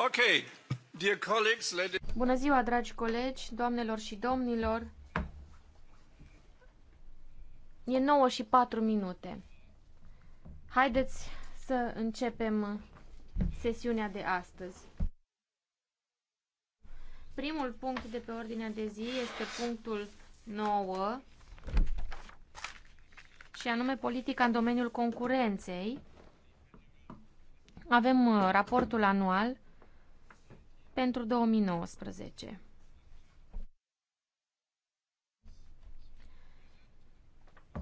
Okay. Dear colleagues, ladies... Bună ziua, dragi colegi, doamnelor și domnilor. E 9 și 4 minute. Haideți să începem sesiunea de astăzi. Primul punct de pe ordinea de zi este punctul 9 și anume politica în domeniul concurenței. Avem uh, raportul anual pentru 2019.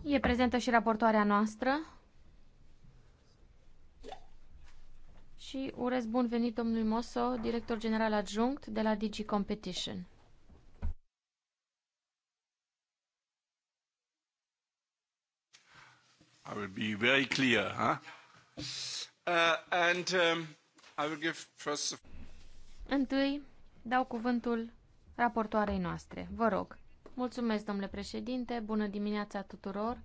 E prezentă și raportoarea noastră. Și urez bun venit domnului Moso, director general adjunct de la Digi Competition. I will be very clear, huh? Uh, and um, I will give first. of Întâi dau cuvântul raportoarei noastre. Vă rog. Mulțumesc, domnule președinte. Bună dimineața tuturor.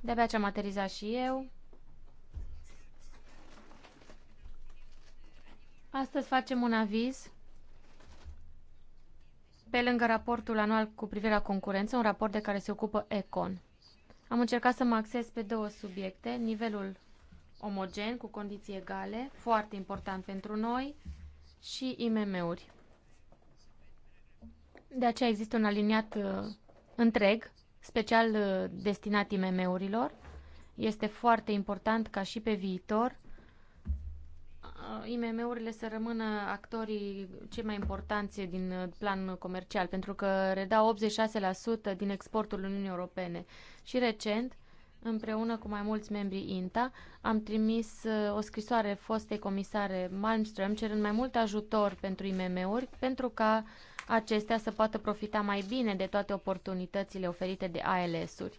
De-abia ce am aterizat și eu. Astăzi facem un aviz pe lângă raportul anual cu privire la concurență, un raport de care se ocupă Econ. Am încercat să mă acces pe două subiecte, nivelul omogen, cu condiții egale, foarte important pentru noi, și IMM-uri. De aceea există un aliniat uh, întreg, special uh, destinat IMM-urilor. Este foarte important ca și pe viitor uh, IMM-urile să rămână actorii cei mai importanți din plan comercial, pentru că redau 86% din exportul Uniunii Europene. Și recent împreună cu mai mulți membri INTA, am trimis uh, o scrisoare fostei comisare Malmström cerând mai mult ajutor pentru IMM-uri pentru ca acestea să poată profita mai bine de toate oportunitățile oferite de ALS-uri.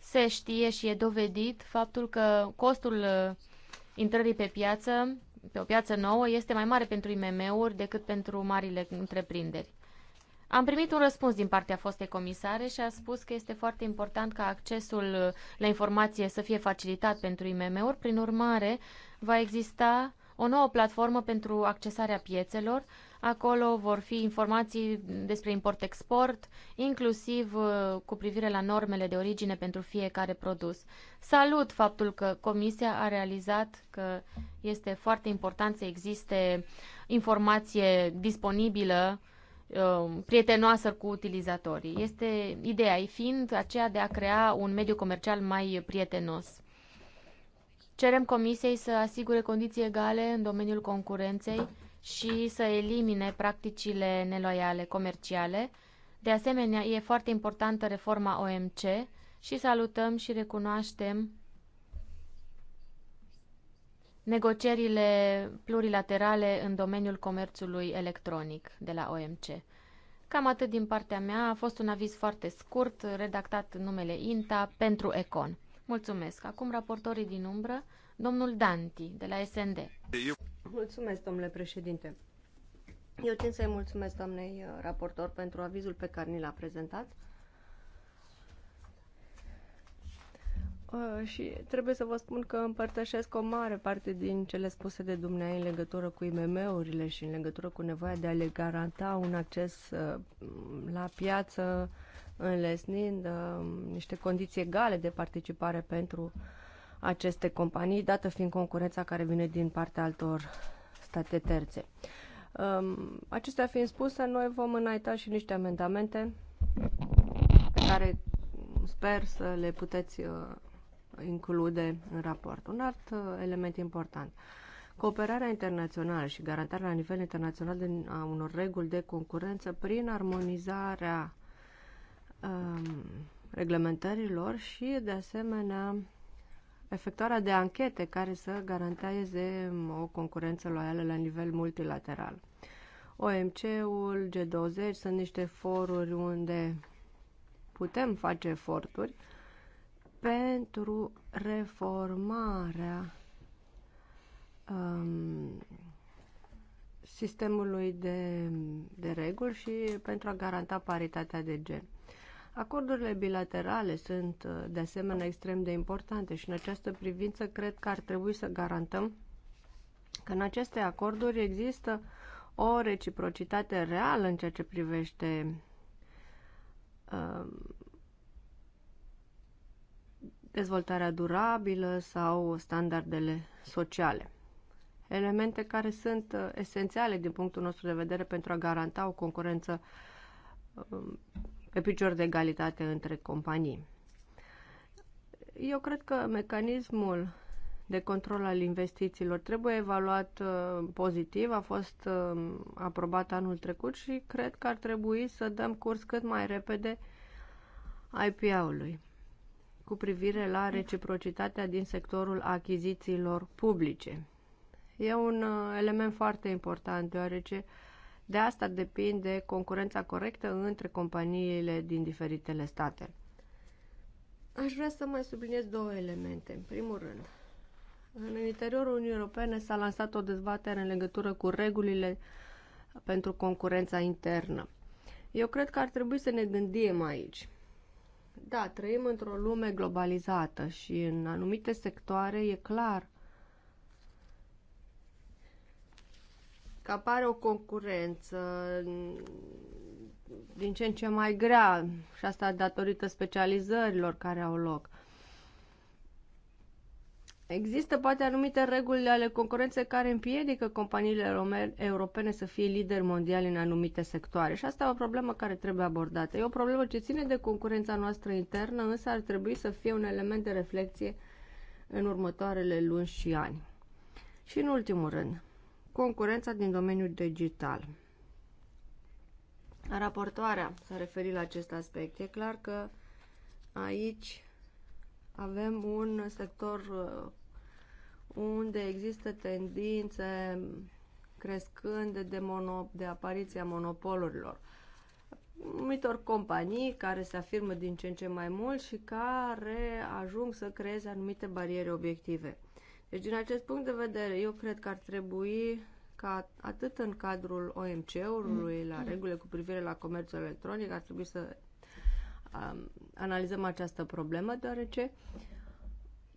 Se știe și e dovedit faptul că costul uh, intrării pe piață, pe o piață nouă, este mai mare pentru IMM-uri decât pentru marile întreprinderi. Am primit un răspuns din partea fostei comisare și a spus că este foarte important ca accesul la informație să fie facilitat pentru IMM-uri. Prin urmare, va exista o nouă platformă pentru accesarea piețelor. Acolo vor fi informații despre import-export, inclusiv uh, cu privire la normele de origine pentru fiecare produs. Salut faptul că Comisia a realizat că este foarte important să existe informație disponibilă Um, prietenoasă cu utilizatorii. Este ideea ei fiind aceea de a crea un mediu comercial mai prietenos. Cerem comisiei să asigure condiții egale în domeniul concurenței și să elimine practicile neloiale comerciale. De asemenea, e foarte importantă reforma OMC și salutăm și recunoaștem negocierile plurilaterale în domeniul comerțului electronic de la OMC. Cam atât din partea mea. A fost un aviz foarte scurt, redactat în numele INTA pentru Econ. Mulțumesc. Acum raportorii din umbră, domnul Danti, de la SND. Mulțumesc, domnule președinte. Eu țin să-i mulțumesc doamnei uh, raportor pentru avizul pe care ni l-a prezentat. Uh, și trebuie să vă spun că împărtășesc o mare parte din cele spuse de dumneai în legătură cu IMM-urile și în legătură cu nevoia de a le garanta un acces uh, la piață înlesnind uh, niște condiții egale de participare pentru aceste companii, dată fiind concurența care vine din partea altor state terțe. Um, acestea fiind spuse, noi vom înainta și niște amendamente pe care sper să le puteți include în raport. Un alt uh, element important. Cooperarea internațională și garantarea la nivel internațional de, a unor reguli de concurență prin armonizarea um, reglementărilor și, de asemenea, efectuarea de anchete care să garanteze um, o concurență loială la nivel multilateral. OMC-ul, G20 sunt niște foruri unde putem face eforturi pentru reformarea um, sistemului de, de reguli și pentru a garanta paritatea de gen. Acordurile bilaterale sunt uh, de asemenea extrem de importante și în această privință cred că ar trebui să garantăm că în aceste acorduri există o reciprocitate reală în ceea ce privește um, dezvoltarea durabilă sau standardele sociale. Elemente care sunt uh, esențiale din punctul nostru de vedere pentru a garanta o concurență um, pe picior de egalitate între companii. Eu cred că mecanismul de control al investițiilor trebuie evaluat uh, pozitiv, a fost um, aprobat anul trecut și cred că ar trebui să dăm curs cât mai repede IPA-ului cu privire la reciprocitatea din sectorul achizițiilor publice. E un uh, element foarte important, deoarece de asta depinde concurența corectă între companiile din diferitele state. Aș vrea să mai subliniez două elemente. În primul rând, în interiorul Uniunii Europene s-a lansat o dezbatere în legătură cu regulile pentru concurența internă. Eu cred că ar trebui să ne gândim aici. Da, trăim într-o lume globalizată și în anumite sectoare e clar că apare o concurență din ce în ce mai grea și asta datorită specializărilor care au loc. Există poate anumite reguli ale concurenței care împiedică companiile europene să fie lideri mondiali în anumite sectoare și asta e o problemă care trebuie abordată. E o problemă ce ține de concurența noastră internă, însă ar trebui să fie un element de reflexie în următoarele luni și ani. Și în ultimul rând, concurența din domeniul digital. Raportoarea s-a referit la acest aspect. E clar că aici avem un sector unde există tendințe crescând de, mono, de apariția monopolurilor anumitor companii care se afirmă din ce în ce mai mult și care ajung să creeze anumite bariere obiective. Deci, din acest punct de vedere, eu cred că ar trebui ca atât în cadrul OMC-ului, la regulile cu privire la comerțul electronic, ar trebui să um, analizăm această problemă, deoarece uh,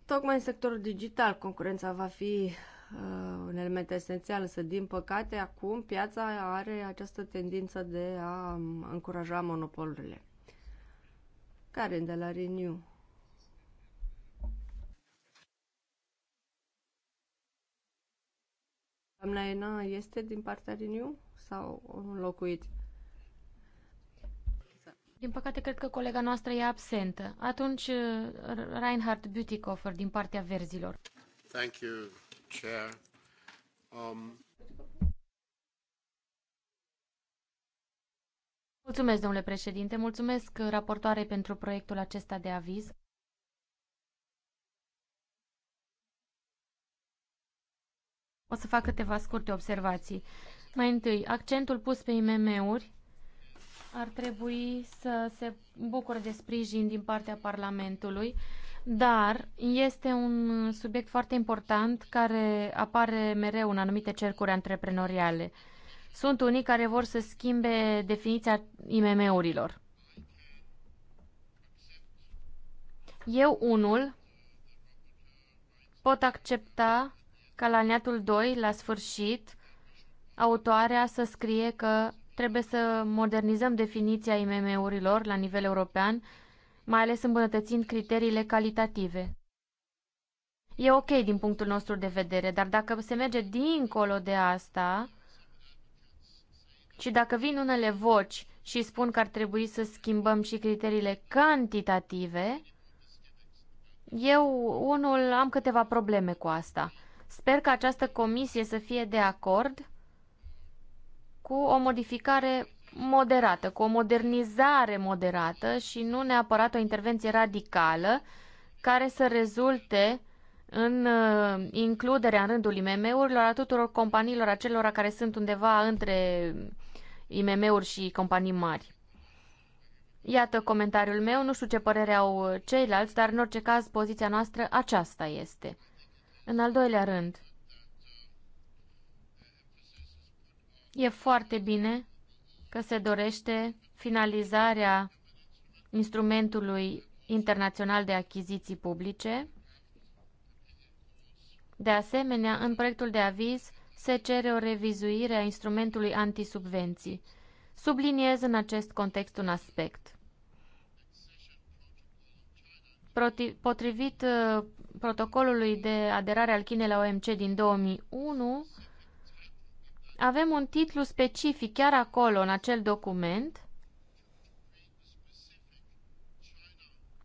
Tocmai în sectorul digital concurența va fi uh, un element esențial, însă din păcate acum piața are această tendință de a um, încuraja monopolurile. care de la Renew. Doamna Ena este din partea Renew sau o înlocuit? Din păcate, cred că colega noastră e absentă. Atunci, uh, Reinhard Butikofer din partea verzilor. Thank you, Chair. Um... Mulțumesc, domnule președinte. Mulțumesc uh, raportoare pentru proiectul acesta de aviz. O să fac câteva scurte observații. Mai întâi, accentul pus pe IMM-uri ar trebui să se bucure de sprijin din partea Parlamentului, dar este un subiect foarte important care apare mereu în anumite cercuri antreprenoriale. Sunt unii care vor să schimbe definiția IMM-urilor. Eu, unul, pot accepta ca la neatul 2, la sfârșit, autoarea să scrie că Trebuie să modernizăm definiția IMM-urilor la nivel european, mai ales îmbunătățind criteriile calitative. E ok din punctul nostru de vedere, dar dacă se merge dincolo de asta și dacă vin unele voci și spun că ar trebui să schimbăm și criteriile cantitative, eu, unul, am câteva probleme cu asta. Sper că această comisie să fie de acord cu o modificare moderată, cu o modernizare moderată și nu neapărat o intervenție radicală care să rezulte în uh, includerea în rândul IMM-urilor a tuturor companiilor acelora care sunt undeva între IMM-uri și companii mari. Iată comentariul meu, nu știu ce părere au ceilalți, dar în orice caz poziția noastră aceasta este. În al doilea rând, E foarte bine că se dorește finalizarea instrumentului internațional de achiziții publice. De asemenea, în proiectul de aviz se cere o revizuire a instrumentului antisubvenții. Subliniez în acest context un aspect. Potrivit uh, protocolului de aderare al Chinei la OMC din 2001, avem un titlu specific chiar acolo, în acel document,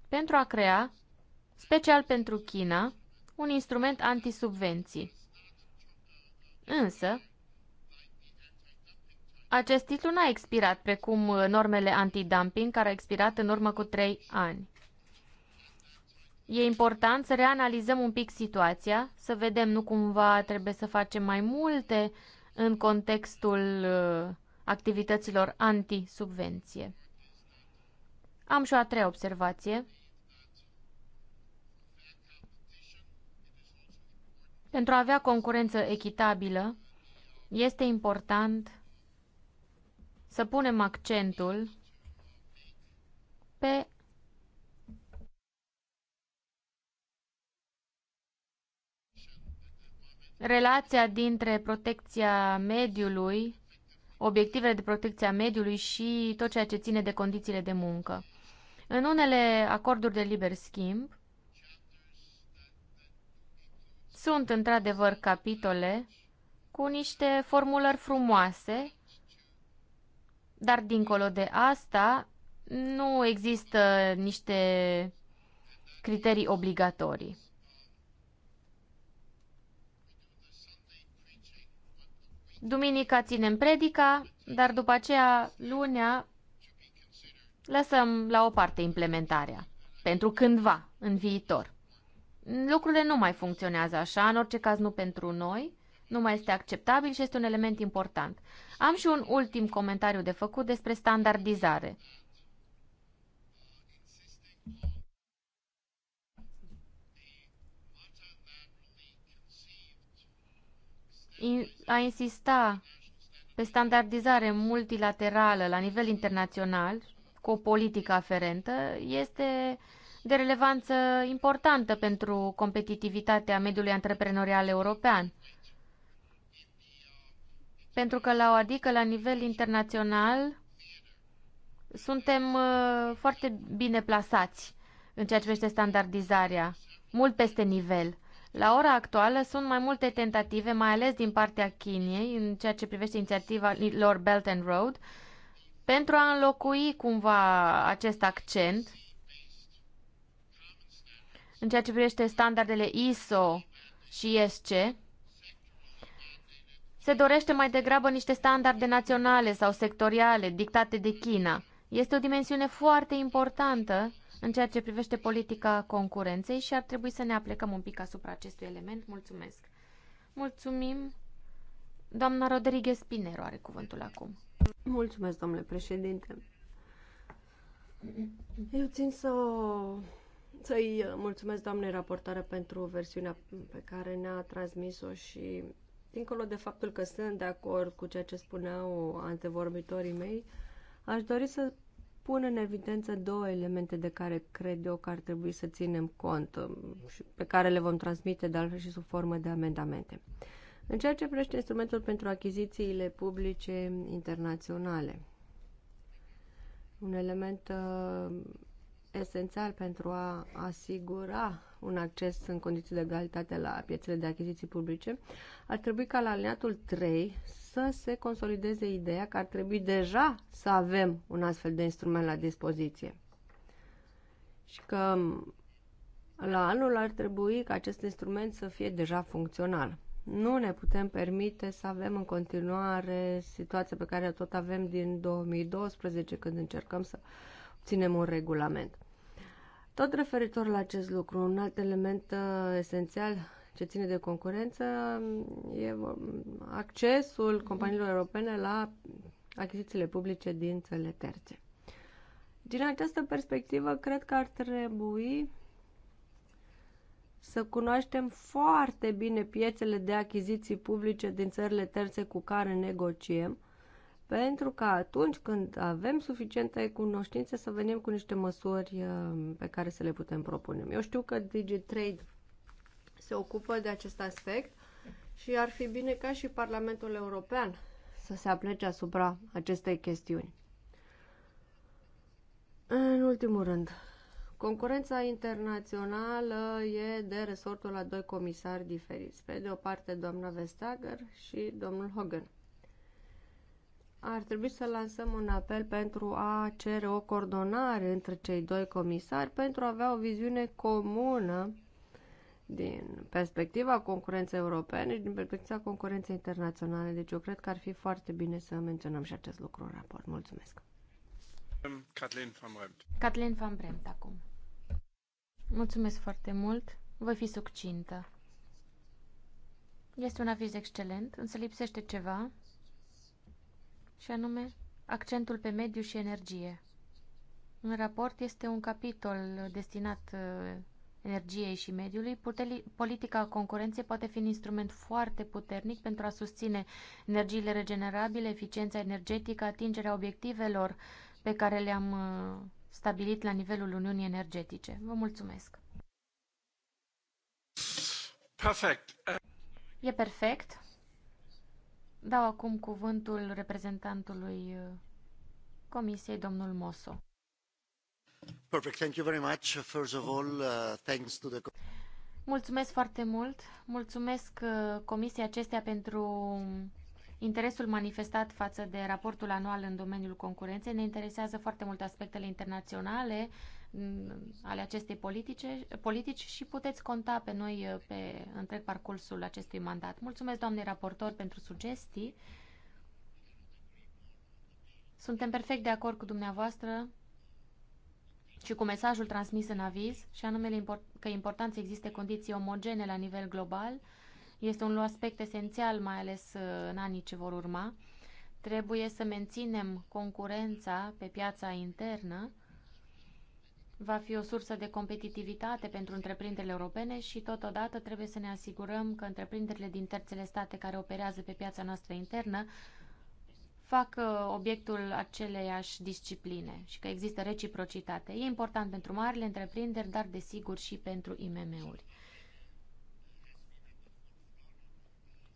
pentru a crea, special pentru China, un instrument antisubvenții. Însă, acest titlu n-a expirat, precum normele antidumping, care a expirat în urmă cu trei ani. E important să reanalizăm un pic situația, să vedem nu cumva trebuie să facem mai multe, în contextul uh, activităților anti-subvenție. Am și o a treia observație. Pentru a avea concurență echitabilă, este important să punem accentul pe relația dintre protecția mediului, obiectivele de protecție a mediului și tot ceea ce ține de condițiile de muncă. În unele acorduri de liber schimb sunt într-adevăr capitole cu niște formulări frumoase, dar dincolo de asta nu există niște criterii obligatorii. Duminica ținem predica, dar după aceea, lunea, lăsăm la o parte implementarea. Pentru cândva, în viitor. Lucrurile nu mai funcționează așa, în orice caz nu pentru noi, nu mai este acceptabil și este un element important. Am și un ultim comentariu de făcut despre standardizare. a insista pe standardizare multilaterală la nivel internațional, cu o politică aferentă, este de relevanță importantă pentru competitivitatea mediului antreprenorial european. Pentru că la o adică, la nivel internațional, suntem uh, foarte bine plasați în ceea ce privește standardizarea, mult peste nivel. La ora actuală sunt mai multe tentative, mai ales din partea Chinei, în ceea ce privește inițiativa lor Belt and Road, pentru a înlocui cumva acest accent în ceea ce privește standardele ISO și ESC, se dorește mai degrabă niște standarde naționale sau sectoriale dictate de China. Este o dimensiune foarte importantă în ceea ce privește politica concurenței și ar trebui să ne aplecăm un pic asupra acestui element. Mulțumesc! Mulțumim! Doamna Rodriguez Pinero are cuvântul acum. Mulțumesc, domnule președinte. Eu țin să să-i mulțumesc, doamne raportare pentru versiunea pe care ne-a transmis-o și, dincolo de faptul că sunt de acord cu ceea ce spuneau antevorbitorii mei, aș dori să pun în evidență două elemente de care cred eu că ar trebui să ținem cont um, și pe care le vom transmite de altfel și sub formă de amendamente. În ceea ce privește instrumentul pentru achizițiile publice internaționale, un element uh, esențial pentru a asigura un acces în condiții de egalitate la piețele de achiziții publice, ar trebui ca la alineatul 3 să se consolideze ideea că ar trebui deja să avem un astfel de instrument la dispoziție. Și că la anul ar trebui ca acest instrument să fie deja funcțional. Nu ne putem permite să avem în continuare situația pe care tot avem din 2012 când încercăm să obținem un regulament. Tot referitor la acest lucru, un alt element uh, esențial ce ține de concurență e accesul companiilor europene la achizițiile publice din țările terțe. Din această perspectivă, cred că ar trebui să cunoaștem foarte bine piețele de achiziții publice din țările terțe cu care negociem, pentru că atunci când avem suficiente cunoștințe să venim cu niște măsuri uh, pe care să le putem propune. Eu știu că DigiTrade se ocupă de acest aspect și ar fi bine ca și Parlamentul European să se aplece asupra acestei chestiuni. În ultimul rând, concurența internațională e de resortul a doi comisari diferiți. Pe de o parte, doamna Vestager și domnul Hogan. Ar trebui să lansăm un apel pentru a cere o coordonare între cei doi comisari pentru a avea o viziune comună din perspectiva concurenței europene și din perspectiva concurenței internaționale. Deci eu cred că ar fi foarte bine să menționăm și acest lucru în raport. Mulțumesc! Kathleen Van Bremt. Kathleen Van Bremt acum. Mulțumesc foarte mult. Voi fi succintă. Este un aviz excelent, însă lipsește ceva, și anume accentul pe mediu și energie. În raport este un capitol destinat uh, energiei și mediului, politica concurenței poate fi un instrument foarte puternic pentru a susține energiile regenerabile, eficiența energetică, atingerea obiectivelor pe care le-am uh, stabilit la nivelul Uniunii Energetice. Vă mulțumesc! Perfect. E perfect. Dau acum cuvântul reprezentantului uh, Comisiei, domnul Moso. Mulțumesc foarte mult. Mulțumesc uh, Comisiei acestea pentru interesul manifestat față de raportul anual în domeniul concurenței. Ne interesează foarte mult aspectele internaționale mm, ale acestei politice, politici și puteți conta pe noi uh, pe întreg parcursul acestui mandat. Mulțumesc, doamne raportor, pentru sugestii. Suntem perfect de acord cu dumneavoastră și cu mesajul transmis în aviz, și anume că important să existe condiții omogene la nivel global, este un aspect esențial, mai ales uh, în anii ce vor urma. Trebuie să menținem concurența pe piața internă, va fi o sursă de competitivitate pentru întreprinderile europene și totodată trebuie să ne asigurăm că întreprinderile din terțele state care operează pe piața noastră internă fac uh, obiectul aceleiași discipline și că există reciprocitate. E important pentru marile întreprinderi, dar desigur și pentru IMM-uri.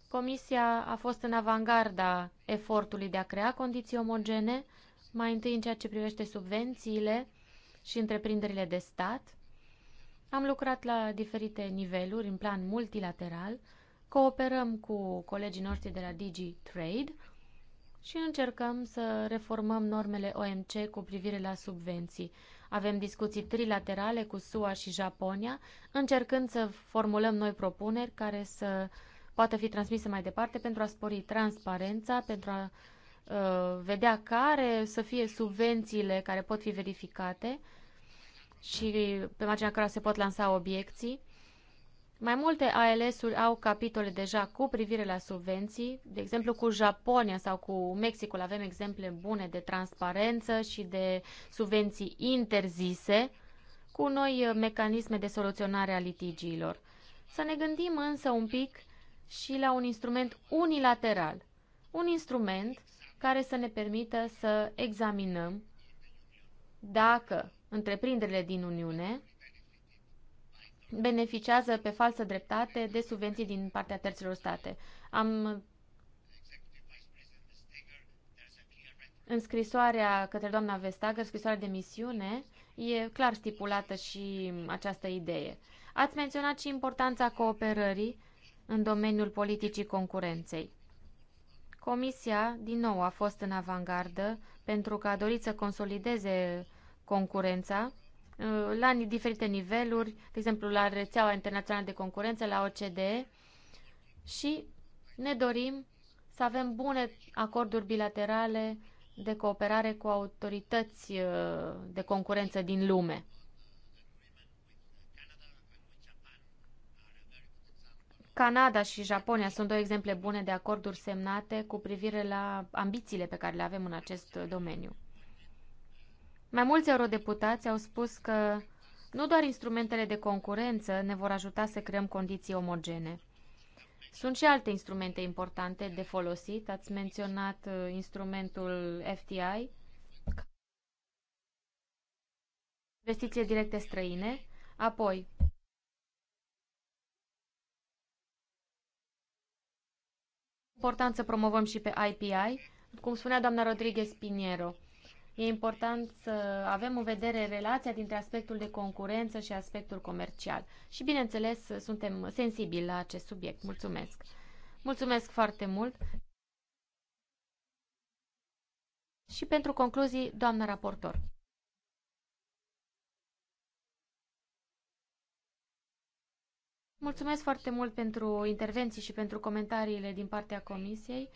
Comisia a fost în avangarda efortului de a crea condiții omogene, mai întâi în ceea ce privește subvențiile și întreprinderile de stat. Am lucrat la diferite niveluri, în plan multilateral, cooperăm cu colegii noștri de la DigiTrade, Trade, și încercăm să reformăm normele OMC cu privire la subvenții. Avem discuții trilaterale cu SUA și Japonia, încercând să formulăm noi propuneri care să poată fi transmise mai departe pentru a spori transparența, pentru a uh, vedea care să fie subvențiile care pot fi verificate și pe marginea cărora se pot lansa obiecții. Mai multe ALS-uri au capitole deja cu privire la subvenții, de exemplu cu Japonia sau cu Mexicul avem exemple bune de transparență și de subvenții interzise, cu noi uh, mecanisme de soluționare a litigiilor. Să ne gândim însă un pic și la un instrument unilateral, un instrument care să ne permită să examinăm dacă întreprinderile din Uniune beneficiază pe falsă dreptate de subvenții din partea terților state. Am în scrisoarea către doamna Vestager, scrisoarea de misiune, e clar stipulată și această idee. Ați menționat și importanța cooperării în domeniul politicii concurenței. Comisia, din nou, a fost în avangardă pentru că a dorit să consolideze concurența Uh, la diferite niveluri, de exemplu la rețeaua internațională de concurență, la OCDE și ne dorim să avem bune acorduri bilaterale de cooperare cu autorități uh, de concurență din lume. Canada și Japonia sunt două exemple bune de acorduri semnate cu privire la ambițiile pe care le avem în acest domeniu. Mai mulți eurodeputați au spus că nu doar instrumentele de concurență ne vor ajuta să creăm condiții omogene. Sunt și alte instrumente importante de folosit. Ați menționat uh, instrumentul FTI, investiție directe străine, apoi important să promovăm și pe IPI, cum spunea doamna Rodriguez Piniero. E important să avem în vedere relația dintre aspectul de concurență și aspectul comercial. Și, bineînțeles, suntem sensibili la acest subiect. Mulțumesc! Mulțumesc foarte mult! Și pentru concluzii, doamna raportor. Mulțumesc foarte mult pentru intervenții și pentru comentariile din partea Comisiei,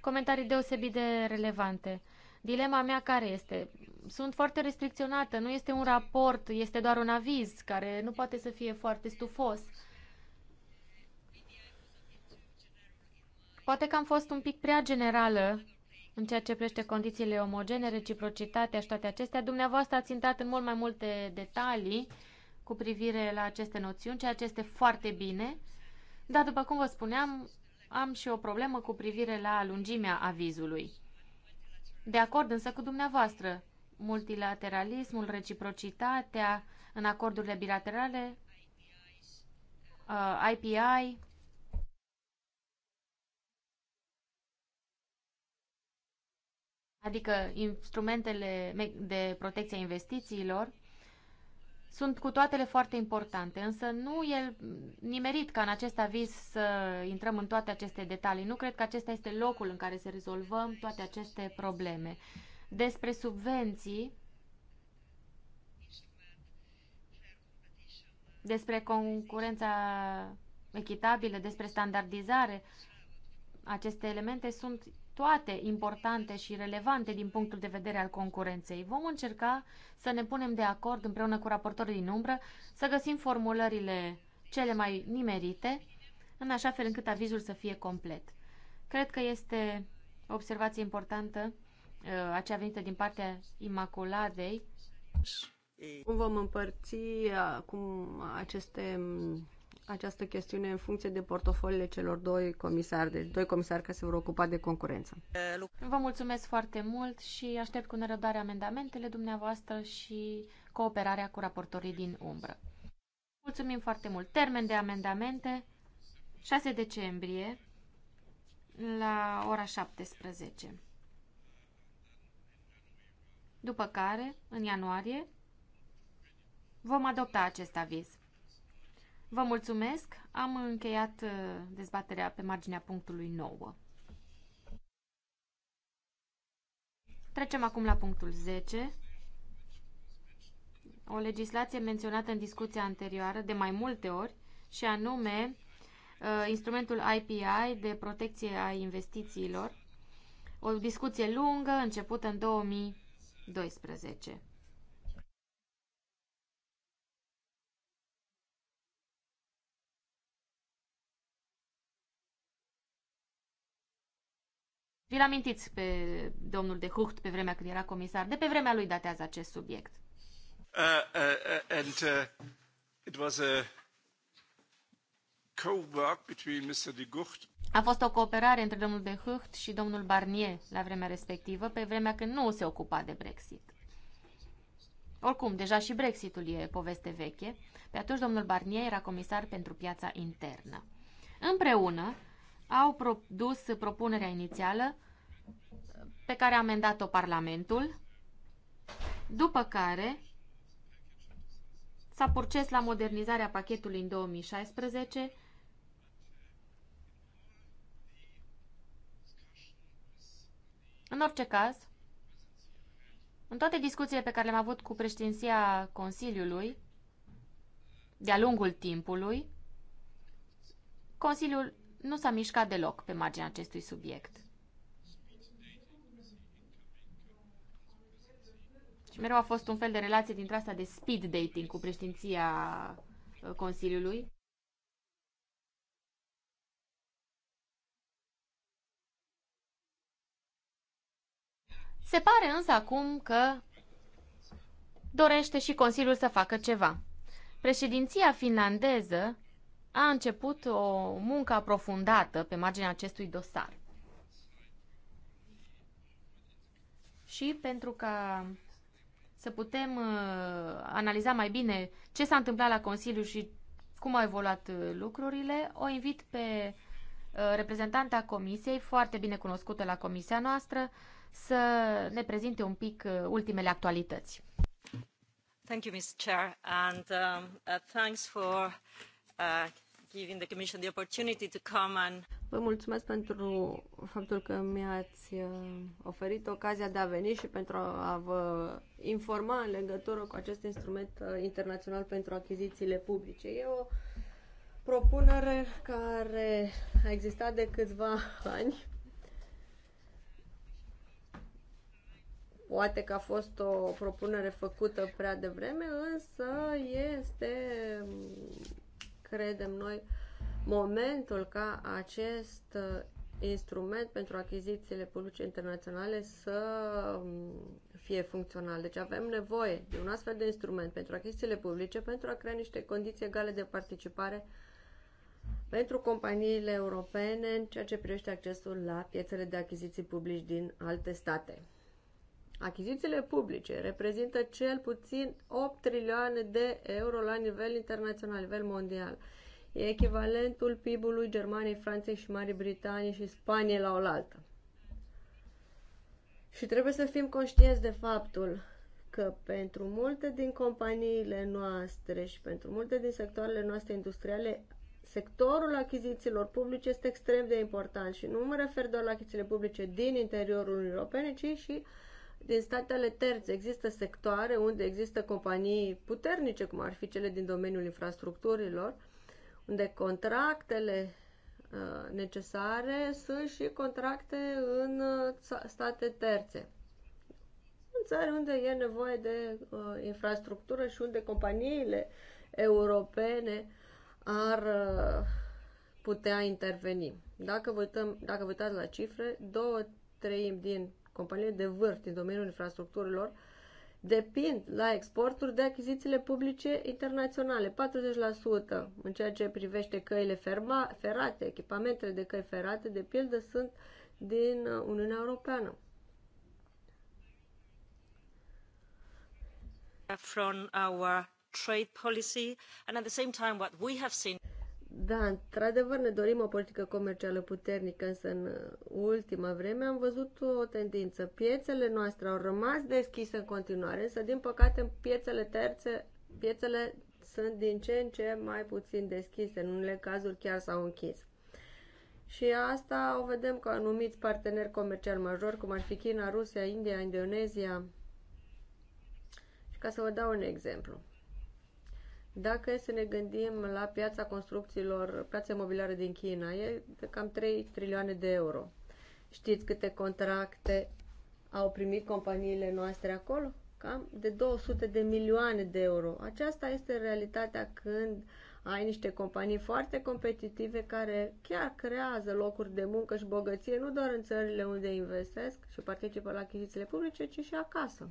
comentarii deosebit de relevante. Dilema mea care este? Sunt foarte restricționată, nu este un raport, este doar un aviz care nu poate să fie foarte stufos. Poate că am fost un pic prea generală în ceea ce prește condițiile omogene, reciprocitatea și toate acestea. Dumneavoastră ați intrat în mult mai multe detalii cu privire la aceste noțiuni, ceea ce este foarte bine. Dar, după cum vă spuneam, am și o problemă cu privire la lungimea avizului. De acord însă cu dumneavoastră, multilateralismul, reciprocitatea în acordurile bilaterale, IPI, uh, adică instrumentele de protecție a investițiilor, sunt cu toatele foarte importante, însă nu e nimerit ca în acest aviz să intrăm în toate aceste detalii. Nu cred că acesta este locul în care să rezolvăm toate aceste probleme. Despre subvenții, despre concurența echitabilă, despre standardizare, aceste elemente sunt toate importante și relevante din punctul de vedere al concurenței. Vom încerca să ne punem de acord împreună cu raportorii din umbră, să găsim formulările cele mai nimerite, în așa fel încât avizul să fie complet. Cred că este o observație importantă uh, aceea venită din partea Imaculadei. Cum vom împărți acum aceste această chestiune în funcție de portofoliile celor doi comisari, deci doi comisari care se vor ocupa de concurență. Vă mulțumesc foarte mult și aștept cu nerăbdare amendamentele dumneavoastră și cooperarea cu raportorii din umbră. Mulțumim foarte mult. Termen de amendamente 6 decembrie la ora 17. După care, în ianuarie, vom adopta acest aviz. Vă mulțumesc. Am încheiat uh, dezbaterea pe marginea punctului 9. Trecem acum la punctul 10. O legislație menționată în discuția anterioară de mai multe ori și anume uh, instrumentul IPI de protecție a investițiilor. O discuție lungă începută în 2012. Vi-l amintiți pe domnul de Hucht pe vremea când era comisar. De pe vremea lui datează acest subiect. Uh, uh, and uh, it was a co-work between Mr. de a fost o cooperare între domnul de Hucht și domnul Barnier la vremea respectivă, pe vremea când nu se ocupa de Brexit. Oricum, deja și Brexitul e poveste veche. Pe atunci domnul Barnier era comisar pentru piața internă. Împreună au produs propunerea inițială pe care a amendat-o Parlamentul, după care s-a purces la modernizarea pachetului în 2016, În orice caz, în toate discuțiile pe care le-am avut cu președinția Consiliului, de-a lungul timpului, Consiliul nu s-a mișcat deloc pe marginea acestui subiect. Și mereu a fost un fel de relație dintre asta de speed dating cu preștinția uh, Consiliului. Se pare însă acum că dorește și Consiliul să facă ceva. Președinția finlandeză a început o muncă aprofundată pe marginea acestui dosar. Și pentru ca să putem uh, analiza mai bine ce s-a întâmplat la Consiliu și cum au evoluat uh, lucrurile, o invit pe uh, reprezentanta Comisiei, foarte bine cunoscută la Comisia noastră, să ne prezinte un pic ultimele actualități. Thank you, Mr. Chair, and um, uh, thanks for Uh, vă mulțumesc pentru faptul că mi-ați uh, oferit ocazia de a veni și pentru a vă informa în legătură cu acest instrument uh, internațional pentru achizițiile publice. E o propunere care a existat de câțiva ani. Poate că a fost o propunere făcută prea devreme, însă este credem noi, momentul ca acest uh, instrument pentru achizițiile publice internaționale să um, fie funcțional. Deci avem nevoie de un astfel de instrument pentru achizițiile publice pentru a crea niște condiții egale de participare pentru companiile europene în ceea ce privește accesul la piețele de achiziții publici din alte state. Achizițiile publice reprezintă cel puțin 8 trilioane de euro la nivel internațional, la nivel mondial. E echivalentul PIB-ului Germaniei, Franței și Marii Britanii și Spaniei la oaltă. Și trebuie să fim conștienți de faptul că pentru multe din companiile noastre și pentru multe din sectoarele noastre industriale, sectorul achizițiilor publice este extrem de important și nu mă refer doar la achizițiile publice din interiorul Uniunii Europene, ci și uh, din statele terțe. Există sectoare unde există companii puternice, cum ar fi cele din domeniul infrastructurilor, unde contractele uh, necesare sunt și contracte în uh, state terțe. În țări unde e nevoie de uh, infrastructură și unde companiile europene ar uh, putea interveni. Dacă, vă uităm, dacă vă uitați la cifre, două treimi din companiile de vârf din domeniul infrastructurilor depind la exporturi de achizițiile publice internaționale, 40% în ceea ce privește căile ferma, ferate, echipamentele de căi ferate, de pildă, sunt din uh, Uniunea Europeană. From our trade policy and at the same time what we have seen da, într-adevăr ne dorim o politică comercială puternică, însă în ultima vreme am văzut o tendință. Piețele noastre au rămas deschise în continuare, însă din păcate în piețele terțe, piețele sunt din ce în ce mai puțin deschise, în unele cazuri chiar s-au închis. Și asta o vedem cu anumiți parteneri comercial majori, cum ar fi China, Rusia, India, Indonezia. Și ca să vă dau un exemplu. Dacă e să ne gândim la piața construcțiilor, piața imobiliară din China, e de cam 3 trilioane de euro. Știți câte contracte au primit companiile noastre acolo? Cam de 200 de milioane de euro. Aceasta este realitatea când ai niște companii foarte competitive care chiar creează locuri de muncă și bogăție, nu doar în țările unde investesc și participă la achizițiile publice, ci și acasă.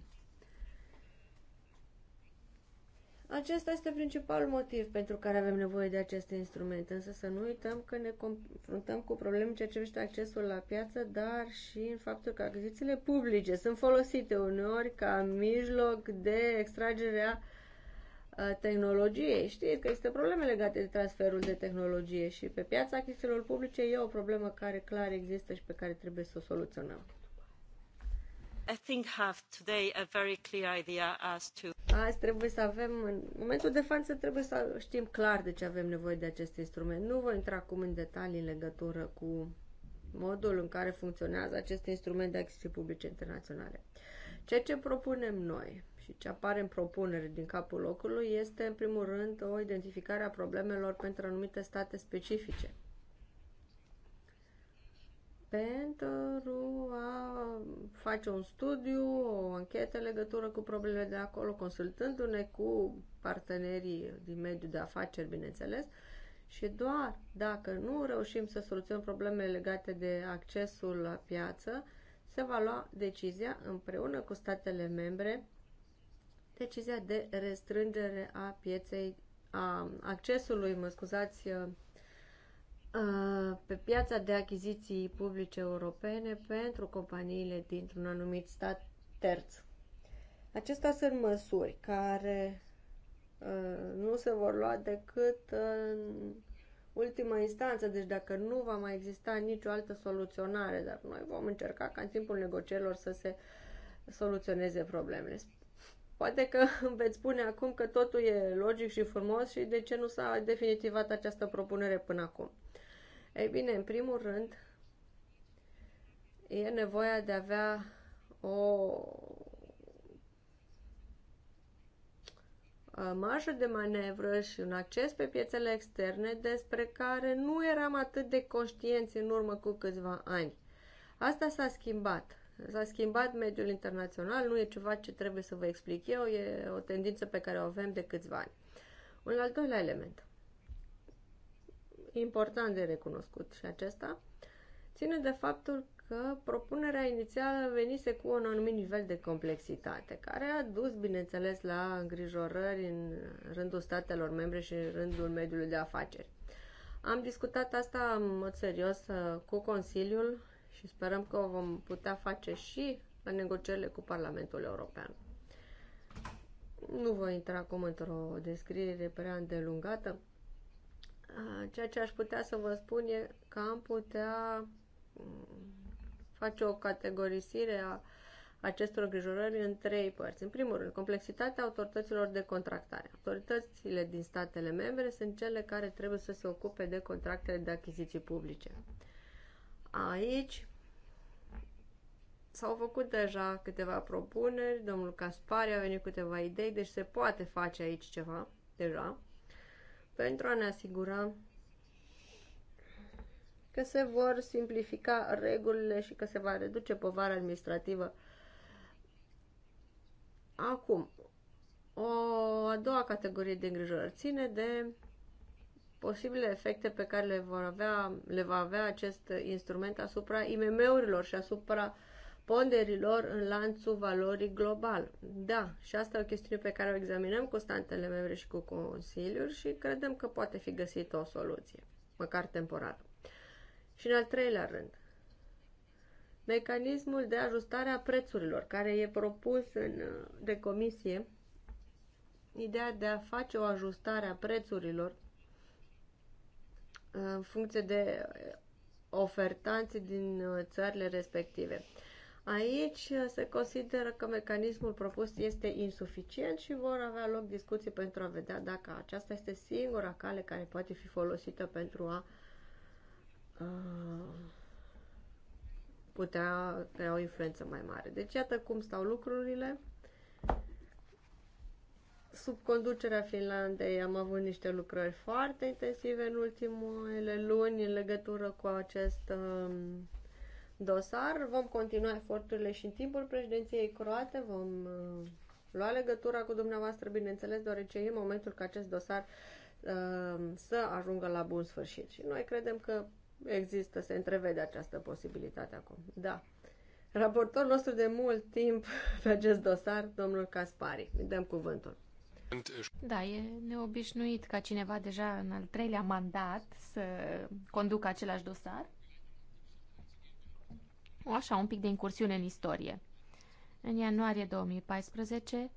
Acesta este principalul motiv pentru care avem nevoie de aceste instrumente, însă să nu uităm că ne confruntăm cu probleme în ceea ce privește accesul la piață, dar și în faptul că achizițiile publice sunt folosite uneori ca mijloc de extragerea tehnologiei. Știți că există probleme legate de transferul de tehnologie și pe piața achizițiilor publice e o problemă care clar există și pe care trebuie să o soluționăm. Azi trebuie să avem, în momentul de față trebuie să știm clar de ce avem nevoie de acest instrument. Nu voi intra acum în detalii în legătură cu modul în care funcționează acest instrument de achiziții publice internaționale. Ceea ce propunem noi și ce apare în propunere din capul locului este, în primul rând, o identificare a problemelor pentru anumite state specifice pentru a face un studiu, o anchetă în legătură cu problemele de acolo, consultându-ne cu partenerii din mediul de afaceri, bineînțeles, și doar dacă nu reușim să soluționăm problemele legate de accesul la piață, se va lua decizia împreună cu statele membre, decizia de restrângere a pieței, a accesului, mă scuzați, pe piața de achiziții publice europene pentru companiile dintr-un anumit stat terț. Acestea sunt măsuri care nu se vor lua decât în ultima instanță, deci dacă nu va mai exista nicio altă soluționare, dar noi vom încerca ca în timpul negocierilor să se soluționeze problemele. Poate că îmi veți spune acum că totul e logic și frumos și de ce nu s-a definitivat această propunere până acum. Ei bine, în primul rând, e nevoia de a avea o marjă de manevră și un acces pe piețele externe despre care nu eram atât de conștienți în urmă cu câțiva ani. Asta s-a schimbat. S-a schimbat mediul internațional, nu e ceva ce trebuie să vă explic eu, e o tendință pe care o avem de câțiva ani. Un al doilea element important de recunoscut și acesta ține de faptul că propunerea inițială venise cu un anumit nivel de complexitate, care a dus, bineînțeles, la îngrijorări în rândul statelor membre și în rândul mediului de afaceri. Am discutat asta în mod serios uh, cu Consiliul și sperăm că o vom putea face și în negocierile cu Parlamentul European. Nu voi intra acum într-o descriere prea îndelungată. Ah, ceea ce aș putea să vă spun e că am putea mm, face o categorisire a acestor îngrijorări în trei părți. În primul rând, complexitatea autorităților de contractare. Autoritățile din statele membre sunt cele care trebuie să se ocupe de contractele de achiziții publice. Aici s-au făcut deja câteva propuneri, domnul Caspari a venit câteva idei, deci se poate face aici ceva deja pentru a ne asigura că se vor simplifica regulile și că se va reduce povara administrativă. Acum, o a doua categorie de îngrijorări ține de posibile efecte pe care le, vor avea, le va avea acest instrument asupra IMM-urilor și asupra uh, ponderilor în lanțul valorii global. Da, și asta e o chestiune pe care o examinăm cu statele membre și cu Consiliul și credem că poate fi găsită o soluție, măcar temporar. Și în al treilea rând, mecanismul de ajustare a prețurilor care e propus în, de comisie, ideea de a face o ajustare a prețurilor în funcție de ofertanții din țările respective. Aici uh, se consideră că mecanismul propus este insuficient și vor avea loc discuții pentru a vedea dacă aceasta este singura cale care poate fi folosită pentru a uh, putea crea o influență mai mare. Deci iată cum stau lucrurile. Sub conducerea Finlandei am avut niște lucrări foarte intensive în ultimele luni în legătură cu acest uh, dosar. Vom continua eforturile și în timpul președinției croate. Vom uh, lua legătura cu dumneavoastră, bineînțeles, deoarece e momentul ca acest dosar uh, să ajungă la bun sfârșit. Și noi credem că există, se întrevede această posibilitate acum. Da. Raportorul nostru de mult timp pe acest dosar, domnul Caspari. Îi dăm cuvântul. Da, e neobișnuit ca cineva deja în al treilea mandat să conducă același dosar așa, un pic de incursiune în istorie. În ianuarie 2014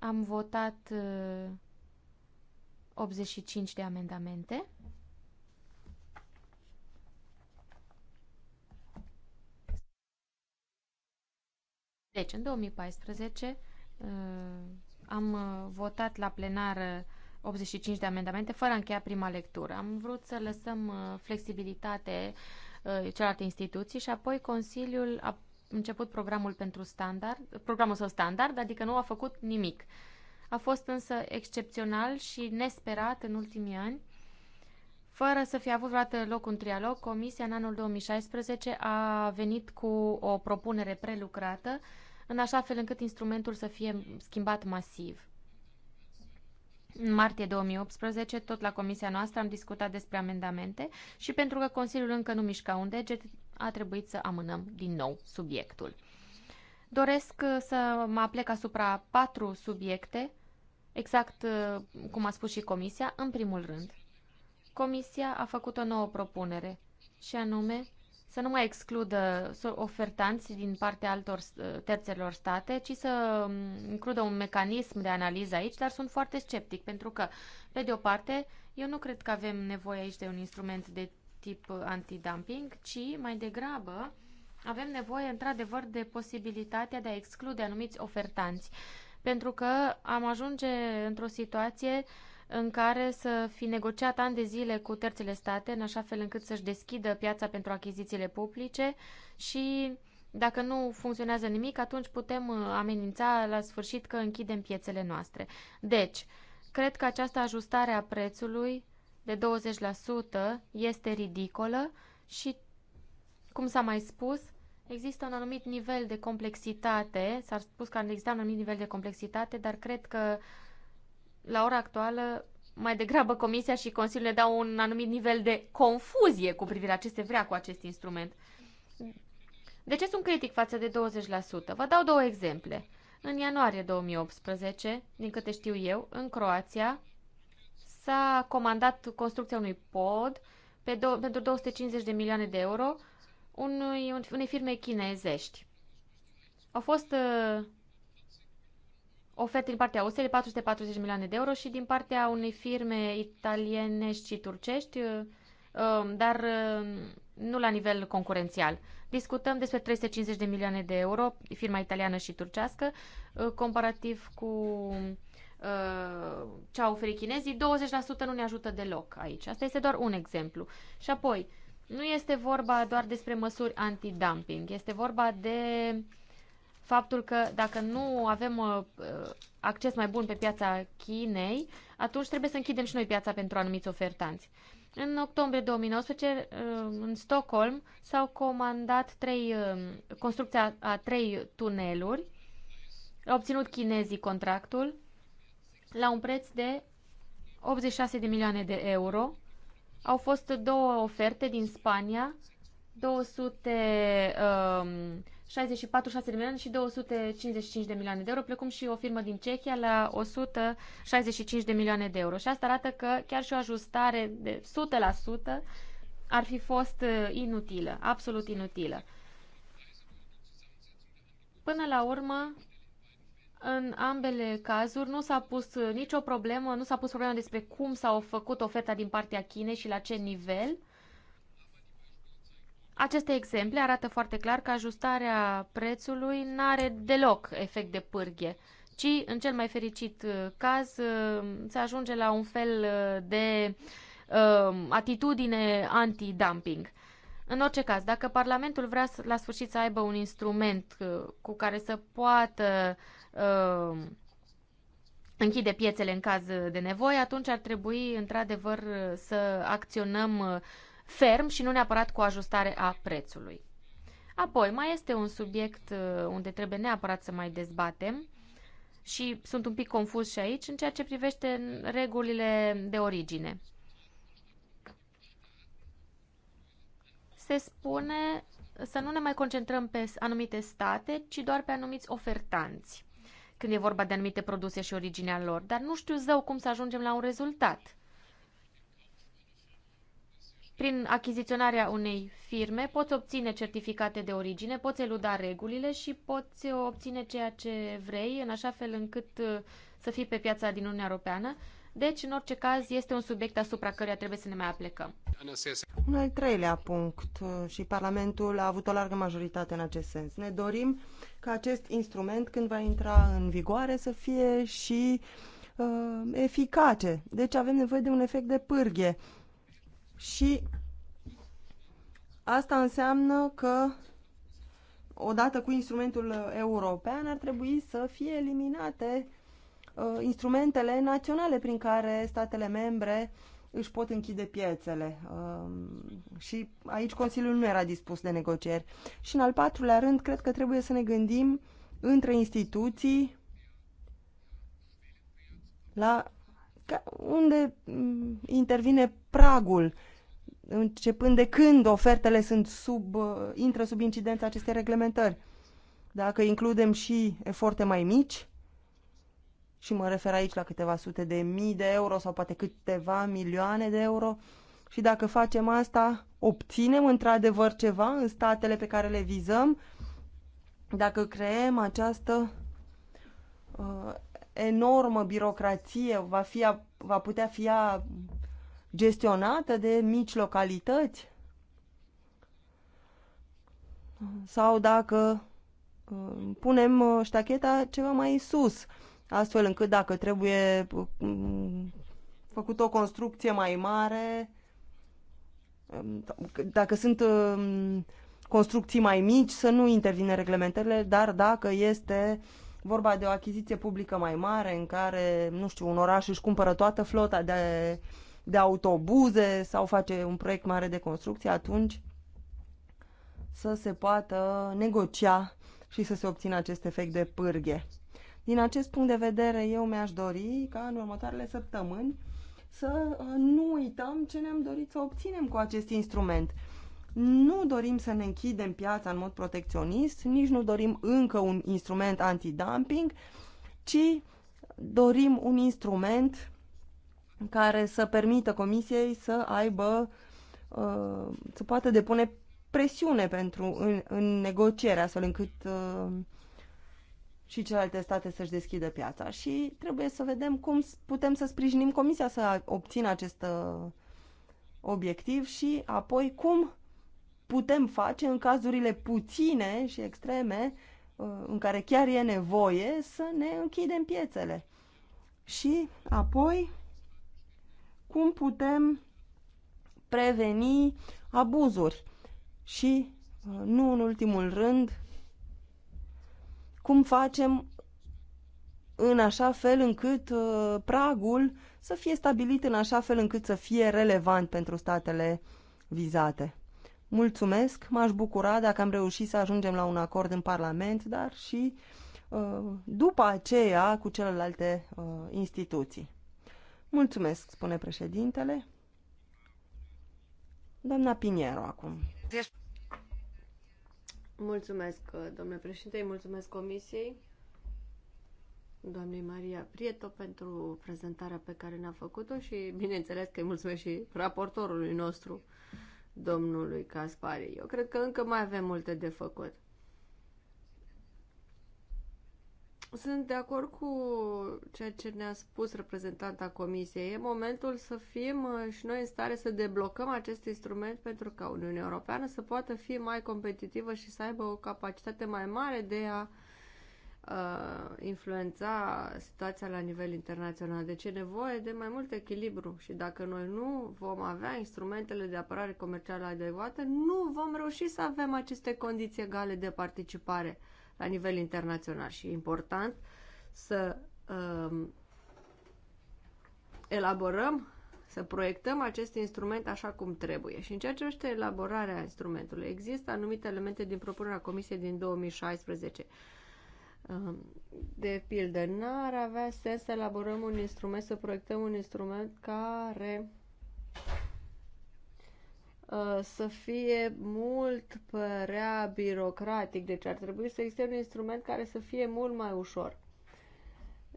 am votat 85 uh, de amendamente. Deci, în 2014 uh, am uh, votat la plenară 85 de amendamente fără a încheia prima lectură. Am vrut să lăsăm flexibilitate uh, Uh, celelalte instituții și apoi Consiliul a început programul pentru standard, programul său standard, adică nu a făcut nimic. A fost însă excepțional și nesperat în ultimii ani. Fără să fie avut vreodată loc un trialog, Comisia în anul 2016 a venit cu o propunere prelucrată, în așa fel încât instrumentul să fie schimbat masiv. În martie 2018, tot la comisia noastră, am discutat despre amendamente și pentru că Consiliul încă nu mișca un deget, a trebuit să amânăm din nou subiectul. Doresc uh, să mă aplec asupra patru subiecte, exact uh, cum a spus și Comisia, în primul rând. Comisia a făcut o nouă propunere, și anume să nu mai excludă ofertanți din partea altor terțelor state, ci să mm, includă un mecanism de analiză aici, dar sunt foarte sceptic, pentru că, pe de o parte, eu nu cred că avem nevoie aici de un instrument de tip antidumping, ci mai degrabă avem nevoie, într-adevăr, de posibilitatea de a exclude anumiți ofertanți, pentru că am ajunge într-o situație uh, în care să fi negociat ani de zile cu terțele state, în așa fel încât să-și deschidă piața pentru achizițiile publice și dacă nu funcționează nimic, atunci putem uh, amenința la sfârșit că închidem piețele noastre. Deci, cred că această ajustare a prețului de 20% este ridicolă și, cum s-a mai spus, Există un anumit nivel de complexitate, s-ar spus că există un anumit nivel de complexitate, dar cred că la ora actuală, mai degrabă Comisia și Consiliul ne dau un anumit nivel de confuzie cu privire la ce se vrea cu acest instrument. De ce sunt critic față de 20%? Vă dau două exemple. În ianuarie 2018, din câte știu eu, în Croația s-a comandat construcția unui pod pe do- pentru 250 de milioane de euro unui, unei firme chinezești. Au fost uh, oferte din partea Austriei 440 milioane de euro și din partea unei firme italiene și turcești, uh, um, dar uh, nu la nivel concurențial. Discutăm despre 350 de milioane de euro, firma italiană și turcească, uh, comparativ cu ce au oferit chinezii, 20% nu ne ajută deloc aici. Asta este doar un exemplu. Și apoi, nu este vorba doar despre măsuri antidumping, este vorba de uh, faptul că dacă nu avem uh, uh, acces mai bun pe piața Chinei, atunci trebuie să închidem și noi piața pentru anumiți ofertanți. În octombrie 2019, uh, în Stockholm, s-au comandat trei, construcția a trei tuneluri. Au obținut chinezii contractul la un preț de 86 de milioane de euro. Au fost două oferte din Spania, 200 Uh, 64,6 de milioane și 255 de milioane de euro, precum și o firmă din Cehia la 165 de milioane de euro. Și asta arată că chiar și o ajustare de 100% ar fi fost uh, inutilă, absolut inutilă. Până la urmă, în ambele cazuri nu s-a pus uh, nicio problemă, nu s-a pus problema despre cum s-a făcut oferta din partea Chinei și la ce nivel. Aceste exemple arată foarte clar că ajustarea prețului nu are deloc efect de pârghie, ci, în cel mai fericit uh, caz, uh, se ajunge la un fel uh, de uh, atitudine anti-dumping. În orice caz, dacă Parlamentul vrea la sfârșit să aibă un instrument cu care să poată uh, închide piețele în caz de nevoie, atunci ar trebui, într-adevăr, să acționăm uh, ferm și nu neapărat cu ajustare a prețului. Apoi, mai este un subiect uh, unde trebuie neapărat să mai dezbatem și sunt un pic confuz și aici în ceea ce privește regulile de origine. Se spune să nu ne mai concentrăm pe anumite state, ci doar pe anumiți ofertanți, când e vorba de anumite produse și originea lor, dar nu știu zău cum să ajungem la un rezultat prin achiziționarea unei firme poți obține certificate de origine, poți eluda regulile și poți obține ceea ce vrei, în așa fel încât uh, să fii pe piața din Uniunea Europeană. Deci, în orice caz, este un subiect asupra căruia trebuie să ne mai aplecăm. Un al treilea punct uh, și Parlamentul a avut o largă majoritate în acest sens. Ne dorim ca acest instrument, când va intra în vigoare, să fie și uh, eficace. Deci avem nevoie de un efect de pârghie și asta înseamnă că odată cu instrumentul european ar trebui să fie eliminate uh, instrumentele naționale prin care statele membre își pot închide piețele. Uh, și aici Consiliul nu era dispus de negocieri. Și în al patrulea rând, cred că trebuie să ne gândim între instituții la unde mm, intervine pragul începând de când ofertele sunt sub, uh, intră sub incidența acestei reglementări. Dacă includem și eforte mai mici, și mă refer aici la câteva sute de mii de euro sau poate câteva milioane de euro, și dacă facem asta, obținem într-adevăr ceva în statele pe care le vizăm, dacă creăm această uh, enormă birocrație, va, fi, va putea fi gestionată de mici localități sau dacă uh, punem uh, ștacheta ceva mai sus, astfel încât dacă trebuie uh, făcut o construcție mai mare, um, dacă sunt um, construcții mai mici, să nu intervine reglementările, dar dacă este vorba de o achiziție publică mai mare în care, nu știu, un oraș își cumpără toată flota de de autobuze sau face un proiect mare de construcție, atunci să se poată negocia și să se obțină acest efect de pârghe. Din acest punct de vedere, eu mi-aș dori ca în următoarele săptămâni să uh, nu uităm ce ne-am dorit să obținem cu acest instrument. Nu dorim să ne închidem piața în mod protecționist, nici nu dorim încă un instrument antidumping, ci dorim un instrument care să permită Comisiei să aibă, uh, să poată depune presiune pentru în, în negociere, astfel încât uh, și celelalte state să-și deschidă piața. Și trebuie să vedem cum putem să sprijinim Comisia să obțină acest uh, obiectiv și apoi cum putem face în cazurile puține și extreme în care chiar e nevoie să ne închidem piețele. Și apoi cum putem preveni abuzuri și, uh, nu în ultimul rând, cum facem în așa fel încât uh, pragul să fie stabilit în așa fel încât să fie relevant pentru statele vizate. Mulțumesc, m-aș bucura dacă am reușit să ajungem la un acord în Parlament, dar și uh, după aceea cu celelalte instituții. Mulțumesc, spune președintele. Doamna Piniero acum. Mulțumesc, domnule președinte, mulțumesc comisiei, doamnei Maria Prieto, pentru prezentarea pe care ne-a făcut-o și, bineînțeles, că îi mulțumesc și raportorului nostru, domnului Caspari. Eu cred că încă mai avem multe de făcut. Sunt de acord cu ceea ce ne-a spus reprezentanta Comisiei. E momentul să fim uh, și noi în stare să deblocăm acest instrument pentru ca Uniunea Europeană să poată fi mai competitivă și să aibă o capacitate mai mare de a uh, influența situația la nivel internațional. Deci e nevoie de mai mult echilibru și dacă noi nu vom avea instrumentele de apărare comercială adecvate, nu vom reuși să avem aceste condiții egale de participare la nivel internațional și e important să um, elaborăm, să proiectăm acest instrument așa cum trebuie. Și în ceea ce este elaborarea instrumentului, există anumite elemente din propunerea Comisiei din 2016 um, de pildă, n-ar avea sens să elaborăm un instrument, să proiectăm un instrument care Uh, să fie mult părea birocratic, deci ar trebui să existe un instrument care să fie mult mai ușor.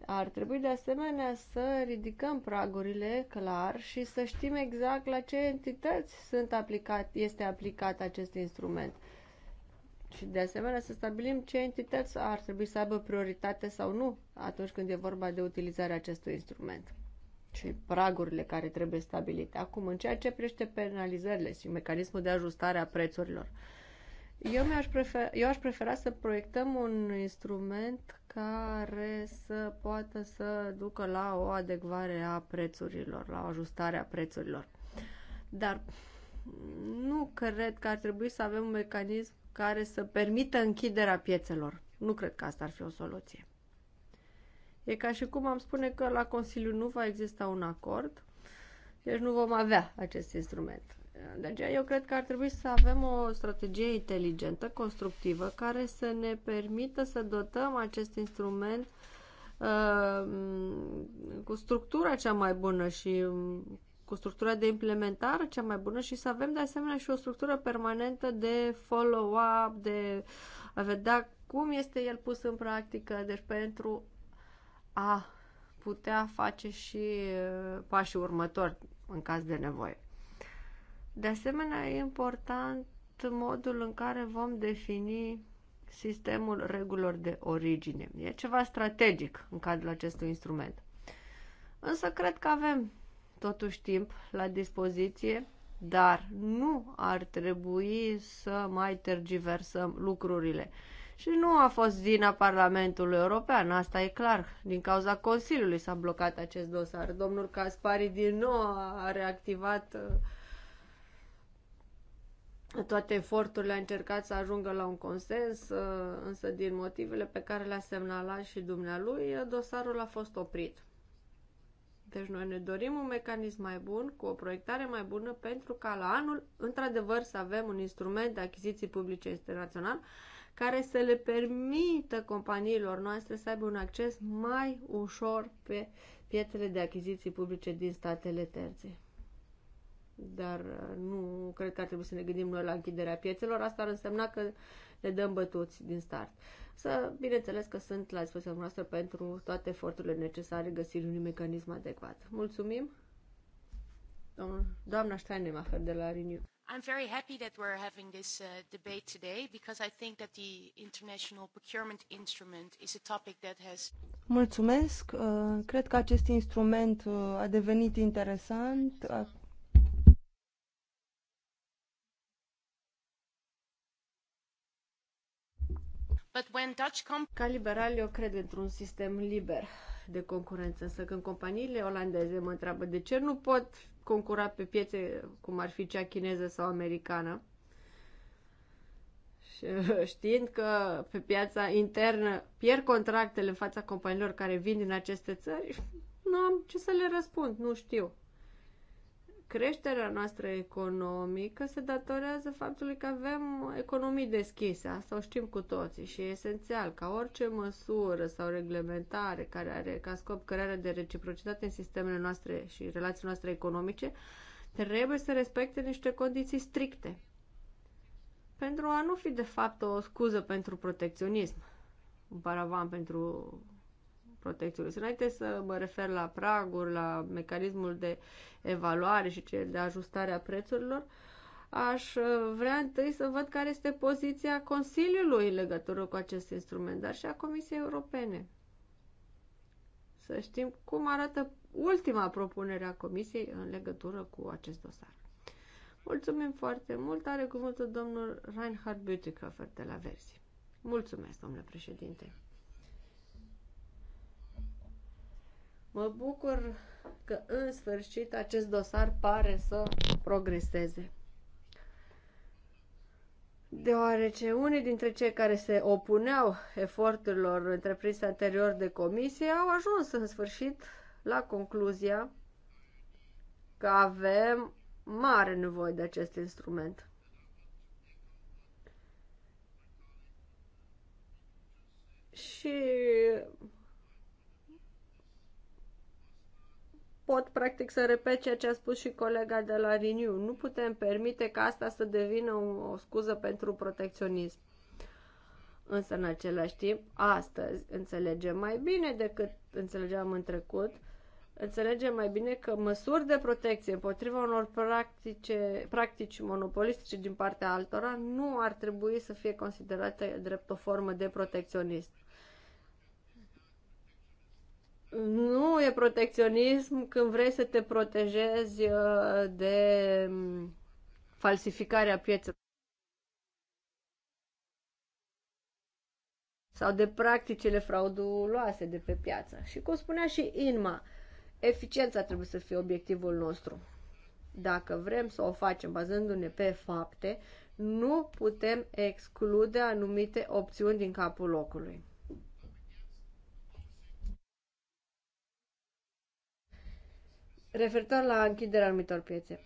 Ar trebui de asemenea să ridicăm pragurile clar și să știm exact la ce entități sunt aplicat, este aplicat acest instrument. Și de asemenea să stabilim ce entități ar trebui să aibă prioritate sau nu atunci când e vorba de utilizarea acestui instrument și pragurile care trebuie stabilite. Acum, în ceea ce privește penalizările și mecanismul de ajustare a prețurilor, eu, mi-aș prefer, eu aș prefera să proiectăm un instrument care să poată să ducă la o adecvare a prețurilor, la o ajustare a prețurilor. Dar nu cred că ar trebui să avem un mecanism care să permită închiderea piețelor. Nu cred că asta ar fi o soluție. E ca și cum am spune că la Consiliu nu va exista un acord, deci nu vom avea acest instrument. De aceea eu cred că ar trebui să avem o strategie inteligentă, constructivă, care să ne permită să dotăm acest instrument uh, cu structura cea mai bună și um, cu structura de implementare cea mai bună și să avem de asemenea și o structură permanentă de follow-up, de a vedea cum este el pus în practică, deci pentru a putea face și uh, pașii următori în caz de nevoie. De asemenea, e important modul în care vom defini sistemul regulilor de origine. E ceva strategic în cadrul acestui instrument. Însă cred că avem totuși timp la dispoziție, dar nu ar trebui să mai tergiversăm lucrurile. Și nu a fost vina Parlamentului European, asta e clar. Din cauza Consiliului s-a blocat acest dosar. Domnul Caspari din nou a reactivat uh, toate eforturile, a încercat să ajungă la un consens, uh, însă din motivele pe care le-a semnalat și dumnealui, uh, dosarul a fost oprit. Deci noi ne dorim un mecanism mai bun, cu o proiectare mai bună, pentru ca la anul, într-adevăr, să avem un instrument de achiziții publice internațional care să le permită companiilor noastre să aibă un acces mai ușor pe piețele de achiziții publice din statele terțe. Dar uh, nu cred că ar trebui să ne gândim noi la închiderea piețelor, asta ar însemna că le dăm bătuți din start. Să, bineînțeles că sunt la dispoziția noastră pentru toate eforturile necesare găsirii unui mecanism adecvat. Mulțumim! Doamna Steinemacher de la Renew. I'm very happy that we're having this uh, debate today because I think that the international procurement instrument is a topic that has Mulțumesc. Uh, Cred că acest instrument uh, a devenit interesant. Uh, But when Dutch comp- Ca liberal, eu cred într-un sistem liber de concurență, însă când companiile olandeze mă întreabă de ce nu pot concura pe piețe cum ar fi cea chineză sau americană. Și, știind că pe piața internă pierd contractele în fața companiilor care vin din aceste țări, nu am ce să le răspund, nu știu creșterea noastră economică se datorează faptului că avem economii deschise, asta o știm cu toții și e esențial ca orice măsură sau reglementare care are ca scop crearea de reciprocitate în sistemele noastre și relațiile noastre economice, trebuie să respecte niște condiții stricte pentru a nu fi de fapt o scuză pentru protecționism, un paravan pentru protecțiului. Înainte să mă refer la praguri, la mecanismul de evaluare și cel de ajustare a prețurilor, aș uh, vrea întâi să văd care este poziția Consiliului în legătură cu acest instrument, dar și a Comisiei Europene. Să știm cum arată ultima propunere a Comisiei în legătură cu acest dosar. Mulțumim foarte mult. Are cuvântul domnul Reinhard Bütikofer de la Versi. Mulțumesc, domnule președinte. Mă bucur că în sfârșit acest dosar pare să progreseze. Deoarece unii dintre cei care se opuneau eforturilor întreprinse anterior de comisie au ajuns în sfârșit la concluzia că avem mare nevoie de acest instrument. Și pot practic să repet ceea ce a spus și colega de la Renew. Nu putem permite ca asta să devină o, o scuză pentru protecționism. Însă, în același timp, astăzi înțelegem mai bine decât înțelegeam în trecut, înțelegem mai bine că măsuri de protecție împotriva unor practice, practici monopolistice din partea altora nu ar trebui să fie considerate drept o formă de protecționism nu e protecționism când vrei să te protejezi uh, de mm, falsificarea pieței sau de practicile frauduloase de pe piață. Și cum spunea și Inma, eficiența trebuie să fie obiectivul nostru. Dacă vrem să o facem bazându-ne pe fapte, nu putem exclude anumite opțiuni din capul locului. referitor la închiderea anumitor piețe.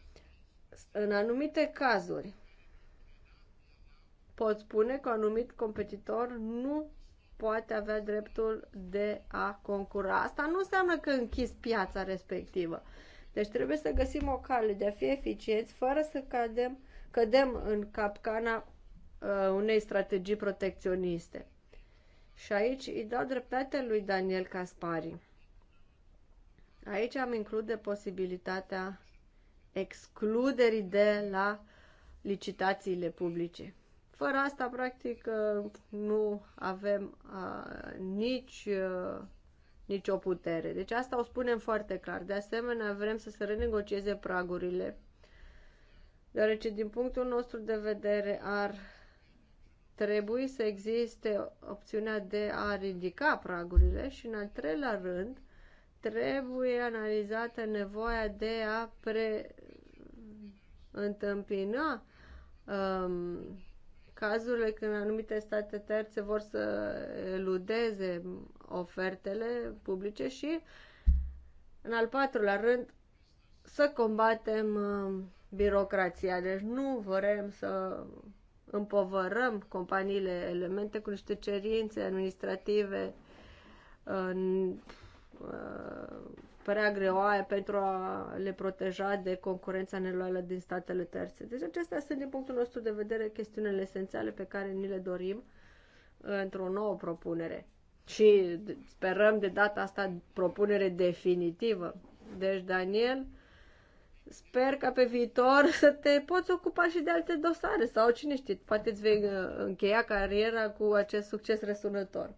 În anumite cazuri, pot spune că un anumit competitor nu poate avea dreptul de a concura. Asta nu înseamnă că închis piața respectivă. Deci trebuie să găsim o cale de a fi eficienți fără să cadem, cădem în capcana uh, unei strategii protecționiste. Și aici îi dau dreptate lui Daniel Caspari. Aici am include posibilitatea excluderii de la licitațiile publice. Fără asta, practic, nu avem a, nici, a, nici o putere. Deci asta o spunem foarte clar. De asemenea, vrem să se renegocieze pragurile, deoarece, din punctul nostru de vedere, ar trebui să existe opțiunea de a ridica pragurile și, în al treilea rând, trebuie analizată nevoia de a pre întâmpina um, cazurile când anumite state terțe vor să eludeze ofertele publice și, în al patrulea rând, să combatem um, birocrația. Deci nu vrem să împovărăm companiile elemente cu niște cerințe administrative uh, Uh, părea greoaie pentru a le proteja de concurența neloială din statele terțe. Deci acestea sunt, din punctul nostru de vedere, chestiunile esențiale pe care ni le dorim uh, într-o nouă propunere. Și sperăm de data asta propunere definitivă. Deci, Daniel, sper ca pe viitor să te poți ocupa și de alte dosare sau cine știe, poate îți vei uh, încheia cariera cu acest succes răsunător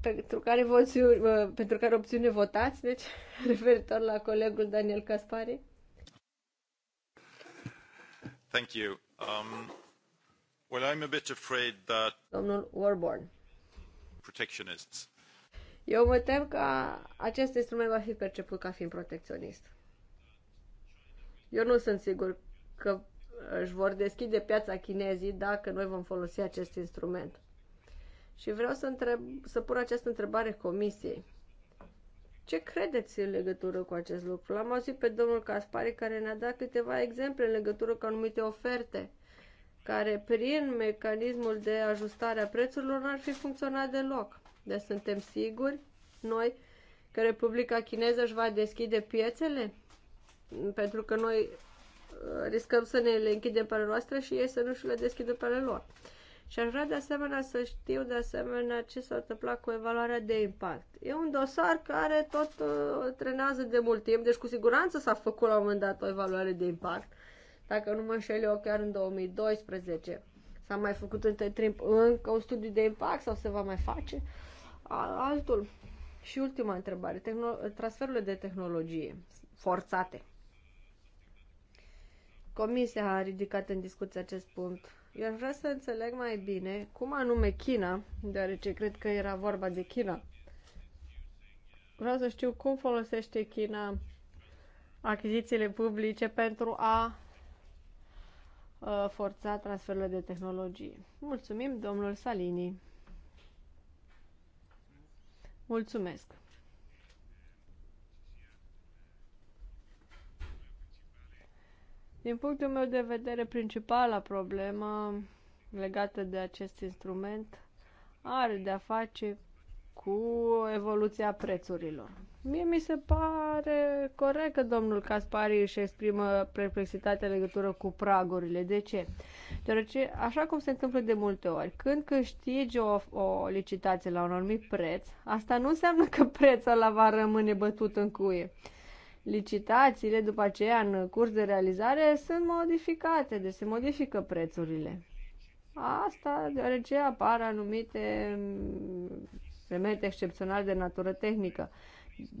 pentru care, voți, uh, pentru care opțiune votați, deci referitor la colegul Daniel Caspari? Thank you. Um, well, I'm a bit afraid that Domnul Warborn. Protectionists. Eu mă tem că acest instrument va fi perceput ca fiind protecționist. Eu nu sunt sigur că își vor deschide piața chinezii dacă noi vom folosi acest instrument. Și vreau să, întreb, să pun această întrebare comisiei. Ce credeți în legătură cu acest lucru? L-am auzit pe domnul Caspari care ne-a dat câteva exemple în legătură cu anumite oferte care prin mecanismul de ajustare a prețurilor n-ar fi funcționat deloc. Deci suntem siguri noi că Republica Chineză își va deschide piețele? Pentru că noi uh, riscăm să ne le închidem pe ale noastre și ei să nu și le deschidă pe ale lor. Și aș vrea de asemenea să știu de asemenea ce s-a întâmplat cu evaluarea de impact. E un dosar care tot uh, trenează de mult timp, deci cu siguranță s-a făcut la un moment dat o evaluare de impact. Dacă nu mă înșel eu, chiar în 2012 s-a mai făcut între timp încă un studiu de impact sau se va mai face altul. Și ultima întrebare, Tehno- transferurile de tehnologie forțate. Comisia a ridicat în discuție acest punct eu aș vrea să înțeleg mai bine cum anume China, deoarece cred că era vorba de China. Vreau să știu cum folosește China achizițiile publice pentru a uh, forța transferul de tehnologie. Mulțumim, domnul Salini. Mulțumesc. Din punctul meu de vedere, principala problemă legată de acest instrument are de-a face cu evoluția prețurilor. Mie mi se pare corect că domnul Caspari își exprimă perplexitatea în legătură cu pragurile. De ce? Deoarece, așa cum se întâmplă de multe ori, când câștigi o, o licitație la un anumit preț, asta nu înseamnă că prețul la va rămâne bătut în cuie licitațiile după aceea în curs de realizare sunt modificate, deci se modifică prețurile. Asta deoarece apar anumite mm, elemente excepționale de natură tehnică.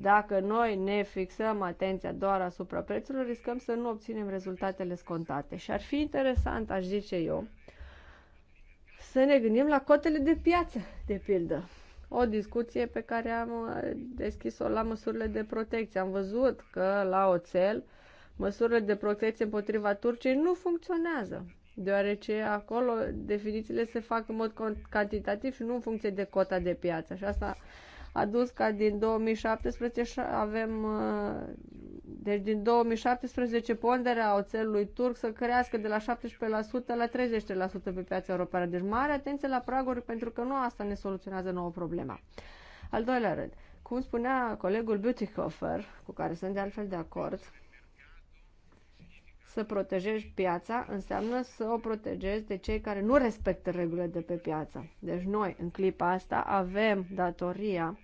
Dacă noi ne fixăm atenția doar asupra prețurilor, riscăm să nu obținem rezultatele scontate. Și ar fi interesant, aș zice eu, să ne gândim la cotele de piață, de pildă o discuție pe care am uh, deschis-o la măsurile de protecție. Am văzut că la oțel măsurile de protecție împotriva Turciei nu funcționează, deoarece acolo definițiile se fac în mod cantitativ și nu în funcție de cota de piață. Și asta a dus ca din 2017 avem uh, deci din 2017 ponderea oțelului turc să crească de la 17% la 30% pe piața europeană. Deci mare atenție la praguri pentru că nu asta ne soluționează nouă problema. Al doilea rând, cum spunea colegul Butikofer, cu care sunt de altfel de acord, să protejezi piața înseamnă să o protejezi de cei care nu respectă regulile de pe piață. Deci noi, în clipa asta, avem datoria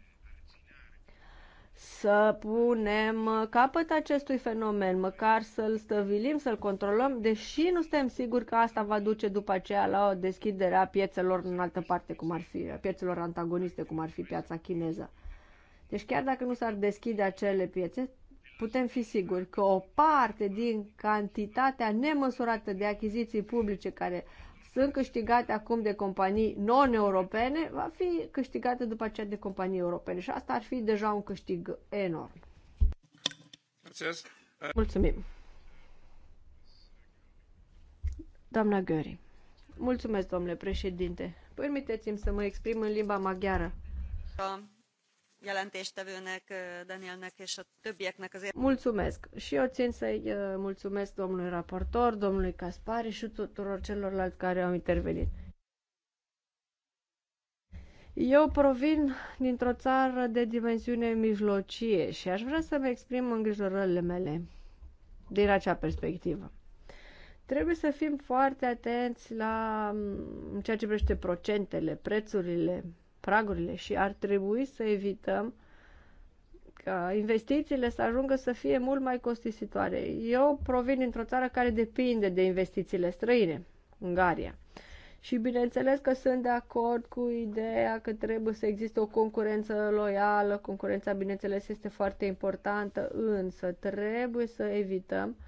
să punem capăt acestui fenomen, măcar să-l stăvilim, să-l controlăm, deși nu suntem siguri că asta va duce după aceea la o deschidere a piețelor în altă parte, cum ar fi, a piețelor antagoniste, cum ar fi piața chineză. Deci chiar dacă nu s-ar deschide acele piețe, putem fi siguri că o parte din cantitatea nemăsurată de achiziții publice care uh, sunt câștigate acum de companii non-europene va fi câștigată după aceea de companii europene și asta ar fi deja un câștig enorm. Mulțumim. Doamna Gări. Mulțumesc, domnule președinte. Permiteți-mi să mă exprim în limba maghiară. Da jelentéstevőnek, Danielnek és a többieknek azért. Mulțumesc! Și eu țin să-i mulțumesc domnului raportor, domnului Caspari și tuturor celorlalți care au intervenit. Eu provin dintr-o țară de dimensiune mijlocie și aș vrea să-mi exprim îngrijorările mele din acea perspectivă. Trebuie să fim foarte atenți la mm, ceea ce privește procentele, prețurile, pragurile și ar trebui să evităm ca investițiile să ajungă să fie mult mai costisitoare. Eu provin dintr-o țară care depinde de investițiile străine, Ungaria. Și bineînțeles că sunt de acord cu ideea că trebuie să existe o concurență loială. Concurența, bineînțeles, este foarte importantă, însă trebuie să evităm uh,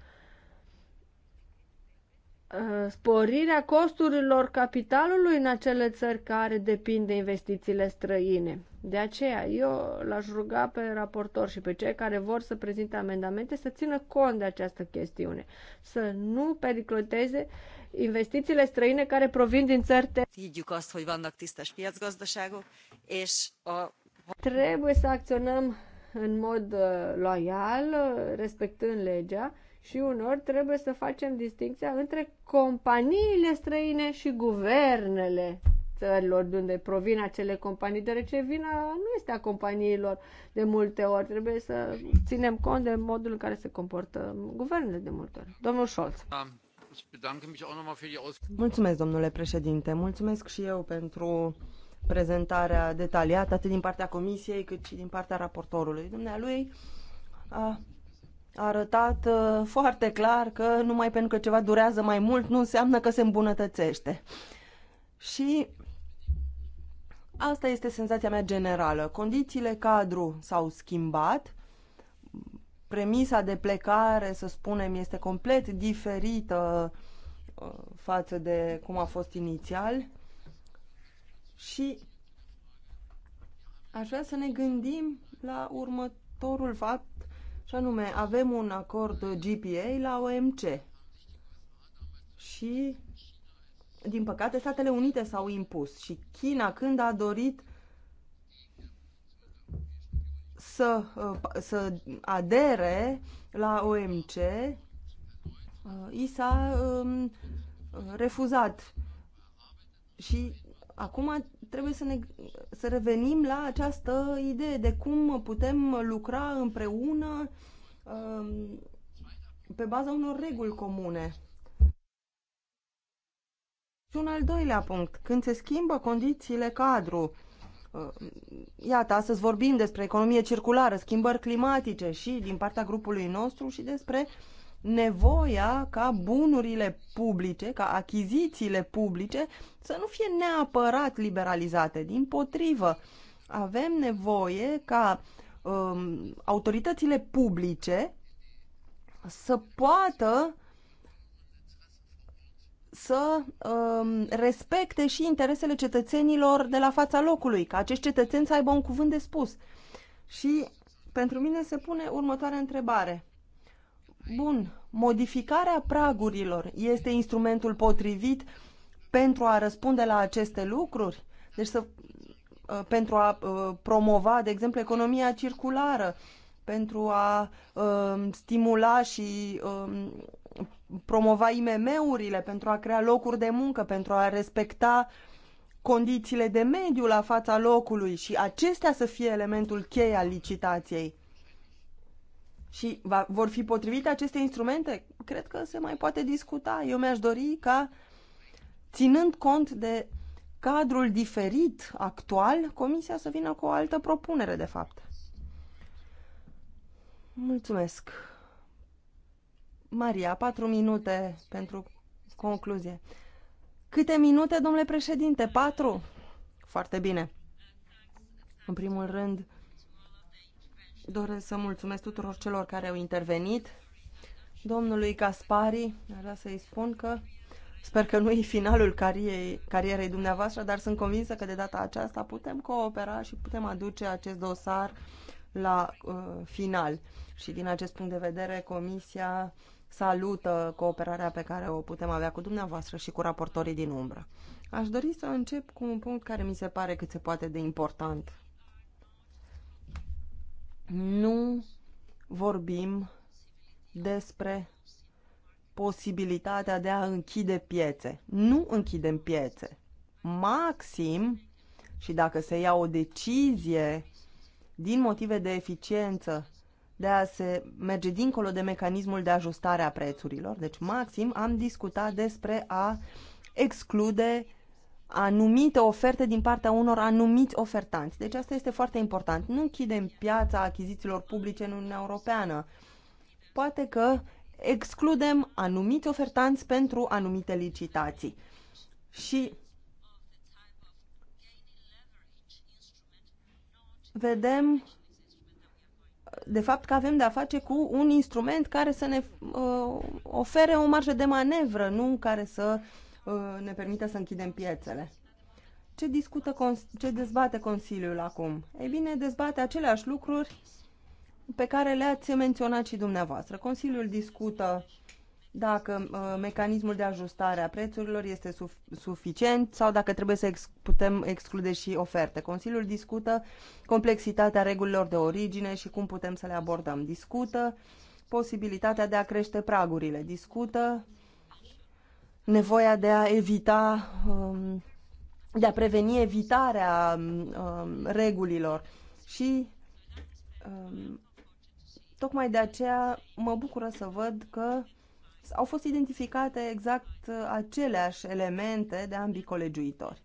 Uh, sporirea costurilor capitalului în acele țări care depind de investițiile străine. De aceea, eu l-aș ruga pe raportor și pe cei care vor să prezinte amendamente să țină cont de această chestiune, să nu pericloteze investițiile străine care provin din țări te... Trebuie să acționăm în mod uh, loial, uh, respectând legea, și unor trebuie să facem distinția între companiile străine și guvernele țărilor de unde provin acele companii, deoarece vina nu este a companiilor de multe ori. Trebuie să ținem cont de modul în care se comportă guvernele de multe ori. Domnul Scholz. Mulțumesc, domnule președinte. Mulțumesc și eu pentru prezentarea detaliată, atât din partea comisiei, cât și din partea raportorului. Dumnealui a arătat uh, foarte clar că numai pentru că ceva durează mai mult nu înseamnă că se îmbunătățește. Și asta este senzația mea generală. Condițiile cadru s-au schimbat, premisa de plecare, să spunem, este complet diferită uh, față de cum a fost inițial și aș vrea să ne gândim la următorul fapt și anume, avem un acord GPA la OMC. Și, din păcate, Statele Unite s-au impus. Și China, când a dorit să, uh, să adere la OMC, uh, i s-a um, refuzat. Și acum trebuie să, ne, să revenim la această idee de cum putem lucra împreună um, pe baza unor reguli comune. Și un al doilea punct, când se schimbă condițiile cadru, uh, iată, astăzi vorbim despre economie circulară, schimbări climatice și din partea grupului nostru și despre uh, nevoia ca bunurile publice, ca achizițiile publice să nu fie neapărat liberalizate. Din potrivă, avem nevoie ca um, autoritățile publice să poată să um, respecte și interesele cetățenilor de la fața locului, ca acești cetățeni să aibă un cuvânt de spus. Și pentru mine se pune următoarea întrebare. Bun, modificarea pragurilor este instrumentul potrivit pentru a răspunde la aceste lucruri? Deci să, ă, pentru a ă, promova, de exemplu, economia circulară, pentru a ă, stimula și promova IMM-urile, pentru a crea locuri de muncă, pentru a respecta condițiile de mediu la fața locului și acestea să fie elementul cheie al licitației și va, vor fi potrivite aceste instrumente? Cred că se mai poate discuta. Eu mi-aș dori ca, ținând cont de cadrul diferit actual, Comisia să vină cu o altă propunere, de fapt. Mulțumesc. Maria, patru minute pentru concluzie. Câte minute, domnule președinte? Patru? Foarte bine. În primul rând, Doresc să mulțumesc tuturor celor care au intervenit. Domnului Caspari, vreau să-i spun că sper că nu e finalul carierei, carierei dumneavoastră, dar sunt convinsă că de data aceasta putem coopera și putem aduce acest dosar la uh, final. Și din acest punct de vedere, Comisia salută cooperarea pe care o putem avea cu dumneavoastră și cu raportorii din umbră. Aș dori să încep cu un punct care mi se pare cât se poate de important nu vorbim despre posibilitatea de a închide piețe. Nu închidem piețe. Maxim, și dacă se ia o decizie din motive de eficiență de a se merge dincolo de mecanismul de ajustare a prețurilor, deci maxim am discutat despre a exclude anumite oferte din partea unor anumiți ofertanți. Deci asta este foarte important. Nu închidem piața achizițiilor publice în Uniunea Europeană. Poate că excludem anumiți ofertanți pentru anumite licitații. Și vedem de fapt că avem de-a face cu un instrument care să ne uh, ofere o marjă de manevră, nu care să uh, Uh, ne permite să închidem piețele. Ce, discută, ce dezbate Consiliul acum? Ei bine, dezbate aceleași lucruri pe care le-ați menționat și dumneavoastră. Consiliul discută dacă uh, mecanismul de ajustare a prețurilor este suficient sau dacă trebuie să ex- putem exclude și oferte. Consiliul discută complexitatea regulilor de origine și cum putem să le abordăm. Discută posibilitatea de a crește pragurile. Discută nevoia de a evita, um, de a preveni evitarea um, regulilor. Și um, tocmai de aceea mă bucură să văd că au fost identificate exact uh, aceleași elemente de ambii colegiuitori.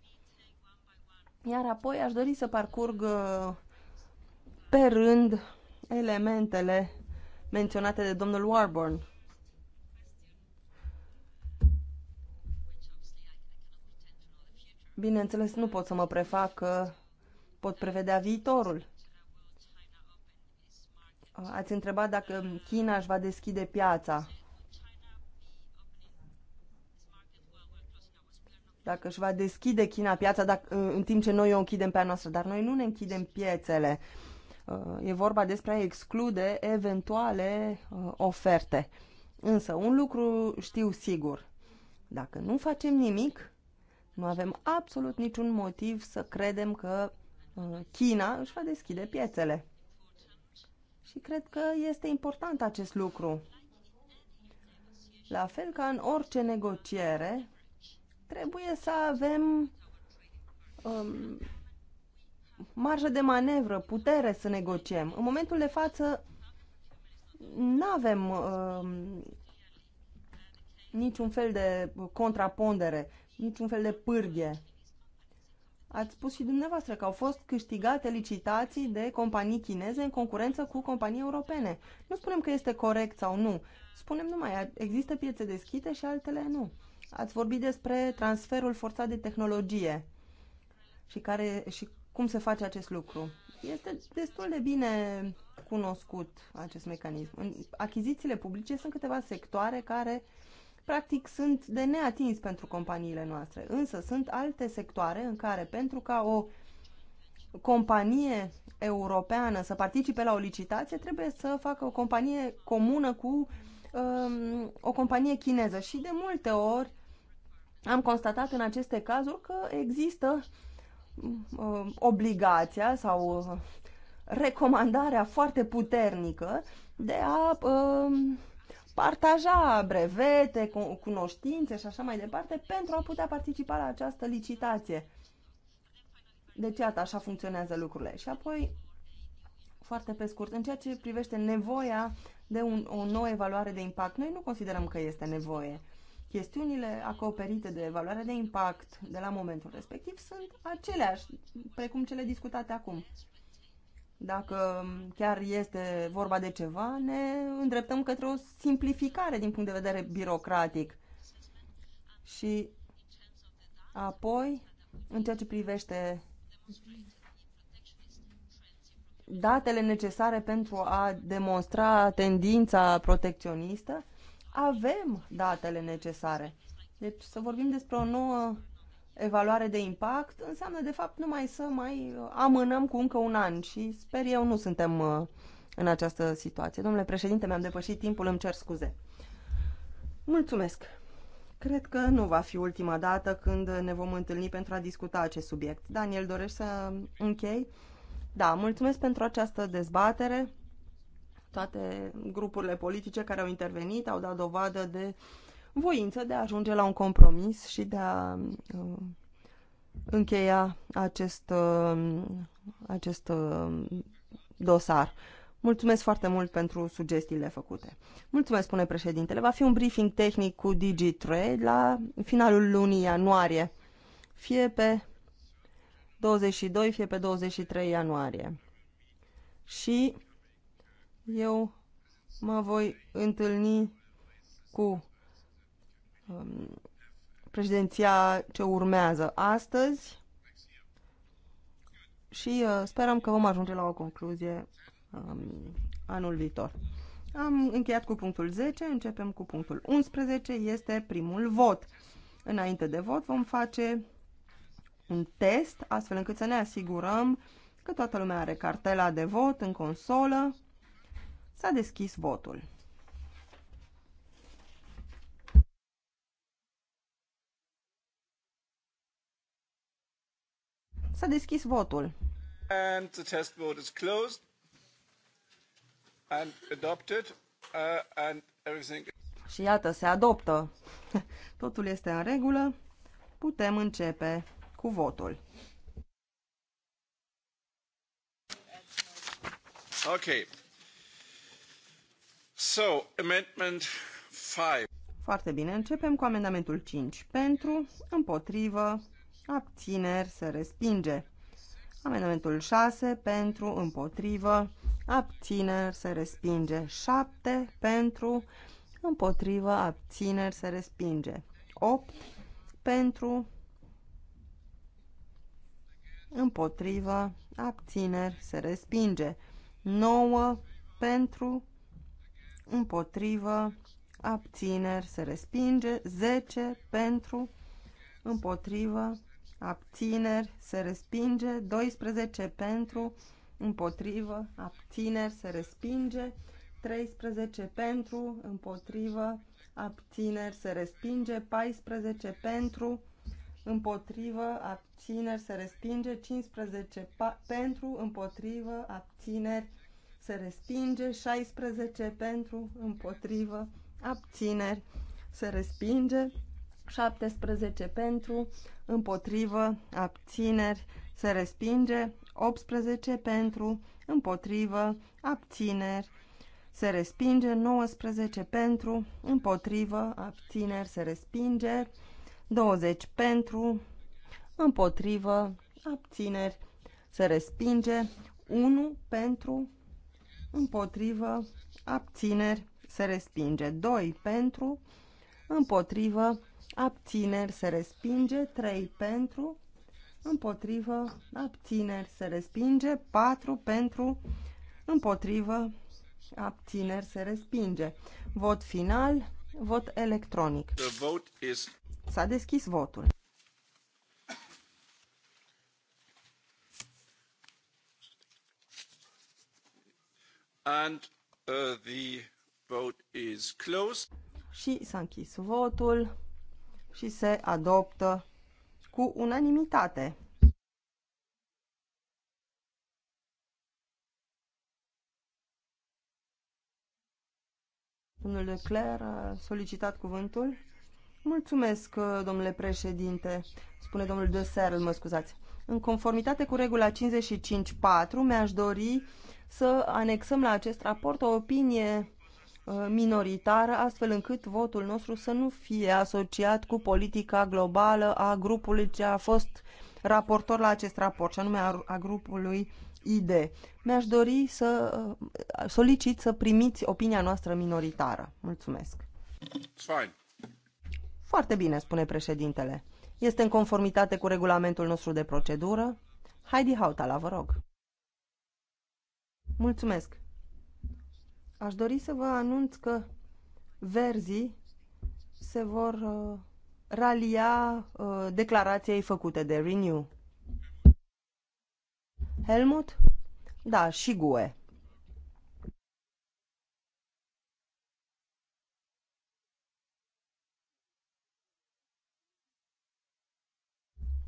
Iar apoi aș dori să parcurg uh, pe rând elementele menționate de domnul Warburn. Bineînțeles, nu pot să mă prefac că pot prevedea viitorul. Ați întrebat dacă China își va deschide piața. Dacă își va deschide China piața dacă, în timp ce noi o închidem pe a noastră. Dar noi nu ne închidem piețele. E vorba despre a exclude eventuale uh, oferte. Însă, un lucru știu sigur. Dacă nu facem nimic, nu avem absolut niciun motiv să credem că uh, China își va deschide piețele. Și cred că este important acest lucru. La fel ca în orice negociere, trebuie să avem um, marjă de manevră, putere să negociem. În momentul de față nu avem um, niciun fel de contrapondere niciun fel de pârghie. Ați spus și dumneavoastră că au fost câștigate licitații de companii chineze în concurență cu companii europene. Nu spunem că este corect sau nu. Spunem numai, există piețe deschise și altele nu. Ați vorbit despre transferul forțat de tehnologie și, care, și cum se face acest lucru. Este destul de bine cunoscut acest mecanism. În achizițiile publice sunt câteva sectoare care uh, practic sunt de neatins pentru companiile noastre. Însă sunt alte sectoare în care pentru ca o companie europeană să participe la o licitație, trebuie să facă o companie comună cu um, o companie chineză. Și de multe ori am constatat în aceste cazuri că există um, obligația sau uh, recomandarea foarte puternică de a um, partaja brevete, cunoștințe și așa mai departe pentru a putea participa la această licitație. Deci, iată, așa funcționează lucrurile. Și apoi, foarte pe scurt, în ceea ce privește nevoia de un, o nouă evaluare de impact, noi nu considerăm că este nevoie. Chestiunile acoperite de evaluarea de impact de la momentul respectiv sunt aceleași, precum cele discutate acum dacă chiar este vorba de ceva, ne îndreptăm către o simplificare din punct de vedere birocratic. Și apoi, în ceea ce privește datele necesare pentru a demonstra tendința protecționistă, avem datele necesare. Deci să vorbim despre o nouă evaluare de impact înseamnă, de fapt, numai să mai uh, amânăm cu încă un an și sper eu nu suntem uh, în această situație. Domnule președinte, mi-am depășit timpul, îmi cer scuze. Mulțumesc! Cred că nu va fi ultima dată când ne vom întâlni pentru a discuta acest subiect. Daniel, dorești să închei? Da, mulțumesc pentru această dezbatere. Toate grupurile politice care au intervenit au dat dovadă de uh, voință de a ajunge la un compromis și de a uh, încheia acest, uh, acest uh, dosar. Mulțumesc foarte mult pentru sugestiile făcute. Mulțumesc, spune președintele. Va fi un briefing tehnic cu DG3 la finalul lunii ianuarie, fie pe 22, fie pe 23 ianuarie. Și eu mă voi întâlni cu Um, președinția ce urmează astăzi și uh, sperăm că vom ajunge la o concluzie um, anul viitor. Am încheiat cu punctul 10, începem cu punctul 11, este primul vot. Înainte de vot vom face un test, astfel încât să ne asigurăm că toată lumea are cartela de vot în consolă. S-a deschis votul. S-a deschis votul. And the test vote is closed and adopted uh, and everything. Și iată, se adoptă. Totul este în regulă. Putem începe cu votul. Ok. So, amendment 5. Foarte bine, începem cu amendamentul 5. Pentru, împotrivă, abțineri, se respinge. Amendamentul 6 pentru, împotrivă, abțineri, se respinge. 7 pentru, împotrivă, abțineri, se respinge. 8 pentru, împotrivă, abțineri, se respinge. 9 pentru, împotrivă, abțineri, se respinge. 10 pentru, împotrivă, abțineri, se respinge, 12 pentru, împotrivă, abțineri, se respinge, 13 pentru, împotrivă, abțineri, se respinge, 14 pentru, împotrivă, abțineri, se respinge, 15 pentru, împotrivă, abțineri, se respinge, 16 pentru, împotrivă, abțineri, se respinge, 17 pentru, împotrivă, abțineri, se respinge, 18 pentru, împotrivă, abțineri, se respinge, 19 pentru, împotrivă, abțineri, se respinge, 20 pentru, împotrivă, abțineri, se respinge, 1 pentru, împotrivă, abțineri, se respinge, 2 pentru, împotrivă, abțineri se respinge, 3 pentru, împotrivă, abțineri se respinge, 4 pentru, împotrivă, abțineri se respinge. Vot final, vot electronic. S-a deschis votul. And uh, the vote is closed. Și s-a închis votul și se adoptă cu unanimitate. Domnul Leclerc a solicitat cuvântul. Mulțumesc, domnule președinte, spune domnul de Serl, mă scuzați. În conformitate cu regula 55.4, mi-aș dori să anexăm la acest raport o opinie Uh, minoritară, astfel încât votul nostru să nu fie asociat cu politica globală a grupului ce a fost raportor la acest raport, și anume a, a grupului ID. Mi-aș dori să uh, solicit să primiți opinia noastră minoritară. Mulțumesc. Fine. Foarte bine, spune președintele. Este în conformitate cu regulamentul nostru de procedură? Heidi Hautala, vă rog. Mulțumesc. Aș dori să vă anunț că verzii se vor uh, ralia uh, declarației făcute de Renew. Helmut? Da, și GUE.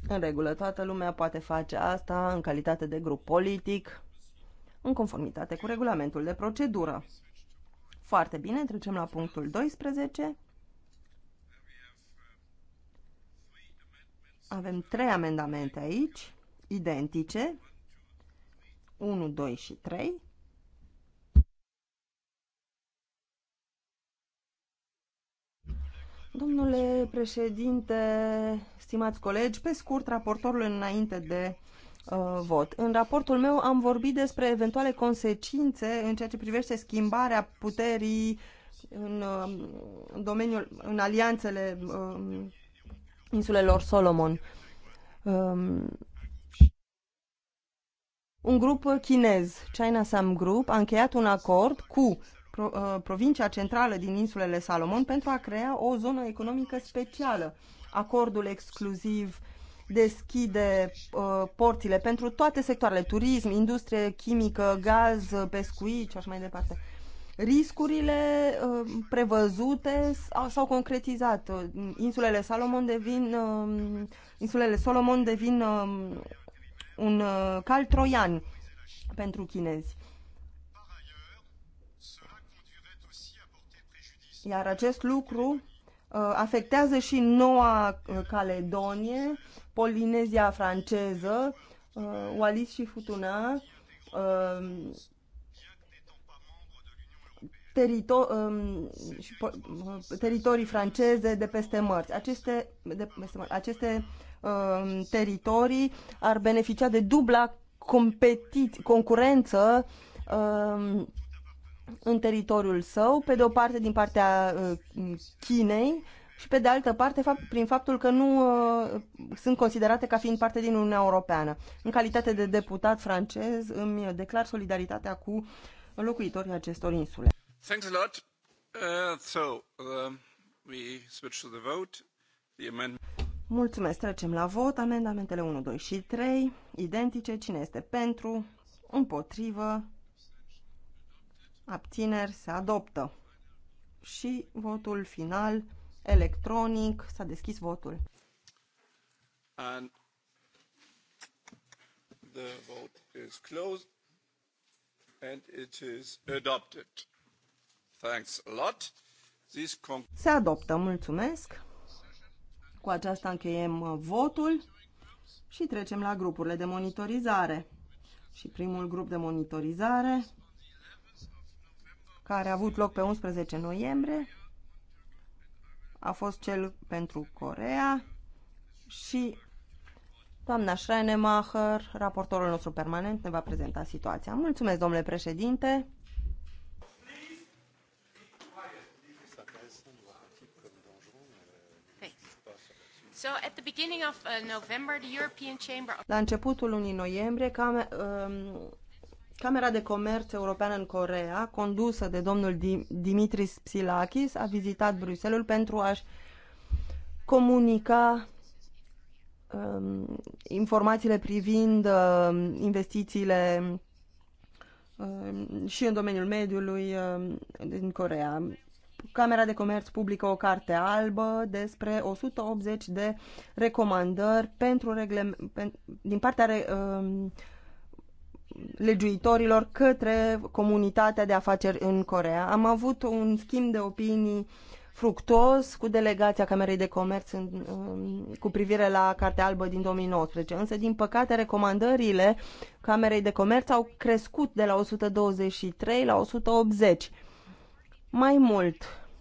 În regulă, toată lumea poate face asta în calitate de grup politic, în conformitate cu regulamentul de procedură. Foarte bine, trecem la punctul 12. Avem trei amendamente aici, identice, 1, 2 și 3. Domnule președinte, stimați colegi, pe scurt, raportorul înainte de Uh, vot. În raportul meu am vorbit despre eventuale consecințe în ceea ce privește schimbarea puterii în, uh, în domeniul, în alianțele um, insulelor Solomon. Um, un grup chinez, China Sam Group, a încheiat un acord cu pro, uh, provincia centrală din insulele Salomon pentru a crea o zonă economică specială. Acordul exclusiv uh, deschide uh, porțile pentru toate sectoarele, turism, industrie chimică, gaz, uh, pescuit și așa mai departe. Riscurile uh, prevăzute s-au concretizat. Uh, insulele Salomon devin, uh, insulele Solomon devin uh, un uh, cal troian pentru chinezi. Iar acest lucru uh, afectează și Noua Caledonie Polinezia franceză, uh, Wallis și Futuna, uh, terito- um, uh, teritorii franceze de peste mărți. Aceste, de peste mărți, aceste um, teritorii ar beneficia de dubla competi- concurență um, în teritoriul său, pe de o parte din partea uh, Chinei, și pe de altă parte fapt, prin faptul că nu uh, sunt considerate ca fiind parte din Uniunea Europeană. În calitate de deputat francez îmi declar solidaritatea cu locuitorii acestor insule. Thanks a lot. Uh, so, uh, we switch to the vote. The amendment... Mulțumesc. Trecem la vot. Amendamentele 1, 2 și 3, identice. Cine este pentru? Împotrivă? Abțineri? Se adoptă. Și votul final electronic. S-a deschis votul. And the vote is closed and it is adopted. Thanks a lot. This Se adoptă, mulțumesc. Cu aceasta încheiem uh, votul și trecem la grupurile de monitorizare. Și primul grup de monitorizare, care a avut loc pe 11 noiembrie, a fost cel pentru Corea și doamna Schreinemacher, raportorul nostru permanent, ne va prezenta situația. Mulțumesc, domnule președinte! Uh, La începutul lunii noiembrie, cam, um, Camera de Comerț Europeană în Corea, condusă de domnul Dimitris Psilakis, a vizitat Bruxelles pentru a-și comunica um, informațiile privind um, investițiile um, și în domeniul mediului um, din Corea. Camera de Comerț publică o carte albă despre 180 de recomandări pentru regle, pen, din partea re, um, legiuitorilor către comunitatea de afaceri în Corea. Am avut un schimb de opinii fructos cu delegația Camerei de Comerț în, cu privire la Cartea Albă din 2019. Însă, din păcate, recomandările Camerei de Comerț au crescut de la 123 la 180. Mai mult,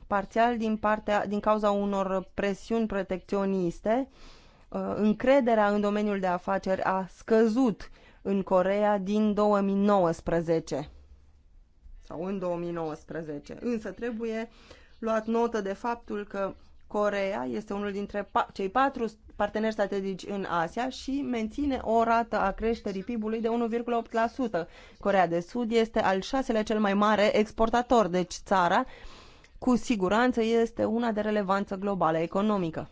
parțial din, partea, din cauza unor presiuni protecționiste, uh, încrederea în domeniul de afaceri a scăzut în Corea din 2019 sau în 2019. Însă trebuie luat notă de faptul că Corea este unul dintre pa cei patru parteneri strategici în Asia și menține o rată a creșterii PIB-ului de 1,8%. Corea de Sud este al șaselea cel mai mare exportator, deci țara cu siguranță este una de relevanță globală economică.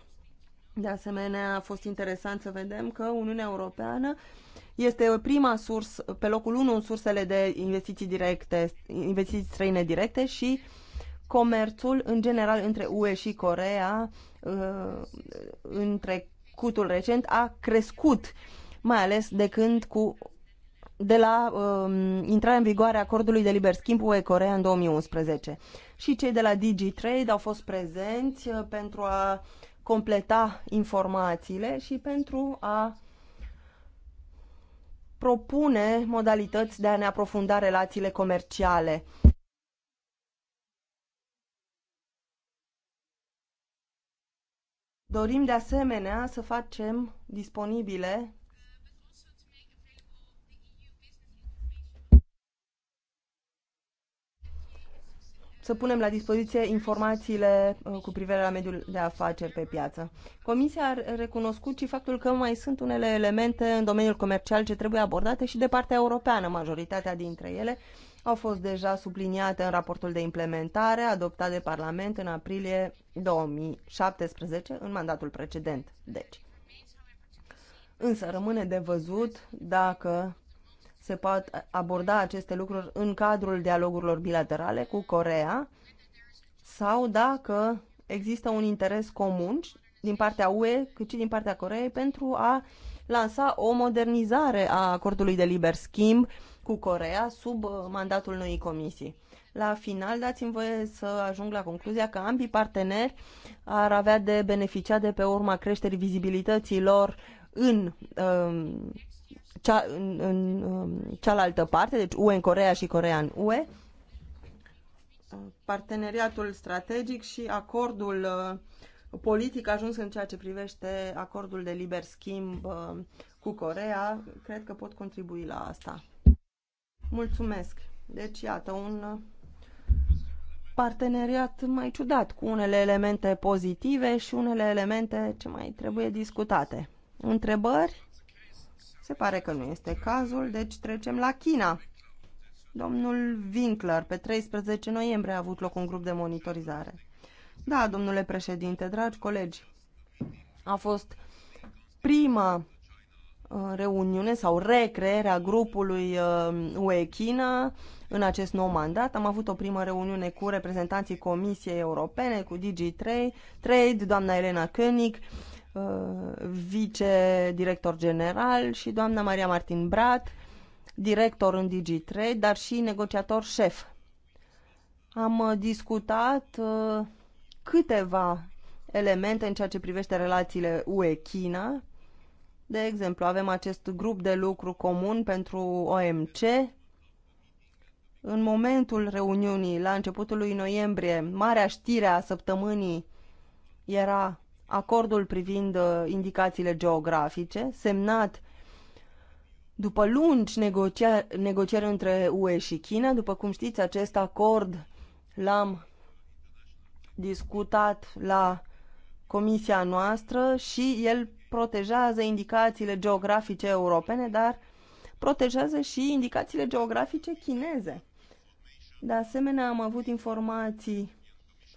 De asemenea, a fost interesant să vedem că Uniunea Europeană uh, este prima sursă, pe locul 1 în sursele de investiții directe, investiții străine directe și comerțul în general între UE și Corea uh, în trecutul recent a crescut, mai ales de când cu de la um, intrarea în vigoare a acordului de liber schimb UE-Corea în 2011. Și cei de la DigiTrade au fost prezenți uh, pentru a completa informațiile și pentru a propune modalități de a ne aprofunda relațiile comerciale. Dorim de asemenea să facem disponibile să punem la dispoziție informațiile uh, cu privire la mediul de afaceri pe piață. Comisia a recunoscut și faptul că mai sunt unele elemente în domeniul comercial ce trebuie abordate și de partea europeană, majoritatea dintre ele au fost deja subliniate în raportul de implementare adoptat de Parlament în aprilie 2017, în mandatul precedent. Deci. Însă rămâne de văzut dacă se pot aborda aceste lucruri în cadrul dialogurilor bilaterale cu Corea sau dacă există un interes comun din partea UE cât și din partea Coreei pentru a lansa o modernizare a acordului de liber schimb cu Corea sub uh, mandatul noii comisii. La final, dați-mi voie să ajung la concluzia că ambii parteneri ar avea de beneficiat de pe urma creșterii vizibilității lor în uh, cea, în, în um, cealaltă parte, deci UE în Corea și Corea în UE, parteneriatul strategic și acordul uh, politic ajuns în ceea ce privește acordul de liber schimb uh, cu Corea, cred că pot contribui la asta. Mulțumesc! Deci, iată, un uh, parteneriat mai ciudat, cu unele elemente pozitive și unele elemente ce mai trebuie discutate. Întrebări? Se pare că nu este cazul, deci trecem la China. Domnul Winkler, pe 13 noiembrie a avut loc un grup de monitorizare. Da, domnule președinte, dragi colegi, a fost prima uh, reuniune sau recreerea grupului UE uh, China în acest nou mandat. Am avut o primă reuniune cu reprezentanții Comisiei Europene, cu DG3, Trade, doamna Elena König, Vice director general și doamna Maria Martin Brat, director în Digi3, dar și negociator șef. Am uh, discutat uh, câteva elemente în ceea ce privește relațiile UE-China. De exemplu, avem acest grup de lucru comun pentru OMC. În momentul reuniunii, la începutul lui noiembrie, marea știre a săptămânii era acordul privind uh, indicațiile geografice, semnat după lungi negocia- negocieri între UE și China. După cum știți, acest acord l-am discutat la comisia noastră și el protejează indicațiile geografice europene, dar protejează și indicațiile geografice chineze. De asemenea, am avut informații,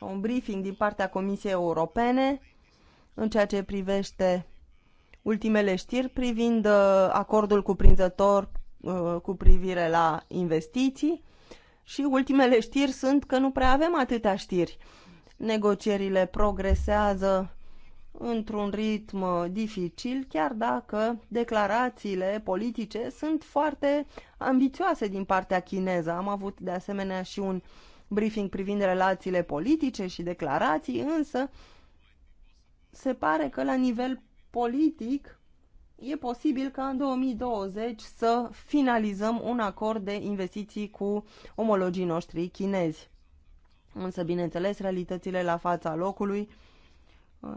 un briefing din partea Comisiei Europene în ceea ce privește ultimele știri privind uh, acordul cuprinzător uh, cu privire la investiții și ultimele știri sunt că nu prea avem atâtea știri. Negocierile progresează într-un ritm uh, dificil, chiar dacă declarațiile politice sunt foarte ambițioase din partea chineză. Am avut de asemenea și un briefing privind relațiile politice și declarații, însă se pare că la nivel politic e posibil ca în 2020 să finalizăm un acord de investiții cu omologii noștri chinezi. Însă, bineînțeles, realitățile la fața locului uh,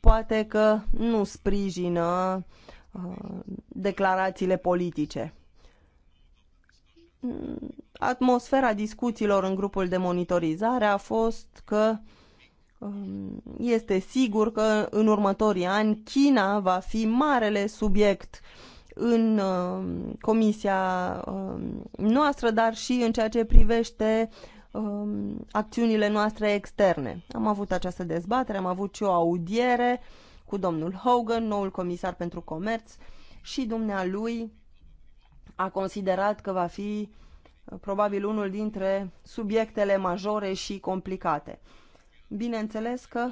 poate că nu sprijină uh, declarațiile politice. Atmosfera discuțiilor în grupul de monitorizare a fost că Um, este sigur că în următorii ani China va fi marele subiect în um, comisia um, noastră, dar și în ceea ce privește acțiunile noastre externe. Am avut această dezbatere, am avut și o audiere cu domnul Hogan, noul comisar pentru comerț, și dumnealui a considerat că va fi uh, probabil unul dintre subiectele majore și complicate. Bineînțeles că...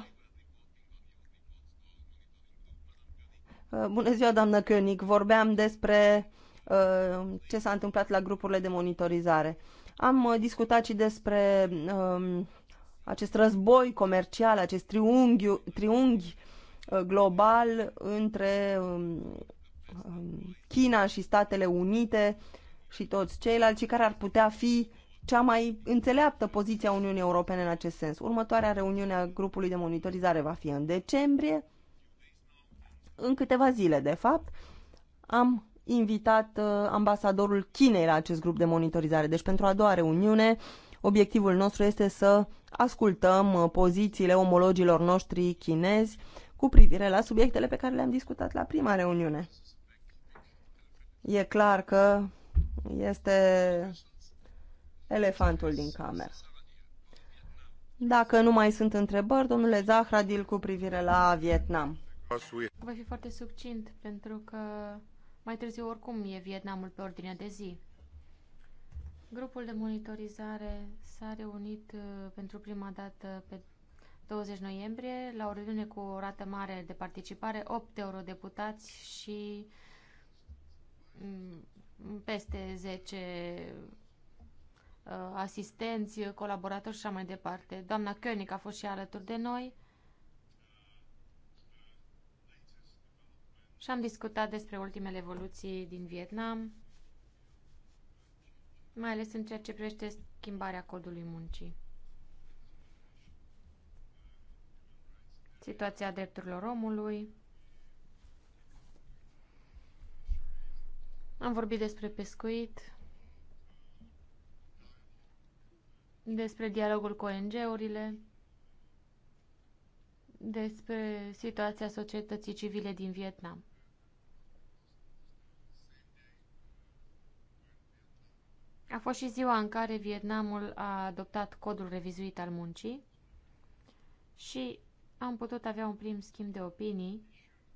Uh, bună ziua, doamnă König. Vorbeam despre uh, ce s-a întâmplat la grupurile de monitorizare. Am uh, discutat și despre um, acest război comercial, acest triunghi, triunghi global între um, um, China și Statele Unite și toți ceilalți care ar putea fi cea mai înțeleaptă poziția Uniunii Europene în acest sens. Următoarea reuniune a grupului de monitorizare va fi în decembrie, în câteva zile, de fapt. Am invitat uh, ambasadorul Chinei la acest grup de monitorizare. Deci, pentru a doua reuniune, obiectivul nostru este să ascultăm uh, pozițiile omologilor noștri chinezi cu privire la subiectele pe care le-am discutat la prima reuniune. E clar că este elefantul din cameră. Dacă nu mai sunt întrebări, domnule Zahradil, cu privire la Vietnam. Voi fi foarte succint, pentru că mai târziu oricum e Vietnamul pe ordinea de zi. Grupul de monitorizare s-a reunit uh, pentru prima dată pe 20 noiembrie la o reuniune cu o rată mare de participare, 8 eurodeputați și mm, peste 10 asistenți, colaboratori și așa mai departe. Doamna König a fost și alături de noi și am discutat despre ultimele evoluții din Vietnam, mai ales în ceea ce privește schimbarea codului muncii. Situația drepturilor omului, Am vorbit despre pescuit, despre dialogul cu ONG-urile, despre situația societății civile din Vietnam. A fost și ziua în care Vietnamul a adoptat codul revizuit al muncii și am putut avea un prim schimb de opinii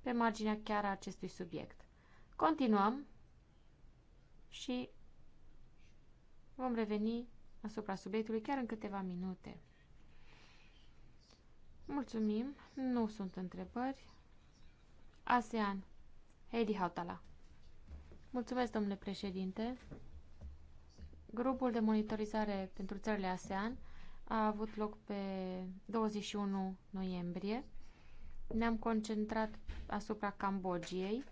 pe marginea chiar a acestui subiect. Continuăm și vom reveni asupra subiectului chiar în câteva minute. Mulțumim, nu sunt întrebări. ASEAN, Heidi Hautala. Mulțumesc, domnule președinte. Grupul de monitorizare pentru țările ASEAN a avut loc pe 21 noiembrie. Ne-am concentrat asupra Cambogiei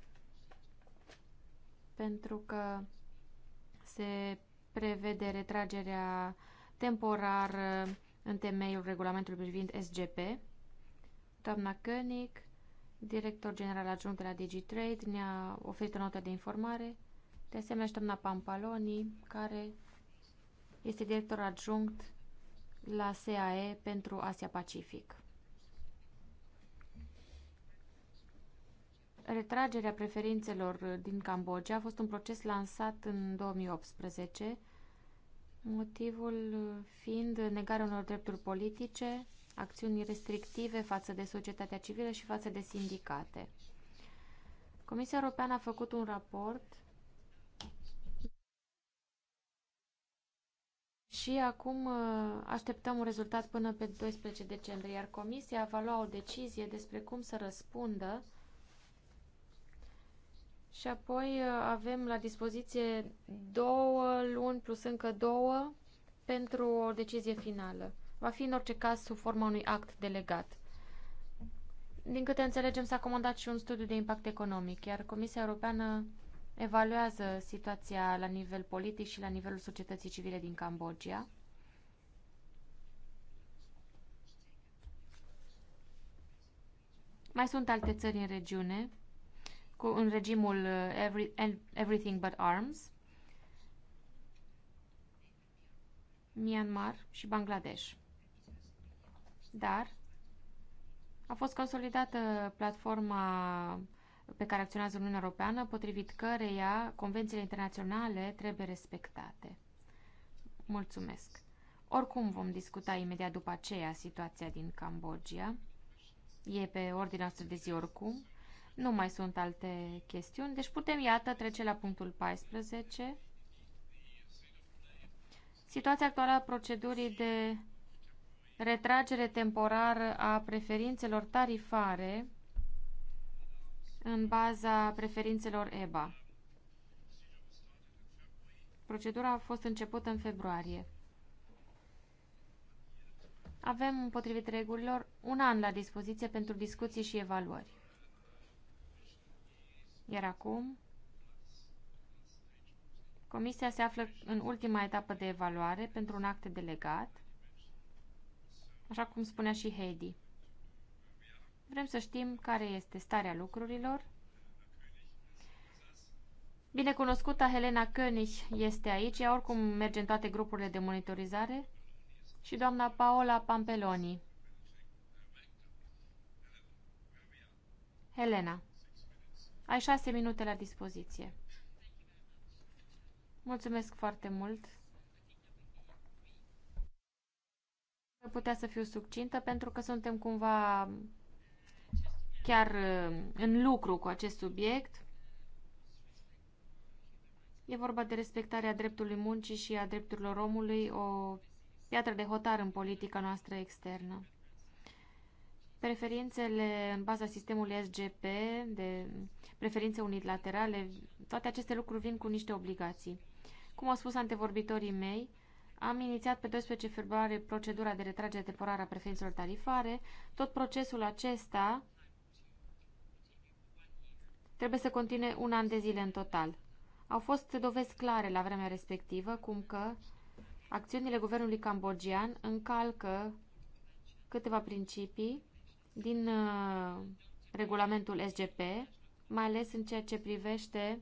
pentru că se prevede retragerea temporară în temeiul regulamentului privind SGP. Doamna Koenig, director general adjunct de la DigiTrade, ne-a oferit o notă de informare. De asemenea și doamna Pampaloni, care este director adjunct la SAE pentru Asia Pacific. Retragerea preferințelor din Cambodgia a fost un proces lansat în 2018, motivul fiind negarea unor drepturi politice, acțiuni restrictive față de societatea civilă și față de sindicate. Comisia Europeană a făcut un raport și acum uh, așteptăm un rezultat până pe 12 decembrie, iar Comisia va lua o decizie despre cum să răspundă și apoi uh, avem la dispoziție două luni plus încă două pentru o decizie finală. Va fi în orice caz sub forma unui act delegat. Din câte înțelegem, s-a comandat și un studiu de impact economic, iar Comisia Europeană evaluează situația la nivel politic și la nivelul societății civile din Cambodgia. Mai sunt alte țări în regiune cu, în regimul uh, every, Everything But Arms, Myanmar și Bangladesh. Dar a fost consolidată platforma pe care acționează Uniunea Europeană, potrivit căreia convențiile internaționale trebuie respectate. Mulțumesc! Oricum vom discuta imediat după aceea situația din Cambodgia. E pe ordinea noastră de zi oricum. Nu mai sunt alte chestiuni, deci putem, iată, trece la punctul 14. Situația actuală a procedurii de retragere temporară a preferințelor tarifare în baza preferințelor EBA. Procedura a fost începută în februarie. Avem, potrivit regulilor, un an la dispoziție pentru discuții și evaluări. Iar acum, Comisia se află în ultima etapă de evaluare pentru un act delegat, așa cum spunea și Heidi. Vrem să știm care este starea lucrurilor. Binecunoscuta Helena König este aici, ea oricum merge în toate grupurile de monitorizare, și doamna Paola Pampeloni. Helena ai șase minute la dispoziție. Mulțumesc foarte mult. Putea să fiu succintă pentru că suntem cumva chiar uh, în lucru cu acest subiect. E vorba de respectarea dreptului muncii și a drepturilor omului, o piatră de hotar în politica noastră externă preferințele în baza sistemului SGP, de preferințe unilaterale, toate aceste lucruri vin cu niște obligații. Cum au spus antevorbitorii mei, am inițiat pe 12 februarie procedura de retragere temporară a preferințelor tarifare. Tot procesul acesta trebuie să continue un an de zile în total. Au fost dovezi clare la vremea respectivă cum că acțiunile guvernului cambogian încalcă câteva principii din uh, regulamentul SGP, mai ales în ceea ce privește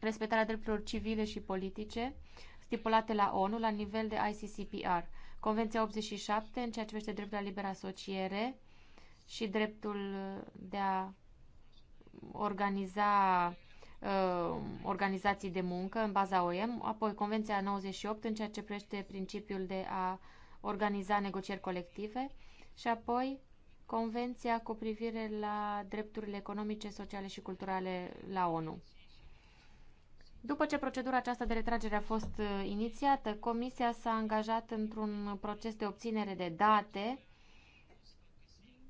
respectarea drepturilor civile și politice stipulate la ONU la nivel de ICCPR. Convenția 87 în ceea ce privește dreptul la liberă asociere și dreptul de a organiza uh, organizații de muncă în baza OEM, apoi Convenția 98 în ceea ce privește principiul de a organiza negocieri colective și apoi Convenția cu privire la drepturile economice, sociale și culturale la ONU. După ce procedura aceasta de retragere a fost uh, inițiată, Comisia s-a angajat într-un proces de obținere de date.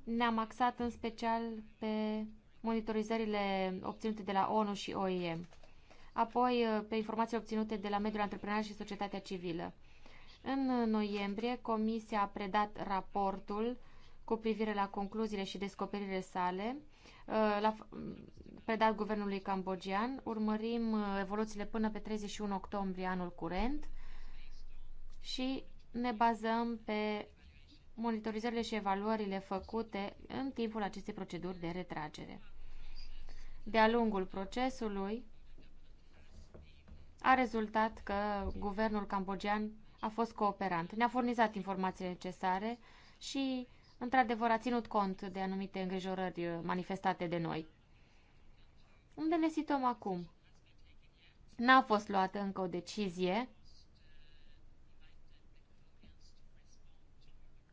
Ne-am axat în special pe monitorizările obținute de la ONU și OIM, apoi uh, pe informații obținute de la mediul antreprenorial și societatea civilă. În noiembrie, Comisia a predat raportul cu privire la concluziile și descoperirile sale uh, la, predat guvernului cambogian. Urmărim uh, evoluțiile până pe 31 octombrie anul curent și ne bazăm pe monitorizările și evaluările făcute în timpul acestei proceduri de retragere. De-a lungul procesului a rezultat că guvernul cambogian a fost cooperant. Ne-a furnizat informații necesare și într-adevăr a ținut cont de anumite îngrijorări uh, manifestate de noi. Unde ne situăm acum? N-a fost luată încă o decizie.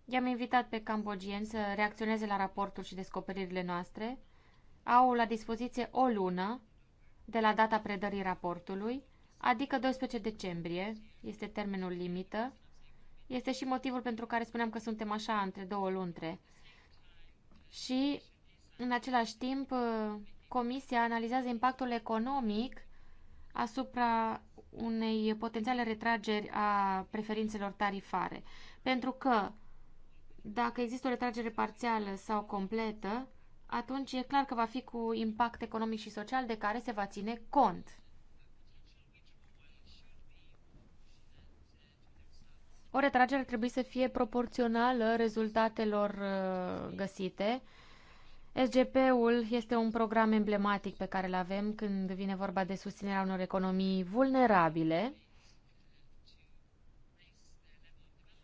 I-am invitat pe cambogieni să reacționeze la raportul și descoperirile noastre. Au la dispoziție o lună de la data predării raportului, adică 12 decembrie este termenul limită. Este și motivul pentru care spuneam că suntem așa între două luntre. Și, în același timp, Comisia analizează impactul economic asupra unei potențiale retrageri a preferințelor tarifare. Pentru că, dacă există o retragere parțială sau completă, atunci e clar că va fi cu impact economic și social de care se va ține cont. o retragere ar trebui să fie proporțională rezultatelor uh, găsite. SGP-ul este un program emblematic pe care îl avem când vine vorba de susținerea unor economii vulnerabile.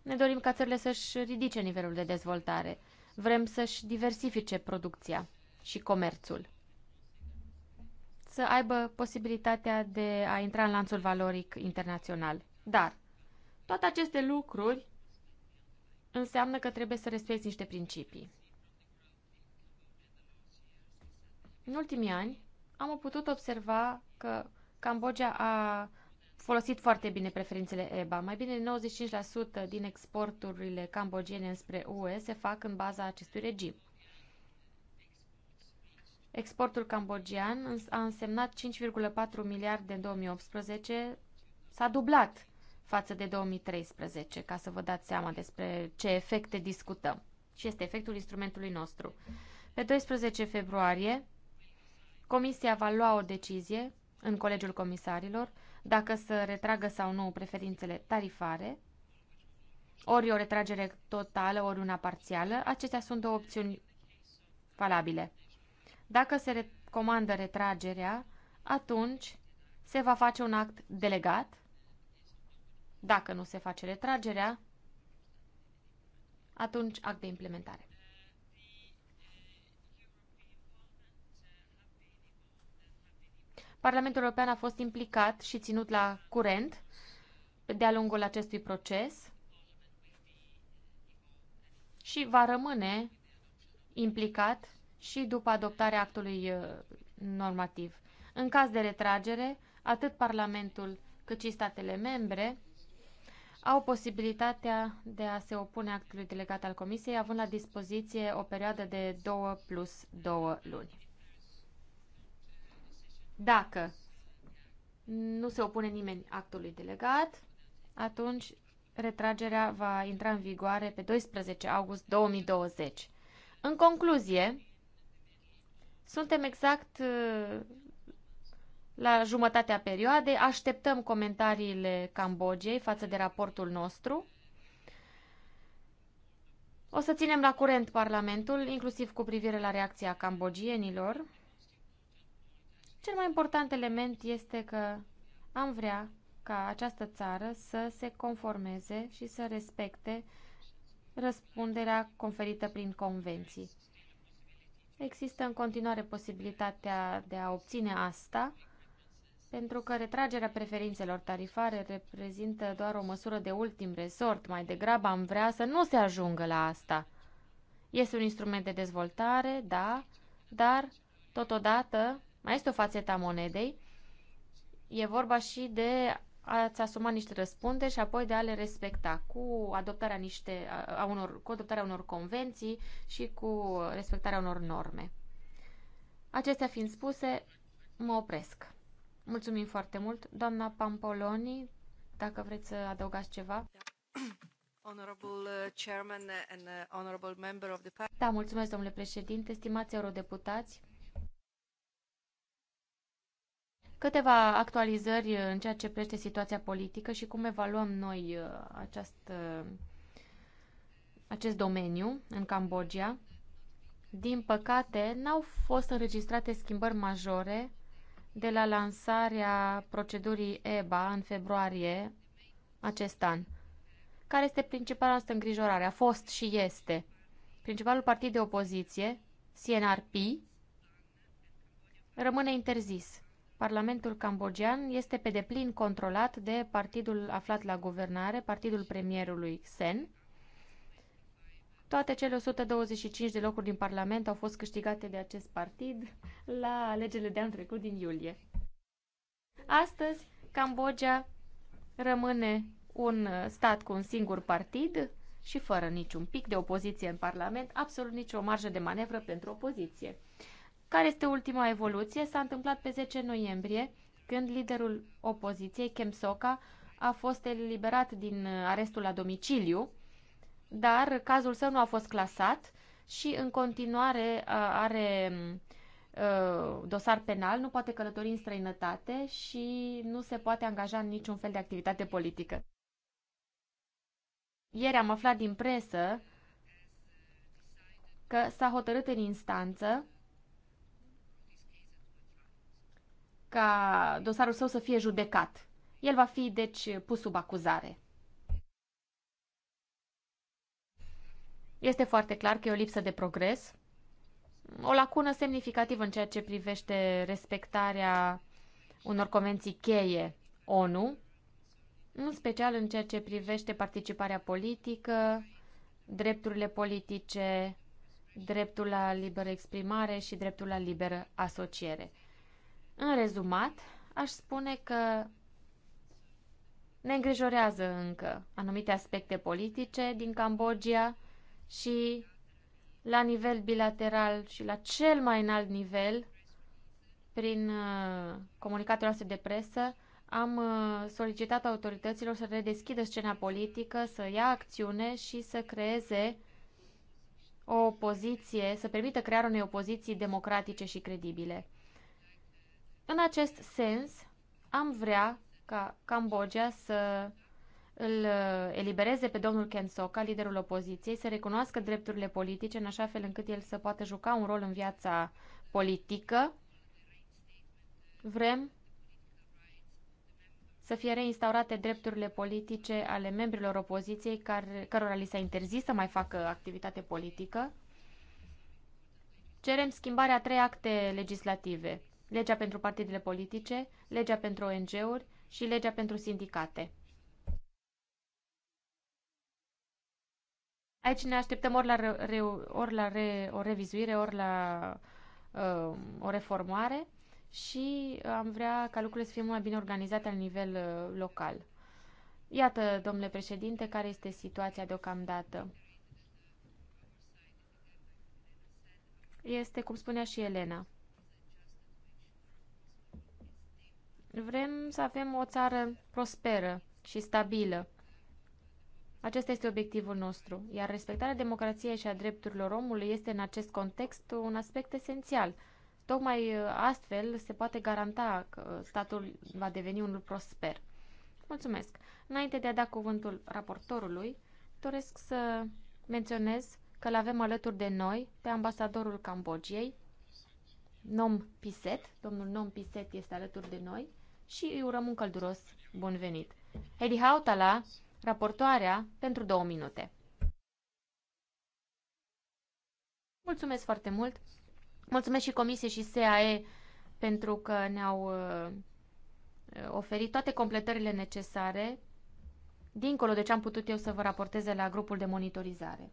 Ne dorim ca țările să-și ridice nivelul de dezvoltare. Vrem să-și diversifice producția și comerțul. Să aibă posibilitatea de a intra în lanțul valoric internațional. Dar toate aceste lucruri înseamnă că trebuie să respecti niște principii. În ultimii ani am putut observa că Cambodgia a folosit foarte bine preferințele EBA. Mai bine de 95% din exporturile cambogiene spre UE se fac în baza acestui regim. Exportul cambogian a însemnat 5,4 miliarde în 2018, s-a dublat față de 2013, ca să vă dați seama despre ce efecte discutăm. Și este efectul instrumentului nostru. Pe 12 februarie, Comisia va lua o decizie în Colegiul Comisarilor dacă să retragă sau nu preferințele tarifare, ori o retragere totală, ori una parțială. Acestea sunt două opțiuni valabile. Dacă se recomandă retragerea, atunci se va face un act delegat dacă nu se face retragerea, atunci act de implementare. Parlamentul European a fost implicat și ținut la curent de-a lungul acestui proces și va rămâne implicat și după adoptarea actului uh, normativ. În caz de retragere, atât Parlamentul cât și statele membre au posibilitatea de a se opune actului delegat al Comisiei, având la dispoziție o perioadă de 2 plus 2 luni. Dacă nu se opune nimeni actului delegat, atunci retragerea va intra în vigoare pe 12 august 2020. În concluzie, suntem exact la jumătatea perioadei așteptăm comentariile Cambodgiei față de raportul nostru. O să ținem la curent Parlamentul, inclusiv cu privire la reacția cambogienilor. Cel mai important element este că am vrea ca această țară să se conformeze și să respecte răspunderea conferită prin convenții. Există în continuare posibilitatea de a obține asta pentru că retragerea preferințelor tarifare reprezintă doar o măsură de ultim resort. Mai degrabă am vrea să nu se ajungă la asta. Este un instrument de dezvoltare, da, dar totodată mai este o fațetă a monedei. E vorba și de a-ți asuma niște răspunde și apoi de a le respecta cu adoptarea, niște, a unor, cu adoptarea unor convenții și cu respectarea unor norme. Acestea fiind spuse, mă opresc. Mulțumim foarte mult. Doamna Pampoloni, dacă vreți să adăugați ceva. Uh, uh, da, mulțumesc, domnule președinte, stimați eurodeputați. Câteva actualizări uh, în ceea ce privește situația politică și cum evaluăm noi acest, acest domeniu în Cambodgia. Din păcate, n-au fost înregistrate schimbări majore de la lansarea procedurii EBA în februarie acest an. Care este principala noastră îngrijorare? A fost și este. Principalul partid de opoziție, CNRP, rămâne interzis. Parlamentul cambogian este pe deplin controlat de partidul aflat la guvernare, partidul premierului Sen, toate cele 125 de locuri din Parlament au fost câștigate de acest partid la alegerile de an trecut din iulie. Astăzi, Cambodgia rămâne un uh, stat cu un singur partid și fără niciun pic de opoziție în Parlament, absolut nicio marjă de manevră pentru opoziție. Care este ultima evoluție? S-a întâmplat pe 10 noiembrie, când liderul opoziției, Kem Soka, a fost eliberat din uh, arestul la domiciliu dar cazul său nu a fost clasat și în continuare uh, are uh, dosar penal, nu poate călători în străinătate și nu se poate angaja în niciun fel de activitate politică. Ieri am aflat din presă că s-a hotărât în instanță ca dosarul său să fie judecat. El va fi, deci, pus sub acuzare. Este foarte clar că e o lipsă de progres, o lacună semnificativă în ceea ce privește respectarea unor convenții cheie ONU, în special în ceea ce privește participarea politică, drepturile politice, dreptul la liberă exprimare și dreptul la liberă asociere. În rezumat, aș spune că ne îngrijorează încă anumite aspecte politice din Cambodgia, și la nivel bilateral și la cel mai înalt nivel, prin uh, comunicatele noastre de presă, am uh, solicitat autorităților să redeschidă scena politică, să ia acțiune și să creeze o opoziție, să permită crearea unei opoziții democratice și credibile. În acest sens, am vrea ca Cambodgia să îl uh, elibereze pe domnul Ken Soka, liderul opoziției, să recunoască drepturile politice în așa fel încât el să poată juca un rol în viața politică. Vrem să fie reinstaurate drepturile politice ale membrilor opoziției care, cărora li s-a interzis să mai facă activitate politică. Cerem schimbarea trei acte legislative, legea pentru partidele politice, legea pentru ONG-uri și legea pentru sindicate. Aici ne așteptăm ori la, re, ori la re, o revizuire, ori la uh, o reformare și am vrea ca lucrurile să fie mai bine organizate la nivel uh, local. Iată, domnule președinte, care este situația deocamdată. Este, cum spunea și Elena, vrem să avem o țară prosperă și stabilă acesta este obiectivul nostru, iar respectarea democrației și a drepturilor omului este în acest context un aspect esențial. Tocmai uh, astfel se poate garanta că statul va deveni unul prosper. Mulțumesc! Înainte de a da cuvântul raportorului, doresc să menționez că îl avem alături de noi pe ambasadorul Cambodgiei, Nom Piset. Domnul Nom Piset este alături de noi și îi urăm un călduros bun venit. Hedi Hautala raportoarea pentru două minute. Mulțumesc foarte mult! Mulțumesc și Comisie și SAE pentru că ne-au uh, oferit toate completările necesare, dincolo de ce am putut eu să vă raporteze la grupul de monitorizare.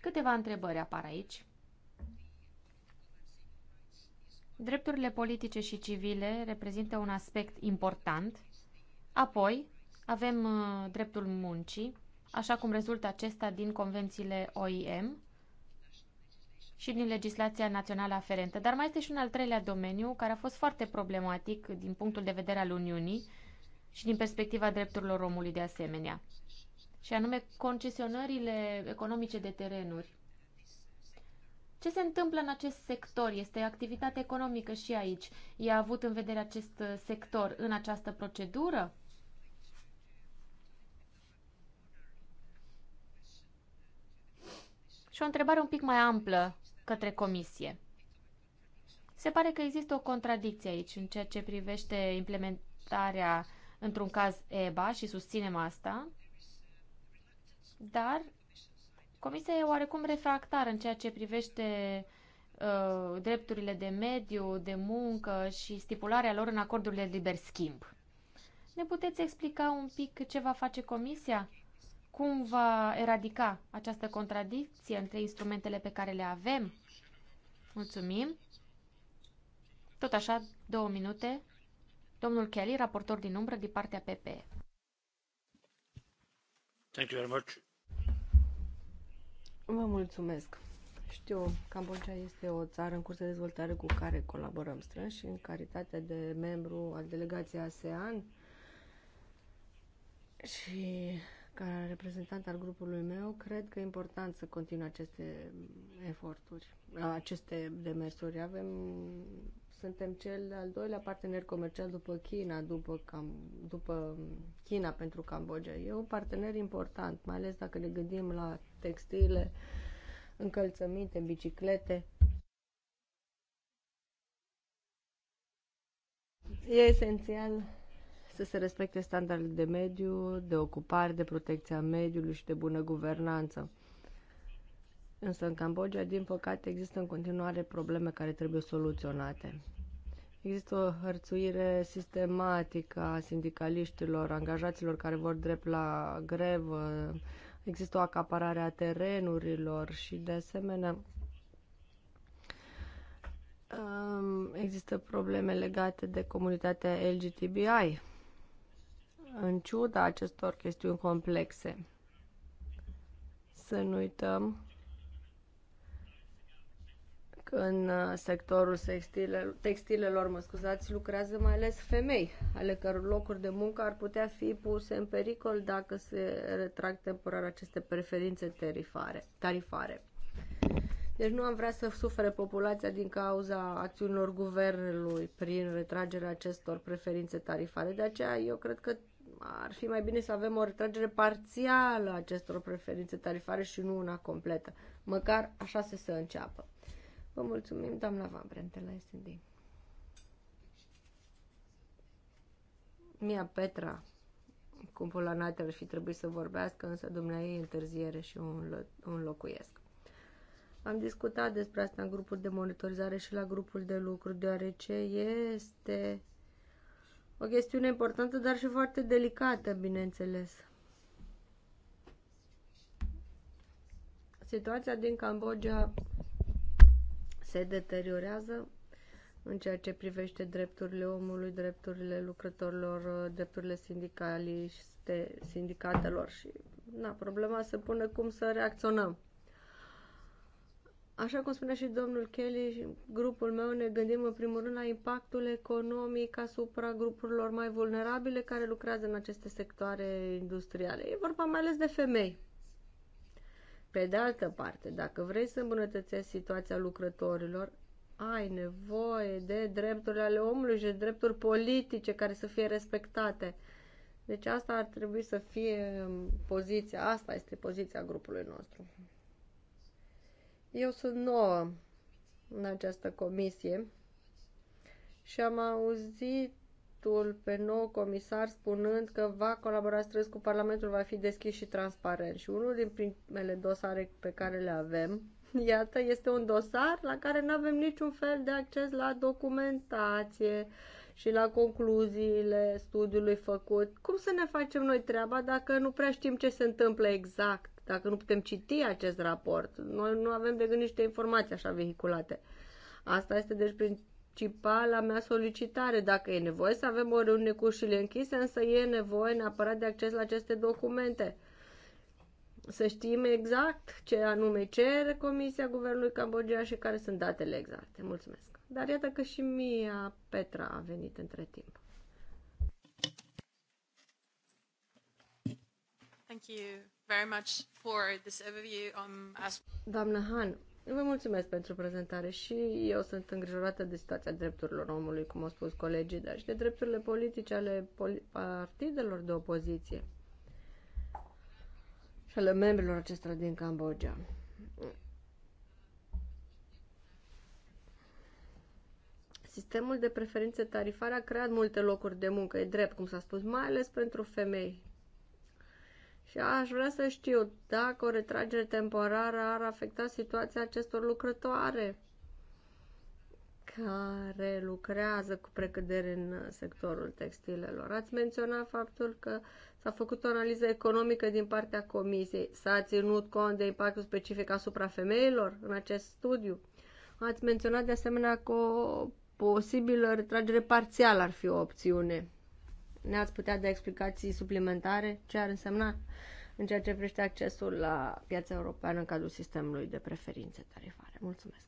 Câteva întrebări apar aici. Drepturile politice și civile reprezintă un aspect important. Apoi, avem uh, dreptul muncii, așa cum rezultă acesta din convențiile OIM și din legislația națională aferentă. Dar mai este și un al treilea domeniu care a fost foarte problematic din punctul de vedere al Uniunii și din perspectiva drepturilor omului de asemenea, și anume concesionările economice de terenuri. Ce se întâmplă în acest sector? Este activitate economică și aici. I-a avut în vedere acest sector în această procedură? Și o întrebare un pic mai amplă către comisie. Se pare că există o contradicție aici în ceea ce privește implementarea într-un caz EBA și susținem asta, dar comisia e oarecum refractară în ceea ce privește uh, drepturile de mediu, de muncă și stipularea lor în acordurile de liber schimb. Ne puteți explica un pic ce va face comisia? cum va eradica această contradicție între instrumentele pe care le avem? Mulțumim. Tot așa, două minute. Domnul Kelly, raportor din umbră din partea PPE. Thank you very much. Vă mulțumesc. Știu, Cambodgia este o țară în curs de dezvoltare cu care colaborăm strâns și în calitate de membru al delegației ASEAN și ca reprezentant al grupului meu, cred că e important să continue aceste eforturi, aceste demersuri. Avem, suntem cel al doilea partener comercial după China, după, Cam, după China pentru Cambodgia. E un partener important, mai ales dacă ne gândim la textile, încălțăminte, biciclete. E esențial să se respecte standardele de mediu, de ocupare, de protecția mediului și de bună guvernanță. Însă în Cambodgia, din păcate, există în continuare probleme care trebuie soluționate. Există o hărțuire sistematică a sindicaliștilor, angajaților care vor drept la grevă, există o acaparare a terenurilor și, de asemenea, um, există probleme legate de comunitatea LGTBI în ciuda acestor chestiuni complexe. Să nu uităm că în uh, sectorul textilelor, textilelor mă scuzați, lucrează mai ales femei, ale căror locuri de muncă ar putea fi puse în pericol dacă se retrag temporar aceste preferințe tarifare. tarifare. Deci nu am vrea să sufere populația din cauza acțiunilor guvernului prin retragerea acestor preferințe tarifare. De aceea eu cred că ar fi mai bine să avem o retragere parțială a acestor preferințe tarifare și nu una completă. Măcar așa să se înceapă. Vă mulțumim, doamna Van Brente, la SND. Mia Petra, cum polanate, ar fi trebuit să vorbească, însă dumnea ei întârziere și un locuiesc. Am discutat despre asta în grupul de monitorizare și la grupul de lucru, deoarece este o chestiune importantă, dar și foarte delicată, bineînțeles. Situația din Cambodgia se deteriorează în ceea ce privește drepturile omului, drepturile lucrătorilor, drepturile sindicaliste, sindicatelor și na, problema se pune cum să reacționăm. Așa cum spunea și domnul Kelly, grupul meu ne gândim în primul rând la impactul economic asupra grupurilor mai vulnerabile care lucrează în aceste sectoare industriale. E vorba mai ales de femei. Pe de altă parte, dacă vrei să îmbunătățești situația lucrătorilor, ai nevoie de drepturile ale omului și de drepturi politice care să fie respectate. Deci asta ar trebui să fie poziția, asta este poziția grupului nostru. Eu sunt nouă în această comisie și am auzit pe nou comisar spunând că va colabora strâns cu Parlamentul, va fi deschis și transparent. Și unul din primele dosare pe care le avem, iată, este un dosar la care nu avem niciun fel de acces la documentație și la concluziile studiului făcut. Cum să ne facem noi treaba dacă nu prea știm ce se întâmplă exact? dacă nu putem citi acest raport, noi nu avem de gând niște informații așa vehiculate. Asta este deci principala mea solicitare. Dacă e nevoie să avem o reuniune cu ușile închise, însă e nevoie neapărat de acces la aceste documente. Să știm exact ce anume cere Comisia Guvernului Cambodgia și care sunt datele exacte. Mulțumesc! Dar iată că și Mia Petra a venit între timp. Thank you. Um, Doamnă Han, vă mulțumesc pentru prezentare și eu sunt îngrijorată de situația drepturilor omului, cum au spus colegii, dar și de drepturile politice ale partidelor de opoziție și ale membrilor acestora din Cambodgia. Sistemul de preferințe tarifare a creat multe locuri de muncă, e drept, cum s-a spus, mai ales pentru femei. Și aș vrea să știu dacă o retragere temporară ar afecta situația acestor lucrătoare care lucrează cu precădere în sectorul textilelor. Ați menționat faptul că s-a făcut o analiză economică din partea comisiei. S-a ținut cont de impactul specific asupra femeilor în acest studiu? Ați menționat de asemenea că o posibilă retragere parțială ar fi o opțiune ne-ați putea da explicații suplimentare ce ar însemna în ceea ce privește accesul la piața europeană în cadrul sistemului de preferințe tarifare. Mulțumesc!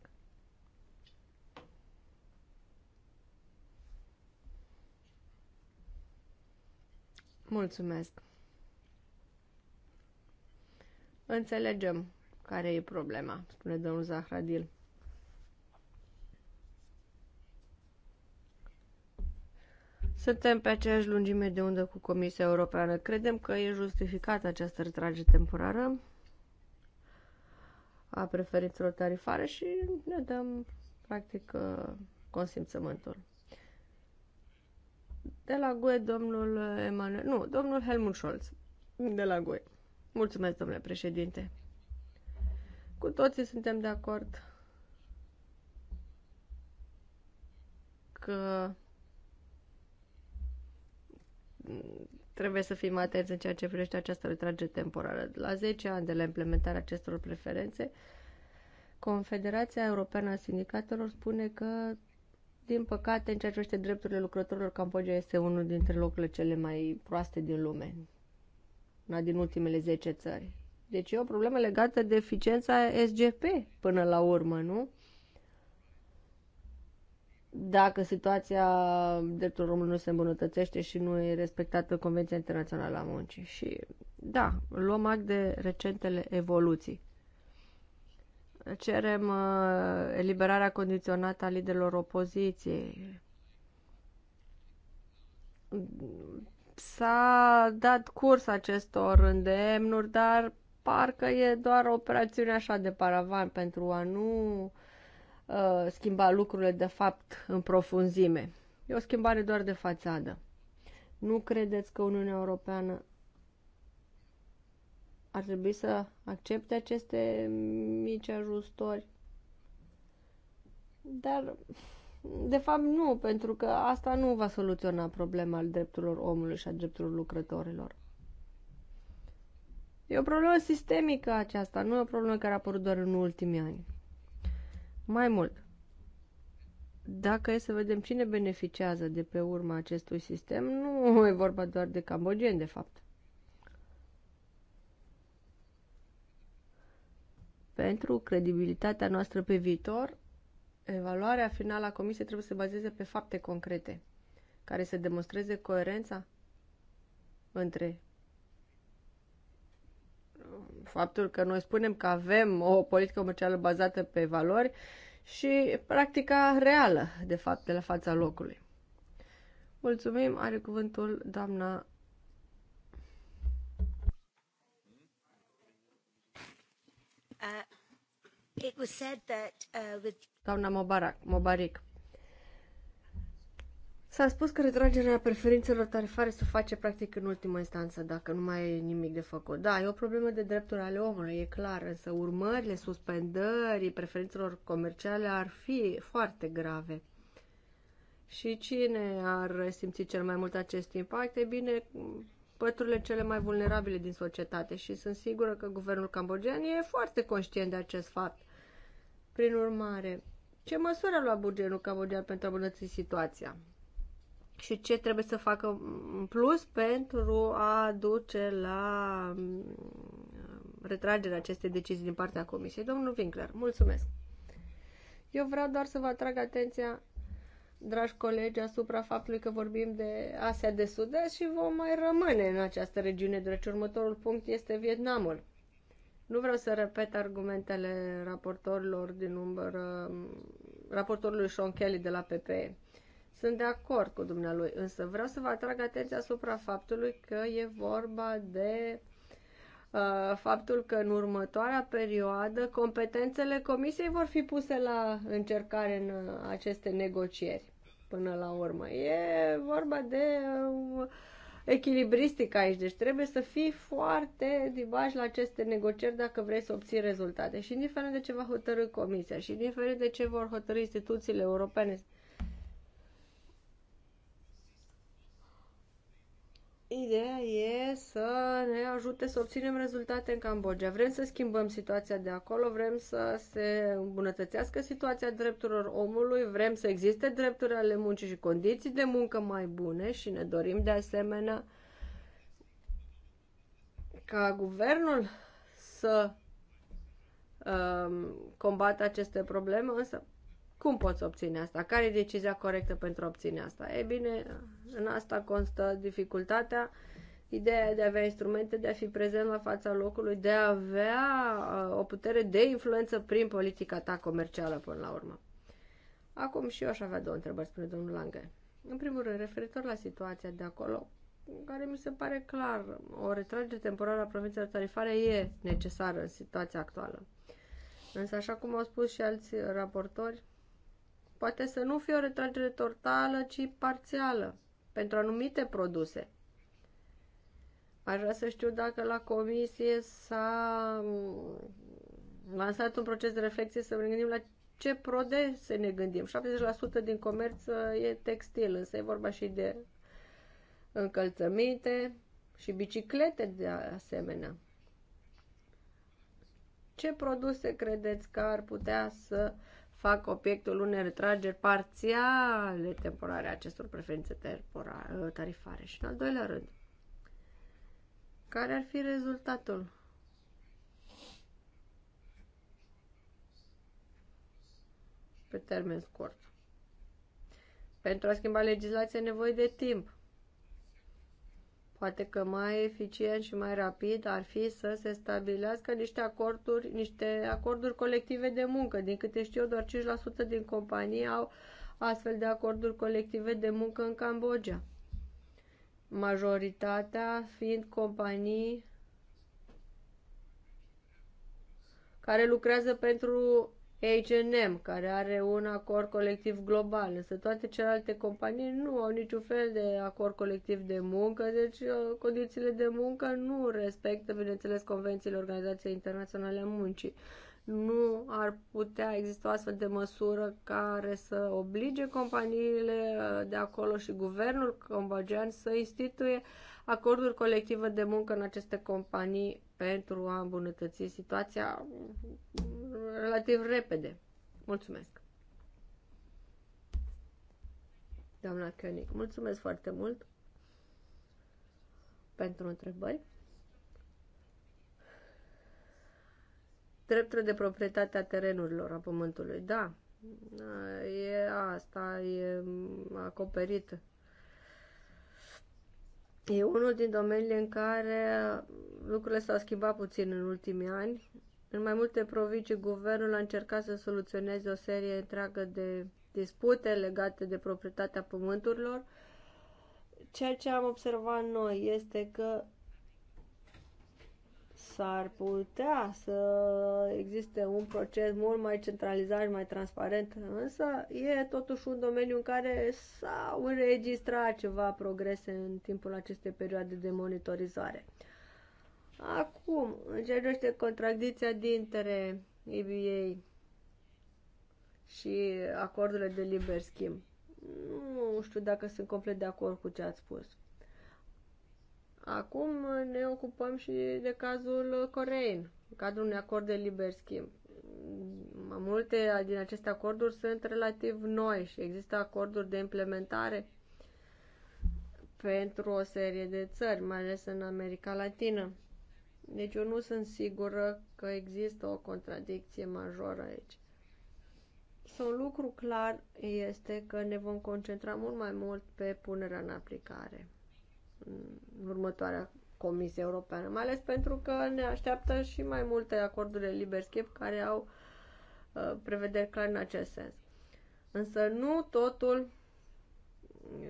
Mulțumesc! Înțelegem care e problema, spune domnul Zahradil. Suntem pe aceeași lungime de undă cu Comisia Europeană. Credem că e justificată această retragere temporară a preferințelor tarifare și ne dăm, practic, uh, consimțământul. De la GUE, domnul Emanuel... Nu, domnul Helmut Scholz. De la GUE. Mulțumesc, domnule președinte. Cu toții suntem de acord că trebuie să fim atenți în ceea ce privește această retragere temporară. La 10 ani de la implementarea acestor preferențe, Confederația Europeană a Sindicatelor spune că, din păcate, în ceea ce privește drepturile lucrătorilor, Cambodgia este unul dintre locurile cele mai proaste din lume, una din ultimele 10 țări. Deci e o problemă legată de eficiența SGP până la urmă, nu? dacă situația drepturilor omului nu se îmbunătățește și nu e respectată Convenția Internațională a Muncii. Și da, luăm act de recentele evoluții. Cerem uh, eliberarea condiționată a liderilor opoziției. S-a dat curs acestor îndemnuri, dar parcă e doar o operațiune așa de paravan pentru a nu Uh, schimba lucrurile de fapt în profunzime. E o schimbare doar de fațadă. Nu credeți că Uniunea Europeană ar trebui să accepte aceste mici ajustori? Dar, de fapt, nu, pentru că asta nu va soluționa problema al drepturilor omului și a drepturilor lucrătorilor. E o problemă sistemică aceasta, nu e o problemă care a apărut doar în ultimii ani. Mai mult, dacă e să vedem cine beneficiază de pe urma acestui sistem, nu e vorba doar de cambogeni, de fapt. Pentru credibilitatea noastră pe viitor, evaluarea finală a comisiei trebuie să se bazeze pe fapte concrete, care să demonstreze coerența între faptul că noi spunem că avem o politică comercială bazată pe valori și practica reală, de fapt, de la fața locului. Mulțumim, are cuvântul doamna Uh, it was said that, uh, with... Doamna Mobarak, Mubarak, S-a spus că retragerea preferințelor tarifare se face practic în ultima instanță, dacă nu mai e nimic de făcut. Da, e o problemă de drepturi ale omului, e clar, însă urmările suspendării preferințelor comerciale ar fi foarte grave. Și cine ar simți cel mai mult acest impact? E bine, păturile cele mai vulnerabile din societate și sunt sigură că guvernul cambogian e foarte conștient de acest fapt. Prin urmare, ce măsură a luat bugetul cambogian pentru a îmbunătăți situația? și ce trebuie să facă în plus pentru a duce la mm, retragerea acestei decizii din partea Comisiei. Domnul Winkler, mulțumesc! Eu vreau doar să vă atrag atenția, dragi colegi, asupra faptului că vorbim de Asia de Sud-Est și vom mai rămâne în această regiune, deoarece următorul punct este Vietnamul. Nu vreau să repet argumentele raportorilor din umbră, raportorului Sean Kelly de la PPE. Sunt de acord cu dumnealui, însă vreau să vă atrag atenția asupra faptului că e vorba de uh, faptul că în următoarea perioadă competențele comisiei vor fi puse la încercare în uh, aceste negocieri până la urmă. E vorba de uh, echilibristic aici, deci trebuie să fii foarte dibaj la aceste negocieri dacă vrei să obții rezultate. Și indiferent de ce va hotărâ comisia și indiferent de ce vor hotărâ instituțiile europene, Ideea e să ne ajute să obținem rezultate în Cambodgia. Vrem să schimbăm situația de acolo, vrem să se îmbunătățească situația drepturilor omului, vrem să existe drepturi ale muncii și condiții de muncă mai bune și ne dorim de asemenea ca guvernul să um, combată aceste probleme, însă cum poți obține asta? Care e decizia corectă pentru a obține asta? E bine, în asta constă dificultatea, ideea de a avea instrumente, de a fi prezent la fața locului, de a avea uh, o putere de influență prin politica ta comercială până la urmă. Acum și eu aș avea două întrebări, spune domnul Lange. În primul rând, referitor la situația de acolo, care mi se pare clar, o retragere temporară a provințelor tarifare e necesară în situația actuală. Însă, așa cum au spus și alți raportori, poate să nu fie o retragere totală, ci parțială pentru anumite produse. Aș vrea să știu dacă la comisie s-a lansat un proces de reflexie să ne gândim la ce produse ne gândim. 70% din comerț e textil, însă e vorba și de încălțăminte și biciclete de asemenea. Ce produse credeți că ar putea să uh, fac obiectul unei retrageri parțiale temporare a acestor preferințe ă, tarifare. Și în al doilea rând, care ar fi rezultatul? Pe termen scurt. Pentru a schimba legislația e nevoie de timp. Poate că mai eficient și mai rapid ar fi să se stabilească niște acorduri, niște acorduri colective de muncă. Din câte știu, doar 5% din companii au astfel de acorduri colective de muncă în Cambodgia. Majoritatea fiind companii care lucrează pentru H&M, care are un acord colectiv global, însă toate celelalte companii nu au niciun fel de acord colectiv de muncă, deci uh, condițiile de muncă nu respectă, bineînțeles, convențiile Organizației Internaționale a Muncii. Nu ar putea exista o astfel de măsură care să oblige companiile uh, de acolo și guvernul cambogian să instituie acorduri colective de muncă în aceste companii pentru a îmbunătăți situația relativ repede. Mulțumesc. Doamna Koenig, mulțumesc foarte mult pentru întrebări. Dreptul de proprietate a terenurilor, a pământului, da, e asta, e acoperit. E unul din domeniile în care lucrurile s-au schimbat puțin în ultimii ani în mai multe provincii, guvernul a încercat să soluționeze o serie întreagă de dispute legate de proprietatea pământurilor. Ceea ce am observat noi este că s-ar putea să existe un proces mult mai centralizat și mai transparent, însă e totuși un domeniu în care s-au înregistrat ceva progrese în timpul acestei perioade de monitorizare. Acum, în ce privește contradicția dintre EBA și acordurile de liber schimb, nu știu dacă sunt complet de acord cu ce ați spus. Acum ne ocupăm și de cazul Corein, în cadrul unui acord de liber schimb. Multe din aceste acorduri sunt relativ noi și există acorduri de implementare pentru o serie de țări, mai ales în America Latină. Deci eu nu sunt sigură că există o contradicție majoră aici. Sau un lucru clar este că ne vom concentra mult mai mult pe punerea în aplicare în următoarea Comisie Europeană, mai ales pentru că ne așteaptă și mai multe acorduri de liber schimb care au uh, prevederi clar în acest sens. Însă nu totul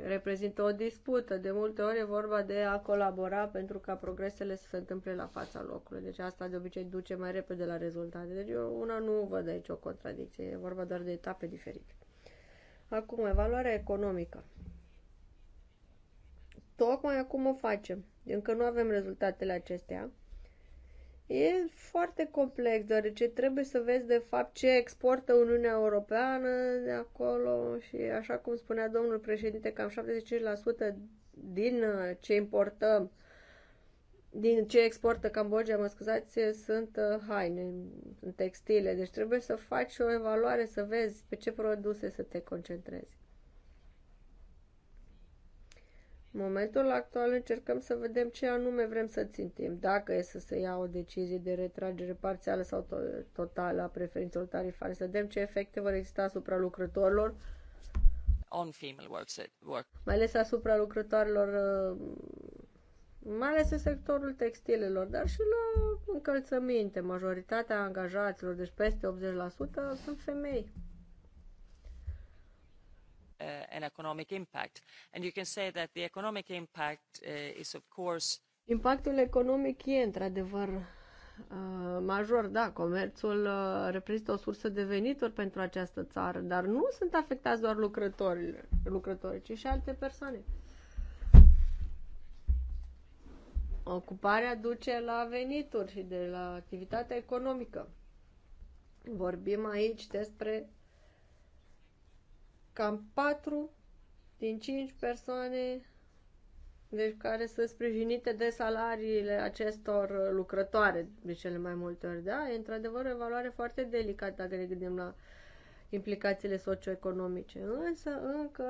reprezintă o dispută. De multe ori e vorba de a colabora pentru ca progresele să se întâmple la fața locului. Deci asta de obicei duce mai repede la rezultate. Deci eu una nu văd aici o contradicție, e vorba doar de etape diferite. Acum, evaluarea economică. Tocmai acum o facem. Încă nu avem rezultatele acestea. E foarte complex, deoarece trebuie să vezi de fapt ce exportă Uniunea Europeană de acolo și așa cum spunea domnul președinte, cam 75% din uh, ce importăm, din ce exportă Cambodgia, mă scuzați, sunt uh, haine, sunt textile. Deci trebuie să faci o evaluare, să vezi pe ce produse să te concentrezi. În momentul actual încercăm să vedem ce anume vrem să țintim, dacă e să se ia o decizie de retragere parțială sau to- totală a preferințelor tarifare, să vedem ce efecte vor exista asupra lucrătorilor, on female works at work. Mai ales asupra lucrătoarelor, uh, mai ales în sectorul textilelor, dar și la încălțăminte. Majoritatea angajaților, deci peste 80%, sunt femei. Uh, an economic impact. And you can say that the economic impact uh, is of course Impactul economic e într-adevăr uh, major, da, comerțul uh, reprezintă o sursă de venituri pentru această țară, dar nu sunt afectați doar lucrătorii, lucrătorii ci și alte persoane. Ocuparea duce la venituri și de la activitatea economică. Vorbim aici despre cam 4 din 5 persoane deci care sunt sprijinite de salariile acestor lucrătoare de cele mai multe ori. Da, e într-adevăr o evaluare foarte delicată dacă ne gândim la implicațiile socioeconomice, însă încă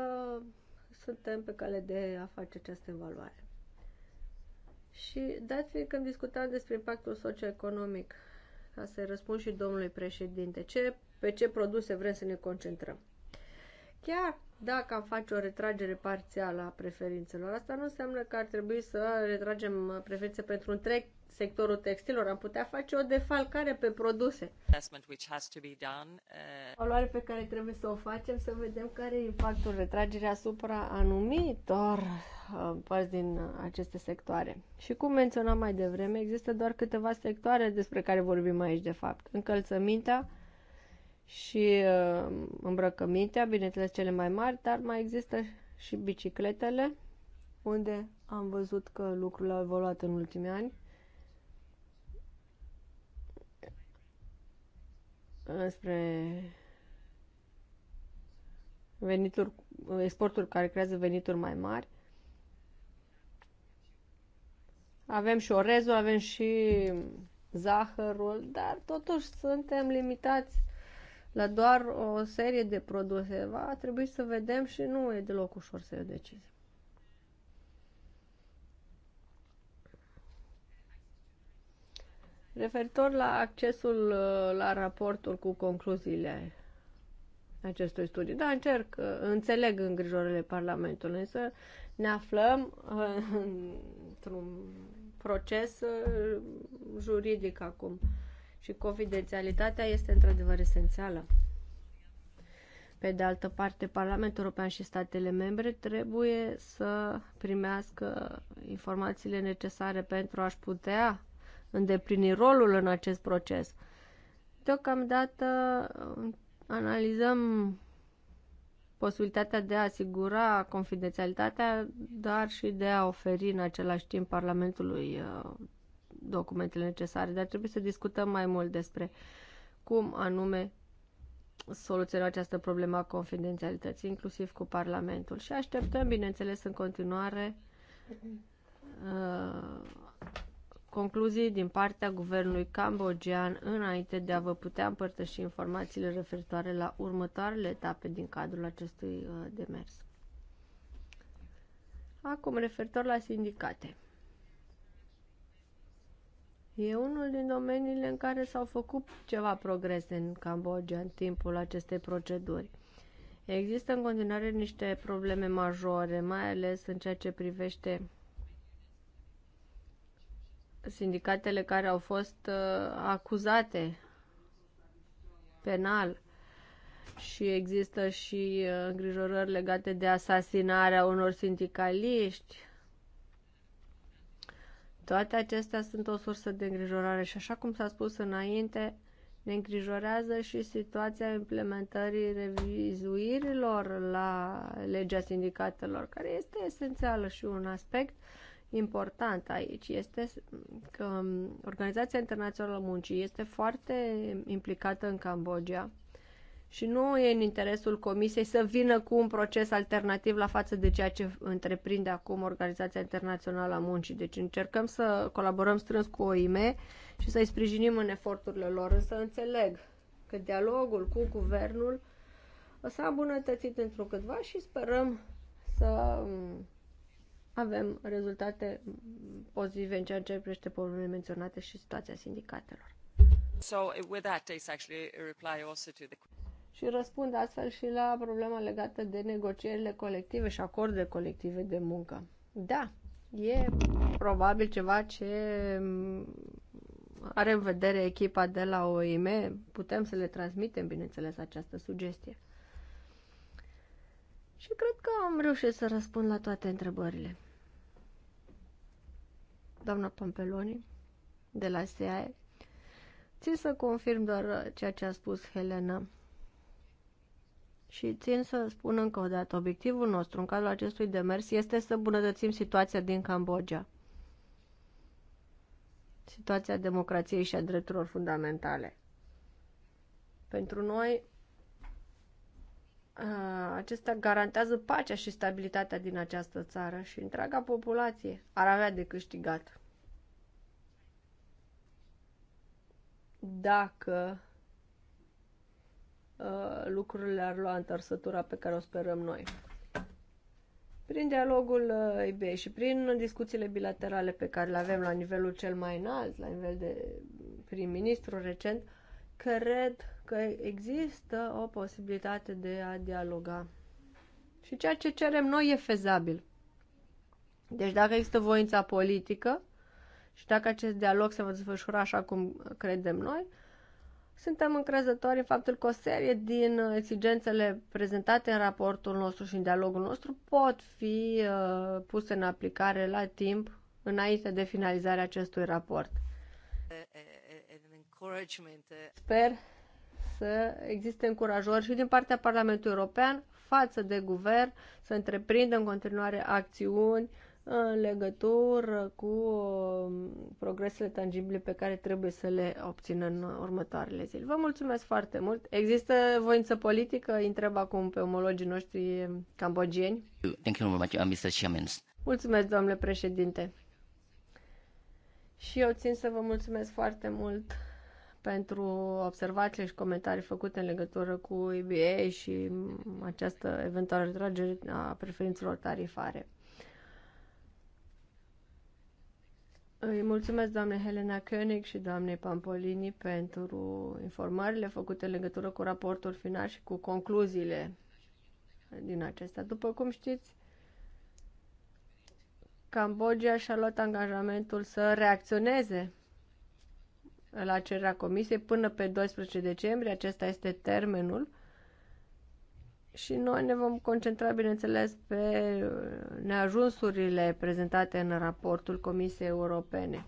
suntem pe cale de a face această evaluare. Și dat fiind când discutam despre impactul socioeconomic, ca să răspund și domnului președinte, ce, pe ce produse vrem să ne concentrăm? Chiar dacă am face o retragere parțială a preferințelor, asta nu înseamnă că ar trebui să retragem preferințe pentru întreg sectorul textilor. Am putea face o defalcare pe produse. Uh, o luare pe care trebuie să o facem, să vedem care e impactul retragerii asupra anumitor uh, părți din aceste sectoare. Și cum menționam mai devreme, există doar câteva sectoare despre care vorbim aici, de fapt. Încălțămintea, și uh, îmbrăcămintea, bineînțeles cele mai mari, dar mai există și bicicletele, unde am văzut că lucrul a evoluat în ultimii ani. Înspre venituri, exporturi care creează venituri mai mari. Avem și orezul, avem și zahărul, dar totuși suntem limitați la doar o serie de produse. Va trebui să vedem și nu e deloc ușor să o decizie. Referitor la accesul uh, la raportul cu concluziile acestui studiu. Da, încerc, uh, înțeleg îngrijorările Parlamentului, însă ne aflăm uh, într-un proces juridic acum și confidențialitatea este într-adevăr esențială. Pe de altă parte, Parlamentul European și statele membre trebuie să primească informațiile necesare pentru a-și putea îndeplini rolul în acest proces. Deocamdată analizăm posibilitatea de a asigura confidențialitatea, dar și de a oferi în același timp Parlamentului uh, documentele necesare, dar trebuie să discutăm mai mult despre cum anume soluționa această problemă a confidențialității, inclusiv cu Parlamentul. Și așteptăm, bineînțeles, în continuare uh, concluzii din partea guvernului cambogian înainte de a vă putea împărtăși informațiile referitoare la următoarele etape din cadrul acestui uh, demers. Acum, referitor la sindicate. E unul din domeniile în care s-au făcut ceva progrese în Cambodgia în timpul acestei proceduri. Există în continuare niște probleme majore, mai ales în ceea ce privește sindicatele care au fost uh, acuzate penal și există și uh, îngrijorări legate de asasinarea unor sindicaliști toate acestea sunt o sursă de îngrijorare și așa cum s-a spus înainte, ne îngrijorează și situația implementării revizuirilor la legea sindicatelor, care este esențială și un aspect important aici este că Organizația Internațională a Muncii este foarte implicată în Cambodgia și nu e în interesul Comisiei să vină cu un proces alternativ la față de ceea ce întreprinde acum Organizația Internațională a Muncii. Deci încercăm să colaborăm strâns cu OIM și să-i sprijinim în eforturile lor, însă înțeleg că dialogul cu guvernul s-a îmbunătățit într-un câtva și sperăm să avem rezultate pozitive în ceea ce privește problemele menționate și situația sindicatelor. So with that actually a reply also to the și răspund astfel și la problema legată de negocierile colective și acorde colective de muncă. Da, e probabil ceva ce mm, are în vedere echipa de la OIM. Putem să le transmitem, bineînțeles, această sugestie. Și cred că am reușit să răspund la toate întrebările. Doamna Pampeloni, de la SEAE, țin să confirm doar ceea ce a spus Helena și țin să spun încă o dată, obiectivul nostru în cadrul acestui demers este să îmbunătățim situația din Cambodgia. Situația democrației și a drepturilor fundamentale. Pentru noi, acesta garantează pacea și stabilitatea din această țară și întreaga populație ar avea de câștigat. Dacă Uh, lucrurile ar lua întorsătura pe care o sperăm noi. Prin dialogul uh, eBay și prin discuțiile bilaterale pe care le avem la nivelul cel mai înalt, la nivel de prim-ministru recent, cred că există o posibilitate de a dialoga. Și ceea ce cerem noi e fezabil. Deci dacă există voința politică și dacă acest dialog se va desfășura așa cum credem noi, suntem încrezători în faptul că o serie din exigențele prezentate în raportul nostru și în dialogul nostru pot fi uh, puse în aplicare la timp înainte de finalizarea acestui raport. Sper să existe încurajări și din partea Parlamentului European față de guvern să întreprindă în continuare acțiuni în legătură cu um, progresele tangibile pe care trebuie să le obțină în următoarele zile. Vă mulțumesc foarte mult. Există voință politică? întreb acum pe omologii noștri cambogieni. Thank you very much, uh, Mr. Mulțumesc, domnule președinte. Și eu țin să vă mulțumesc foarte mult pentru observațiile și comentarii făcute în legătură cu EBA și această eventuală retragere a preferințelor tarifare. Îi mulțumesc doamne Helena König și doamnei Pampolini pentru informările făcute în legătură cu raportul final și cu concluziile din acesta. După cum știți, Cambodgia și-a luat angajamentul să reacționeze la cererea comisiei până pe 12 decembrie, acesta este termenul și noi ne vom concentra, bineînțeles, pe neajunsurile prezentate în raportul Comisiei Europene.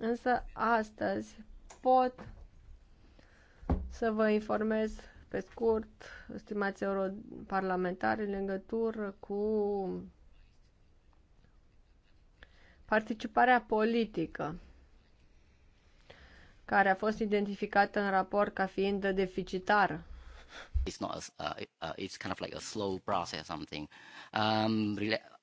Însă, astăzi pot să vă informez pe scurt, stimați europarlamentari, în legătură cu participarea politică care a fost identificată în raport ca fiind deficitară It's not a, uh, uh, it's kind of like a slow process or something. Um,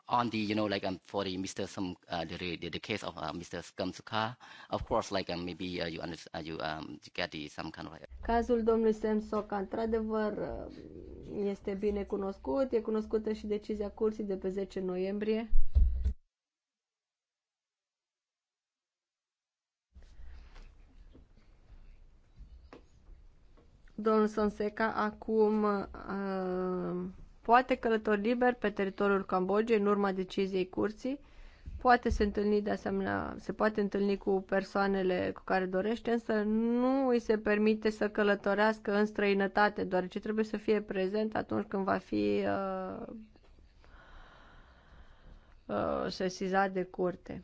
on the, you know, like um, for the Mr. Some, uh, the, the, the case of uh, Mr. Skamsuka, of course, like um, maybe uh, you, under, uh, you, um, you get the, some kind of like... Cazul domnului Semsoca, într-adevăr, um, este bine cunoscut, e cunoscută și decizia curții de pe 10 noiembrie Domnul Sonseca acum uh, poate călători liber pe teritoriul Cambodgiei în urma deciziei curții. Poate se întâlni de asemenea, se poate întâlni cu persoanele cu care dorește, însă nu îi se permite să călătorească în străinătate, deoarece trebuie să fie prezent atunci când va fi uh, uh, sesizat de curte.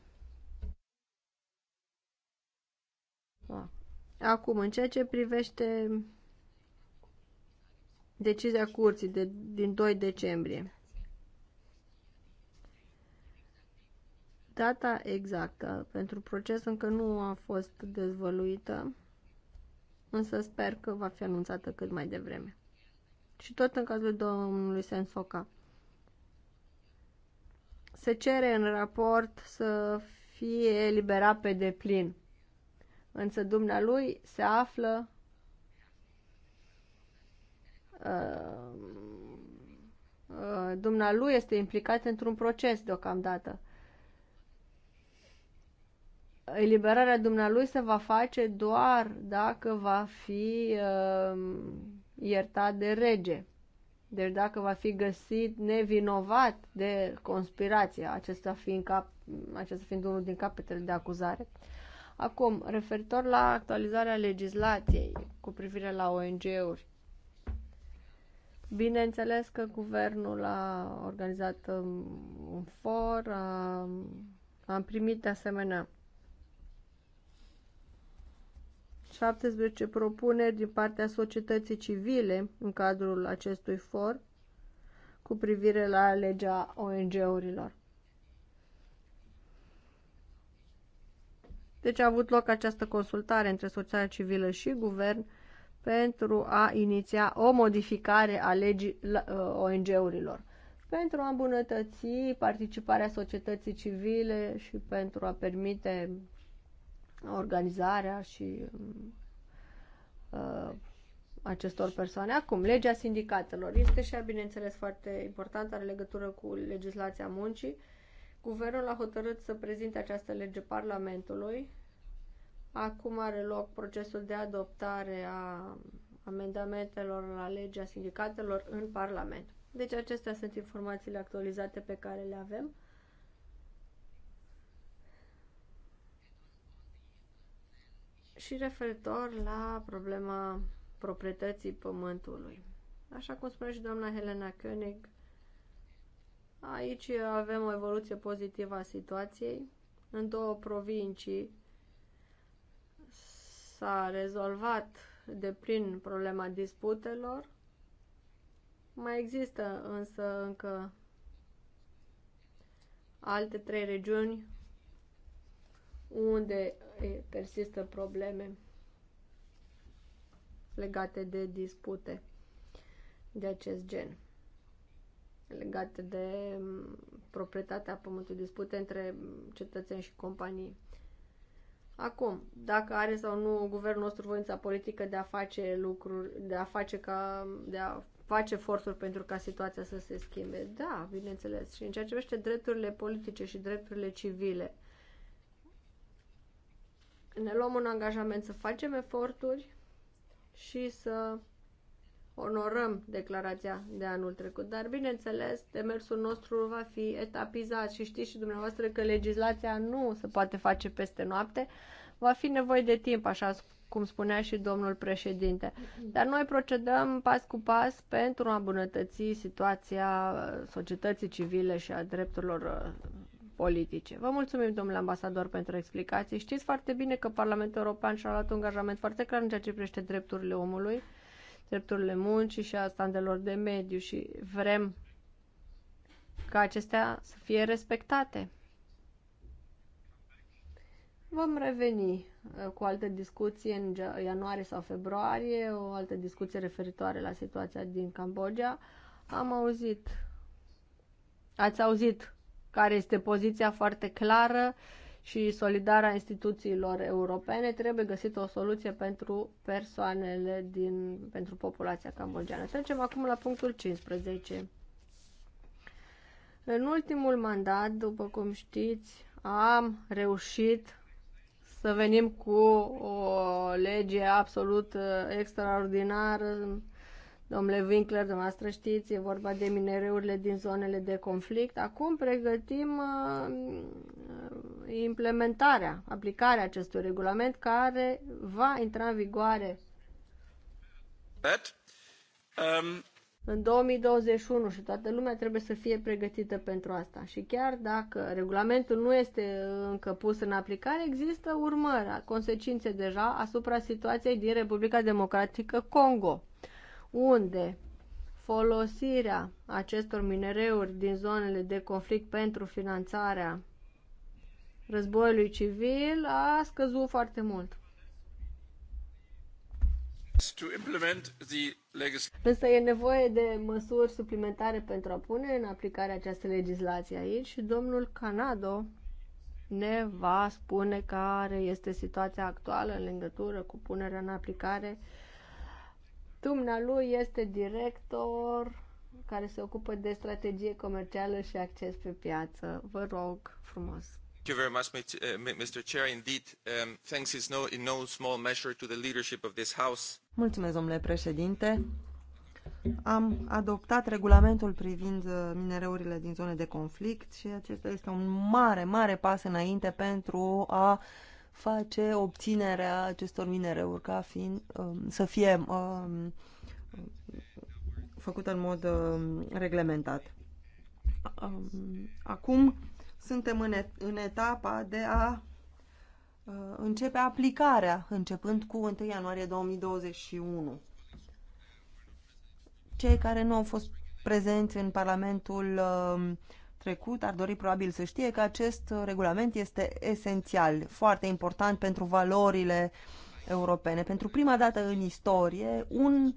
Acum, în ceea ce privește decizia curții de, din 2 decembrie. Data exactă pentru proces încă nu a fost dezvăluită, însă sper că va fi anunțată cât mai devreme. Și tot în cazul domnului Sensoca. Se cere în raport să fie eliberat pe deplin, însă dumnealui se află Uh, uh, dumnealui este implicat într-un proces deocamdată. Eliberarea dumnealui se va face doar dacă va fi uh, iertat de rege. Deci dacă va fi găsit nevinovat de conspirație, acesta fiind, cap, acesta fiind unul din capetele de acuzare. Acum, referitor la actualizarea legislației cu privire la ONG-uri, Bineînțeles că guvernul a organizat um, un for, a, am primit de asemenea 17 propuneri din partea societății civile în cadrul acestui for cu privire la legea ONG-urilor. Deci a avut loc această consultare între societatea civilă și guvern pentru a iniția o modificare a legii uh, ONG-urilor, pentru a îmbunătăți participarea societății civile și pentru a permite organizarea și uh, acestor persoane. Acum, legea sindicatelor este și ea, bineînțeles, foarte importantă, are legătură cu legislația muncii. Guvernul a hotărât să prezinte această lege Parlamentului Acum are loc procesul de adoptare a amendamentelor la legea sindicatelor în Parlament. Deci acestea sunt informațiile actualizate pe care le avem. Și referitor la problema proprietății pământului. Așa cum spune și doamna Helena König, aici avem o evoluție pozitivă a situației. În două provincii s-a rezolvat de prin problema disputelor. Mai există însă încă alte trei regiuni unde persistă probleme legate de dispute de acest gen, legate de mm, proprietatea pământului, dispute între cetățeni și companii. Acum, dacă are sau nu guvernul nostru voința politică de a face lucruri, de a face ca, de a face forțuri pentru ca situația să se schimbe. Da, bineînțeles. Și în ceea ce vește drepturile politice și drepturile civile, ne luăm un angajament să facem eforturi și să onorăm declarația de anul trecut, dar bineînțeles, demersul nostru va fi etapizat și știți și dumneavoastră că legislația nu se poate face peste noapte, va fi nevoie de timp, așa cum spunea și domnul președinte. Dar noi procedăm pas cu pas pentru a îmbunătăți situația societății civile și a drepturilor uh, politice. Vă mulțumim, domnule ambasador, pentru explicații. Știți foarte bine că Parlamentul European și-a luat un angajament foarte clar în ceea ce privește drepturile omului drepturile muncii și a standelor de mediu și vrem ca acestea să fie respectate. Vom reveni uh, cu altă discuție în ianuarie sau februarie, o altă discuție referitoare la situația din Cambodgia. Am auzit, ați auzit care este poziția foarte clară și solidară a instituțiilor europene, trebuie găsită o soluție pentru persoanele din, pentru populația cambogiană. Trecem acum la punctul 15. În ultimul mandat, după cum știți, am reușit să venim cu o lege absolut uh, extraordinară. Domnule Winkler, dumneavoastră știți, e vorba de minereurile din zonele de conflict. Acum pregătim uh, implementarea, aplicarea acestui regulament care va intra în vigoare um... în 2021 și toată lumea trebuie să fie pregătită pentru asta. Și chiar dacă regulamentul nu este încă pus în aplicare, există urmări, consecințe deja asupra situației din Republica Democratică Congo, unde folosirea acestor minereuri din zonele de conflict pentru finanțarea războiului civil a scăzut foarte mult. Însă e nevoie de măsuri suplimentare pentru a pune în aplicare această legislație aici și domnul Canado ne va spune care este situația actuală în legătură cu punerea în aplicare. Dumnealui este director care se ocupă de strategie comercială și acces pe piață. Vă rog frumos you very much, Mr. Uh, Chair. Indeed, um, thanks is no, in no small measure to the leadership of this House. Mulțumesc, domnule președinte. Am adoptat regulamentul privind uh, minereurile din zone de conflict și acesta este un mare, mare pas înainte pentru a face obținerea acestor minereuri ca fiind, um, să fie um, făcută în mod um, reglementat. acum suntem în, et în etapa de a uh, începe aplicarea, începând cu 1 ianuarie 2021. Cei care nu au fost prezenți în Parlamentul uh, trecut ar dori probabil să știe că acest regulament este esențial, foarte important pentru valorile europene. Pentru prima dată în istorie, un uh,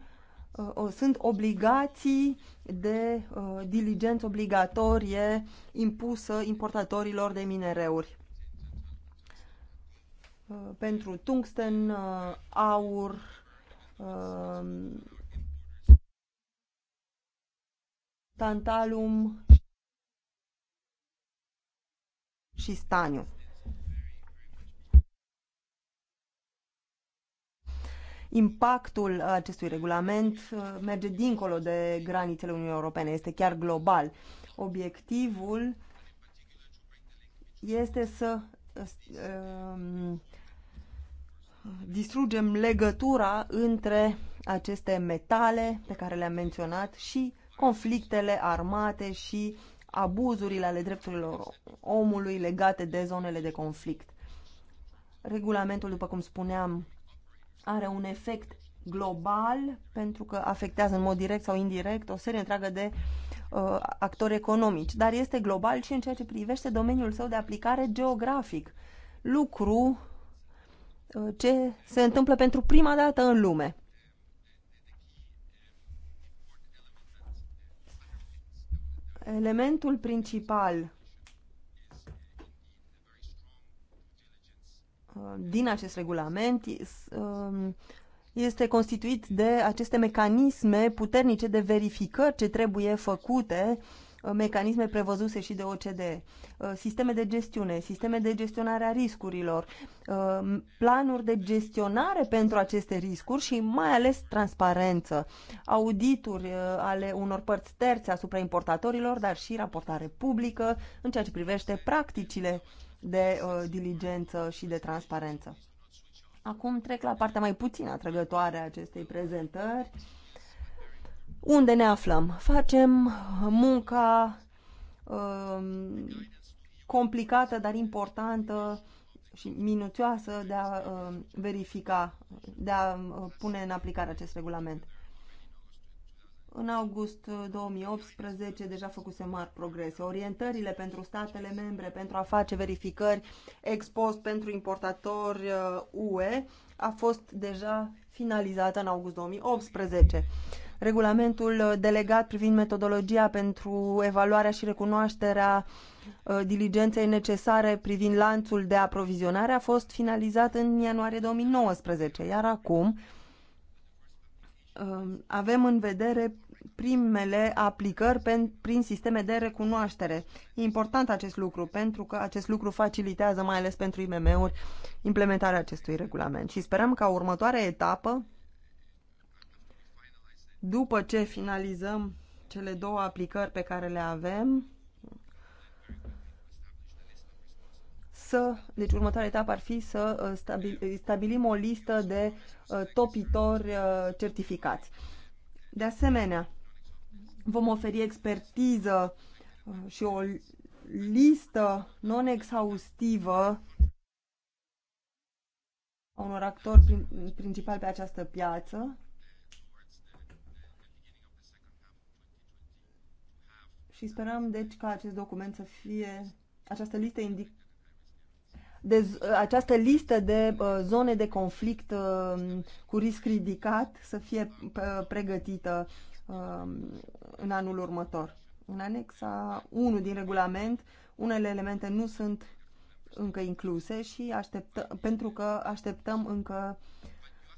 Uh, uh, sunt obligații de uh, diligență obligatorie impusă importatorilor de minereuri. Pentru tungsten, aur, tantalum și staniu. impactul acestui regulament uh, merge dincolo de granițele Uniunii Europene, este chiar global. Obiectivul este să um, distrugem legătura între aceste metale pe care le-am menționat și conflictele armate și abuzurile ale drepturilor omului legate de zonele de conflict. Regulamentul, după cum spuneam, are un efect global pentru că afectează în mod direct sau indirect o serie întreagă de uh, actori economici, dar este global și în ceea ce privește domeniul său de aplicare geografic. Lucru uh, ce se întâmplă pentru prima dată în lume. Elementul principal din acest regulament um, este constituit de aceste mecanisme puternice de verificări ce trebuie făcute, uh, mecanisme prevăzuse și de OCDE, uh, sisteme de gestiune, sisteme de gestionare a riscurilor, uh, planuri de gestionare pentru aceste riscuri și mai ales transparență, audituri ale unor părți terțe asupra importatorilor, dar și raportare publică în ceea ce privește practicile de uh, diligență și de transparență. Acum trec la partea mai puțin atrăgătoare a acestei prezentări. Unde ne aflăm? Facem munca uh, complicată, dar importantă și minuțioasă de a uh, verifica, de a uh, pune în aplicare acest regulament. În august 2018 uh, deja făcuse mari progrese. Orientările pentru statele membre pentru a face verificări ex post pentru importatori UE uh, a fost deja finalizată în august 2018. Regulamentul uh, delegat privind metodologia pentru evaluarea și recunoașterea diligenței necesare privind lanțul de aprovizionare a fost finalizat în ianuarie 2019, iar acum avem în vedere primele aplicări pen, prin sisteme de recunoaștere. E important acest lucru, pentru că acest lucru facilitează, mai ales pentru IMM-uri, implementarea acestui regulament. Și sperăm ca următoarea etapă, după ce finalizăm cele două aplicări pe care le avem, să, deci următoarea etapă ar fi să uh, stabil, stabilim o listă de uh, topitori uh, certificați. De asemenea, vom oferi expertiză uh, și o listă non-exhaustivă a unor actori prin, principali pe această piață și sperăm deci ca acest document să fie această listă indic de, această listă de uh, zone de conflict uh, cu risc ridicat să fie pregătită um, în anul următor. În anexa 1 din regulament, unele elemente nu sunt încă incluse și așteptă, pentru că așteptăm încă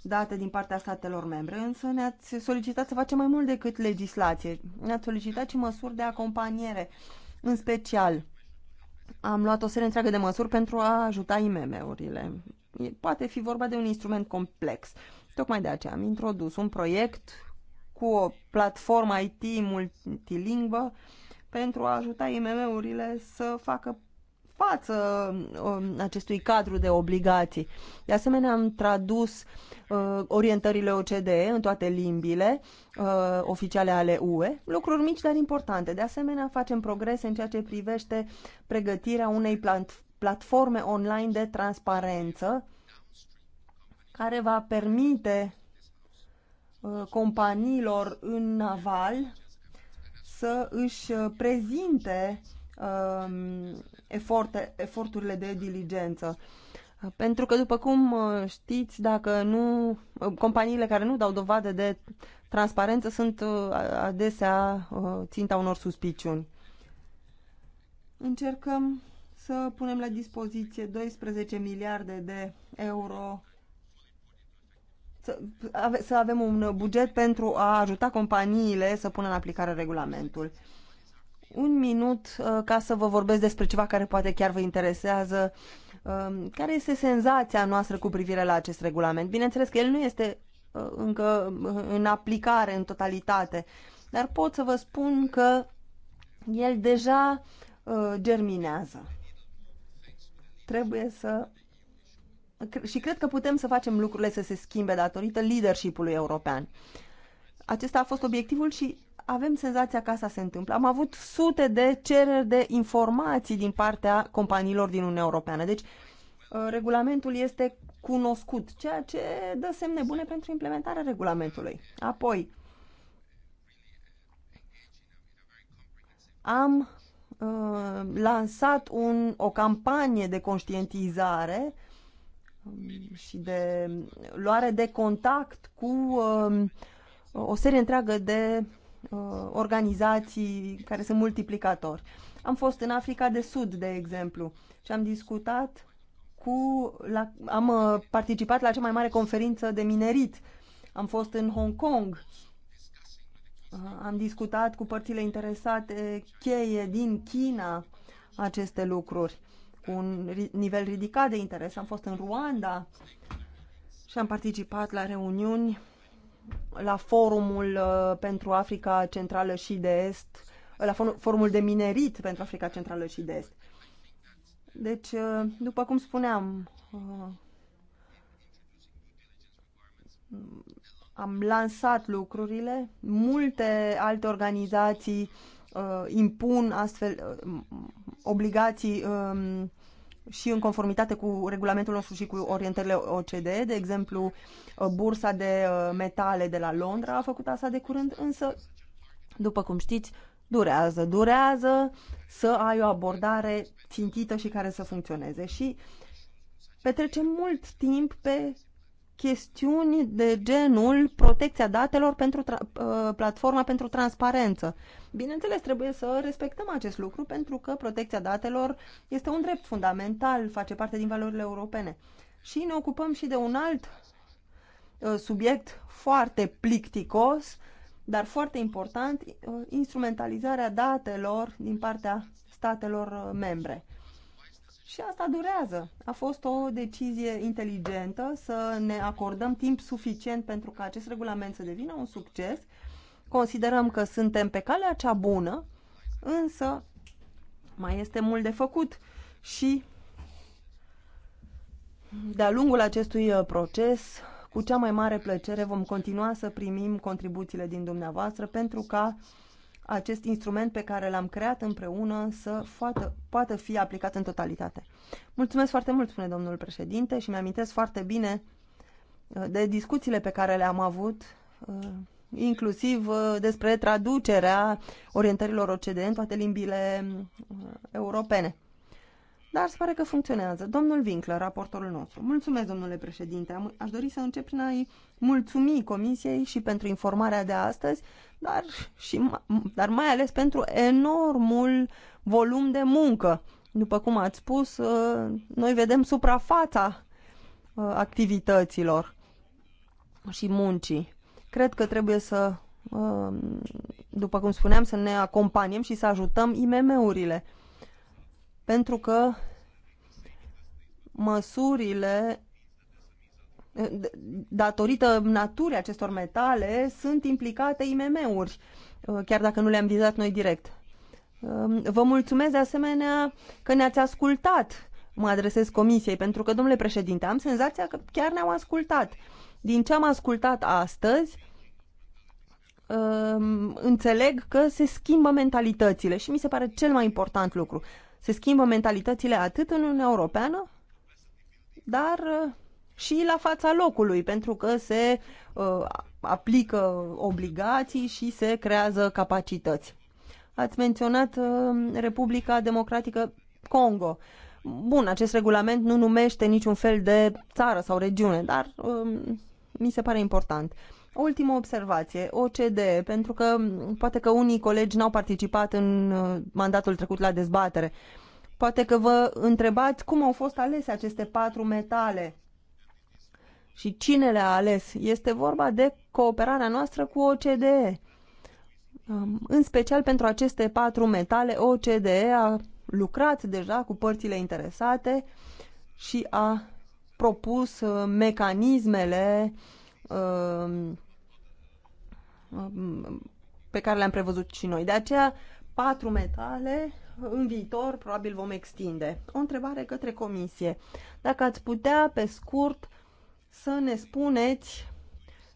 date din partea statelor membre, însă ne-ați solicitat să facem mai mult decât legislație. Ne-ați solicitat și măsuri de acompaniere, în special am luat o serie întreagă de măsuri pentru a ajuta IMM-urile. Poate fi vorba de un instrument complex. Tocmai de aceea am introdus un proiect cu o platformă IT multilingvă pentru a ajuta IMM-urile să facă față um, acestui cadru de obligații. De asemenea, am tradus uh, orientările OCDE în toate limbile uh, oficiale ale UE, lucruri mici, dar importante. De asemenea, facem progrese în ceea ce privește pregătirea unei platforme online de transparență care va permite uh, companiilor în naval să își prezinte um, eforte, eforturile de diligență. Pentru că, după cum uh, știți, dacă nu, uh, companiile care nu dau dovadă de transparență sunt uh, adesea ținta unor suspiciuni. Încercăm să punem la dispoziție 12 miliarde de euro să avem un buget pentru a ajuta companiile să pună în aplicare regulamentul un minut uh, ca să vă vorbesc despre ceva care poate chiar vă interesează. Um, care este senzația noastră cu privire la acest regulament? Bineînțeles că el nu este uh, încă uh, în aplicare în totalitate, dar pot să vă spun că el deja germinează. Trebuie să și cred că putem să facem lucrurile să se schimbe datorită leadership-ului european. Acesta a fost obiectivul și avem senzația că asta se întâmplă. Am avut sute de cereri de informații din partea companiilor din Uniunea Europeană. Deci, uh, regulamentul este cunoscut, ceea ce dă semne bune pentru implementarea regulamentului. Apoi, am uh, lansat un, o campanie de conștientizare um, și de luare de contact cu uh, o serie întreagă de Uh, organizații care sunt multiplicatori. Am fost în Africa de Sud, de exemplu, și am discutat cu... La, am uh, participat la cea mai mare conferință de minerit. Am fost în Hong Kong. Uh, am discutat cu părțile interesate cheie din China aceste lucruri cu un nivel ridicat de interes. Am fost în Ruanda și am participat la reuniuni la forumul uh, pentru Africa Centrală și de Est, la forumul de minerit pentru Africa Centrală și de Est. Deci, uh, după cum spuneam, uh, am lansat lucrurile, multe alte organizații impun astfel obligații uh, și în conformitate cu regulamentul nostru și cu orientările OCDE, de exemplu, uh, bursa de uh, metale de la Londra a făcut asta de curând, însă, după cum știți, durează, durează să ai o abordare țintită și care să funcționeze și petrecem mult timp pe chestiuni de genul protecția datelor pentru ă, platforma pentru transparență. Bineînțeles, trebuie să respectăm acest lucru pentru că protecția datelor este un drept fundamental, face parte din valorile europene. Și ne ocupăm și de un alt ă, subiect foarte plicticos, dar foarte important, ă, instrumentalizarea datelor din partea statelor membre. Și asta durează. A fost o decizie inteligentă să ne acordăm timp suficient pentru ca acest regulament să devină un succes. Considerăm că suntem pe calea cea bună, însă mai este mult de făcut și de-a lungul acestui uh, proces, cu cea mai mare plăcere vom continua să primim contribuțiile din dumneavoastră pentru ca acest instrument pe care l-am creat împreună să foată, poată fi aplicat în totalitate. Mulțumesc foarte mult, spune domnul președinte, și mi-amintesc foarte bine uh, de discuțiile pe care le-am avut, uh, inclusiv uh, despre traducerea orientărilor OCDE în toate limbile europene dar se pare că funcționează. Domnul Winkler, raportorul nostru. Mulțumesc, domnule președinte. Aș dori să încep prin a-i mulțumi comisiei și pentru informarea de astăzi, dar, și, dar mai ales pentru enormul volum de muncă. După cum ați spus, ă, noi vedem suprafața ă, activităților și muncii. Cred că trebuie să, ă, după cum spuneam, să ne acompaniem și să ajutăm IMM-urile pentru că măsurile datorită naturii acestor metale sunt implicate IMM-uri, chiar dacă nu le-am vizat noi direct. Vă mulțumesc de asemenea că ne-ați ascultat. Mă adresez comisiei pentru că, domnule președinte, am senzația că chiar ne-au ascultat. Din ce am ascultat astăzi, înțeleg că se schimbă mentalitățile și mi se pare cel mai important lucru. Se schimbă mentalitățile atât în Uniunea Europeană, dar uh, și la fața locului, pentru că se uh, aplică obligații și se creează capacități. Ați menționat uh, Republica Democratică Congo. Bun, acest regulament nu numește niciun fel de țară sau regiune, dar uh, mi se pare important. O ultimă observație, OCDE, pentru că poate că unii colegi n-au participat în uh, mandatul trecut la dezbatere. Poate că vă întrebați cum au fost alese aceste patru metale și cine le-a ales. Este vorba de cooperarea noastră cu OCDE. Um, în special pentru aceste patru metale, OCDE a lucrat deja cu părțile interesate și a propus uh, mecanismele uh, pe care le-am prevăzut și noi. De aceea, patru metale în viitor probabil vom extinde. O întrebare către comisie. Dacă ați putea, pe scurt, să ne spuneți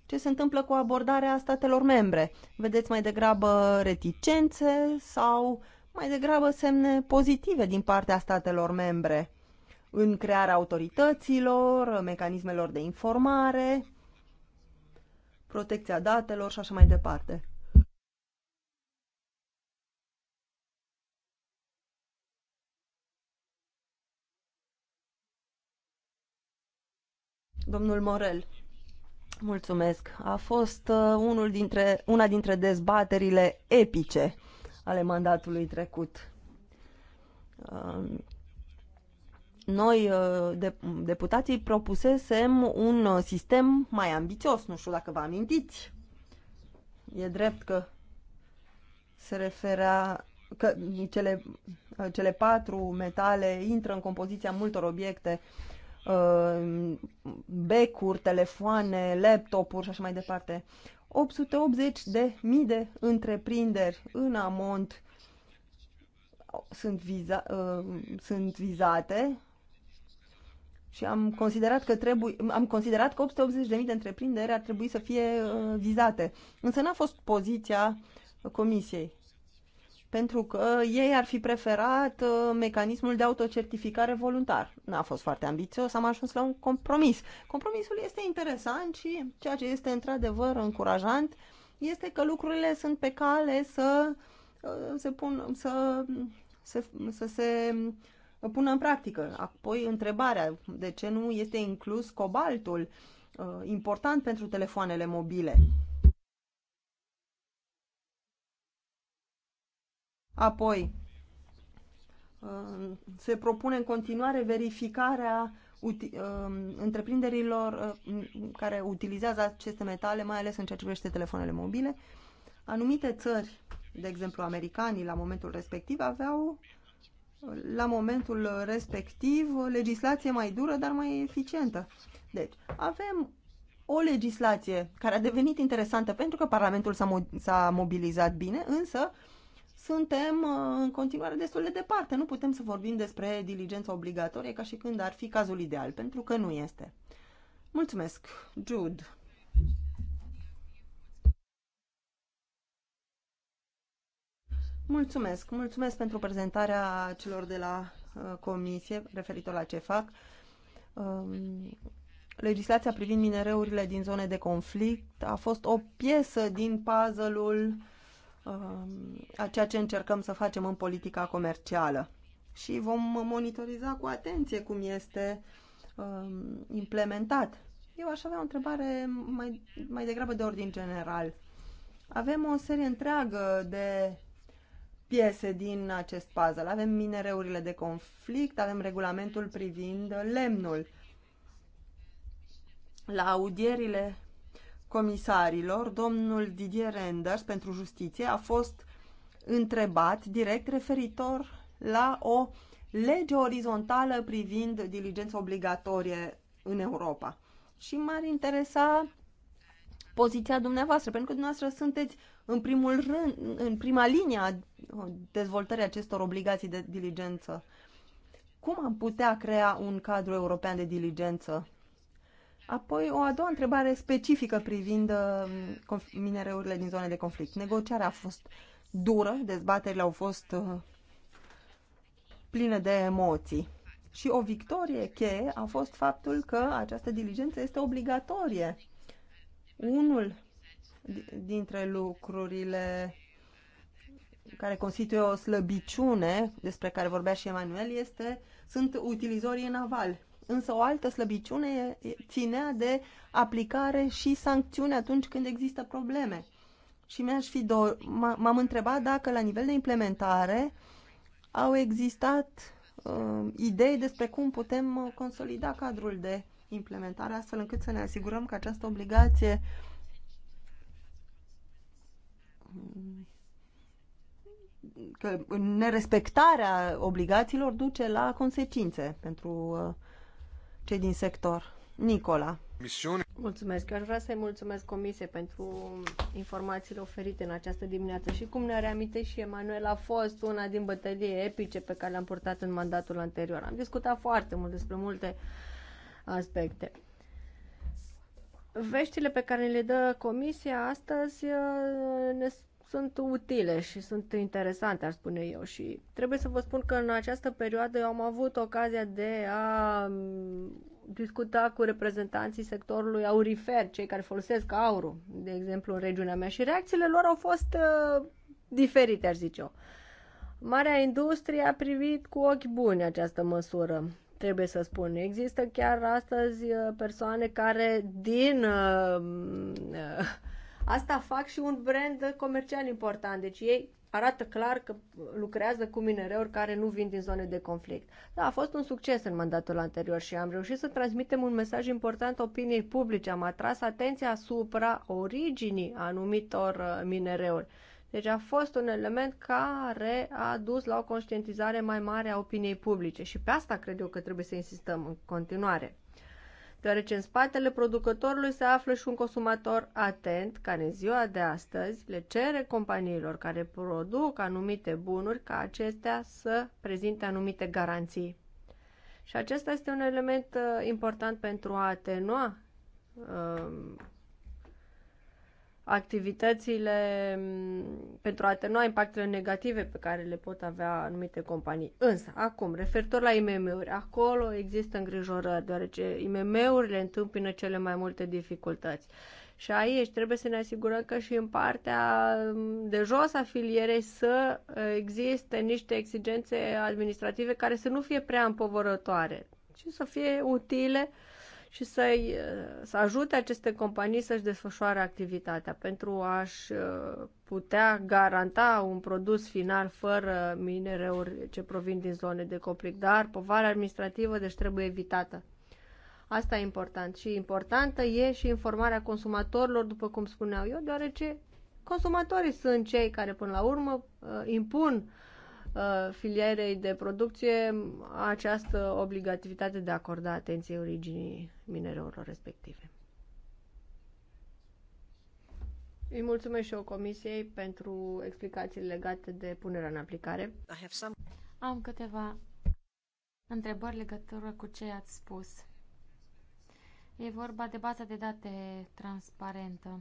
ce se întâmplă cu abordarea statelor membre. Vedeți mai degrabă reticențe sau mai degrabă semne pozitive din partea statelor membre în crearea autorităților, mecanismelor de informare, protecția datelor și așa mai departe. Domnul Morel. Mulțumesc. A fost uh, unul dintre, una dintre dezbaterile epice ale mandatului trecut. Um, noi, uh, de, deputații, propusesem un uh, sistem mai ambițios. Nu știu dacă vă amintiți. E drept că se referea că cele, uh, cele patru metale intră în compoziția multor obiecte, becuri, telefoane, laptopuri și așa mai departe. 880 de mii de întreprinderi în amont sunt, viza, sunt vizate și am considerat că, trebuie, am considerat că 880.000 de întreprinderi ar trebui să fie uh, vizate. Însă n-a fost poziția Comisiei. Pentru că ei ar fi preferat uh, mecanismul de autocertificare voluntar. N-a fost foarte ambițios, am ajuns la un compromis. Compromisul este interesant și ceea ce este într-adevăr încurajant este că lucrurile sunt pe cale să uh, se pun, să, să, să se pună în practică. Apoi, întrebarea de ce nu este inclus cobaltul, uh, important pentru telefoanele mobile. Apoi, uh, se propune în continuare verificarea uh, întreprinderilor care utilizează aceste metale, mai ales în ceea ce privește telefoanele mobile. Anumite țări, de exemplu americanii, la momentul respectiv, aveau la momentul respectiv legislație mai dură, dar mai eficientă. Deci, avem o legislație care a devenit interesantă pentru că Parlamentul s-a, mobilizat bine, însă suntem uh, în continuare destul de departe. Nu putem să vorbim despre diligența obligatorie ca și când ar fi cazul ideal, pentru că nu este. Mulțumesc, Jude. Mulțumesc. Mulțumesc pentru prezentarea celor de la uh, comisie referitor la ce fac. Um, legislația privind minereurile din zone de conflict a fost o piesă din puzzle-ul um, a ceea ce încercăm să facem în politica comercială. Și vom monitoriza cu atenție cum este um, implementat. Eu aș avea o întrebare mai, mai degrabă de ordin general. Avem o serie întreagă de piese din acest puzzle. Avem minereurile de conflict, avem regulamentul privind lemnul. La audierile comisarilor, domnul Didier Renders pentru justiție a fost întrebat direct referitor la o lege orizontală privind diligența obligatorie în Europa. Și m-ar interesa poziția dumneavoastră, pentru că dumneavoastră sunteți în primul rând, în prima linie a dezvoltării acestor obligații de diligență. Cum am putea crea un cadru european de diligență? Apoi, o a doua întrebare specifică privind uh, minereurile din zone de conflict. Negociarea a fost dură, dezbaterile au fost uh, pline de emoții. Și o victorie cheie a fost faptul că această diligență este obligatorie. Unul dintre lucrurile care constituie o slăbiciune, despre care vorbea și Emanuel, este, sunt utilizării naval. Însă o altă slăbiciune ținea de aplicare și sancțiune atunci când există probleme. Și mi-aș fi m-am întrebat dacă la nivel de implementare au existat uh, idei despre cum putem uh, consolida cadrul de implementare astfel încât să ne asigurăm că această obligație uh, că nerespectarea obligațiilor duce la consecințe pentru uh, cei din sector. Nicola. Misiune. Mulțumesc. aș vrea să-i mulțumesc comise pentru informațiile oferite în această dimineață și cum ne reamite și Emanuel a fost una din bătălie epice pe care le-am purtat în mandatul anterior. Am discutat foarte mult despre multe aspecte veștile pe care le dă comisia astăzi uh, ne sunt utile și sunt interesante, ar spune eu. Și trebuie să vă spun că în această perioadă eu am avut ocazia de a mm, discuta cu reprezentanții sectorului aurifer, cei care folosesc aurul, de exemplu, în regiunea mea. Și reacțiile lor au fost uh, diferite, aș zice eu. Marea industrie a privit cu ochi buni această măsură trebuie să spun. Există chiar astăzi uh, persoane care din uh, uh, asta fac și un brand comercial important. Deci ei arată clar că lucrează cu minereuri care nu vin din zone de conflict. Da, a fost un succes în mandatul anterior și am reușit să transmitem un mesaj important opiniei publice. Am atras atenția asupra originii anumitor minereuri. Deci a fost un element care a dus la o conștientizare mai mare a opiniei publice și pe asta cred eu că trebuie să insistăm în continuare. Deoarece în spatele producătorului se află și un consumator atent care în ziua de astăzi le cere companiilor care produc anumite bunuri ca acestea să prezinte anumite garanții. Și acesta este un element uh, important pentru a atenua uh, activitățile pentru a atenua impactele negative pe care le pot avea anumite companii. Însă, acum, referitor la IMM-uri, acolo există îngrijorări, deoarece IMM-urile întâmpină cele mai multe dificultăți. Și aici trebuie să ne asigurăm că și în partea de jos a filierei să existe niște exigențe administrative care să nu fie prea împovărătoare, ci să fie utile uh, și să, uh, să ajute aceste companii să-și desfășoare activitatea pentru a-și uh, putea garanta un produs final fără minereuri ce provin din zone de conflict. Dar povara administrativă deci trebuie evitată. Asta e important. Și importantă e și informarea consumatorilor, după cum spuneau eu, deoarece consumatorii sunt cei care până la urmă uh, impun uh, Uh, filierei de producție această obligativitate de a acorda atenție originii minereurilor respective. Îi mulțumesc și eu Comisiei pentru explicații legate de punerea în aplicare. Some... Am câteva întrebări legătură cu ce ați spus. E vorba de baza de date transparentă.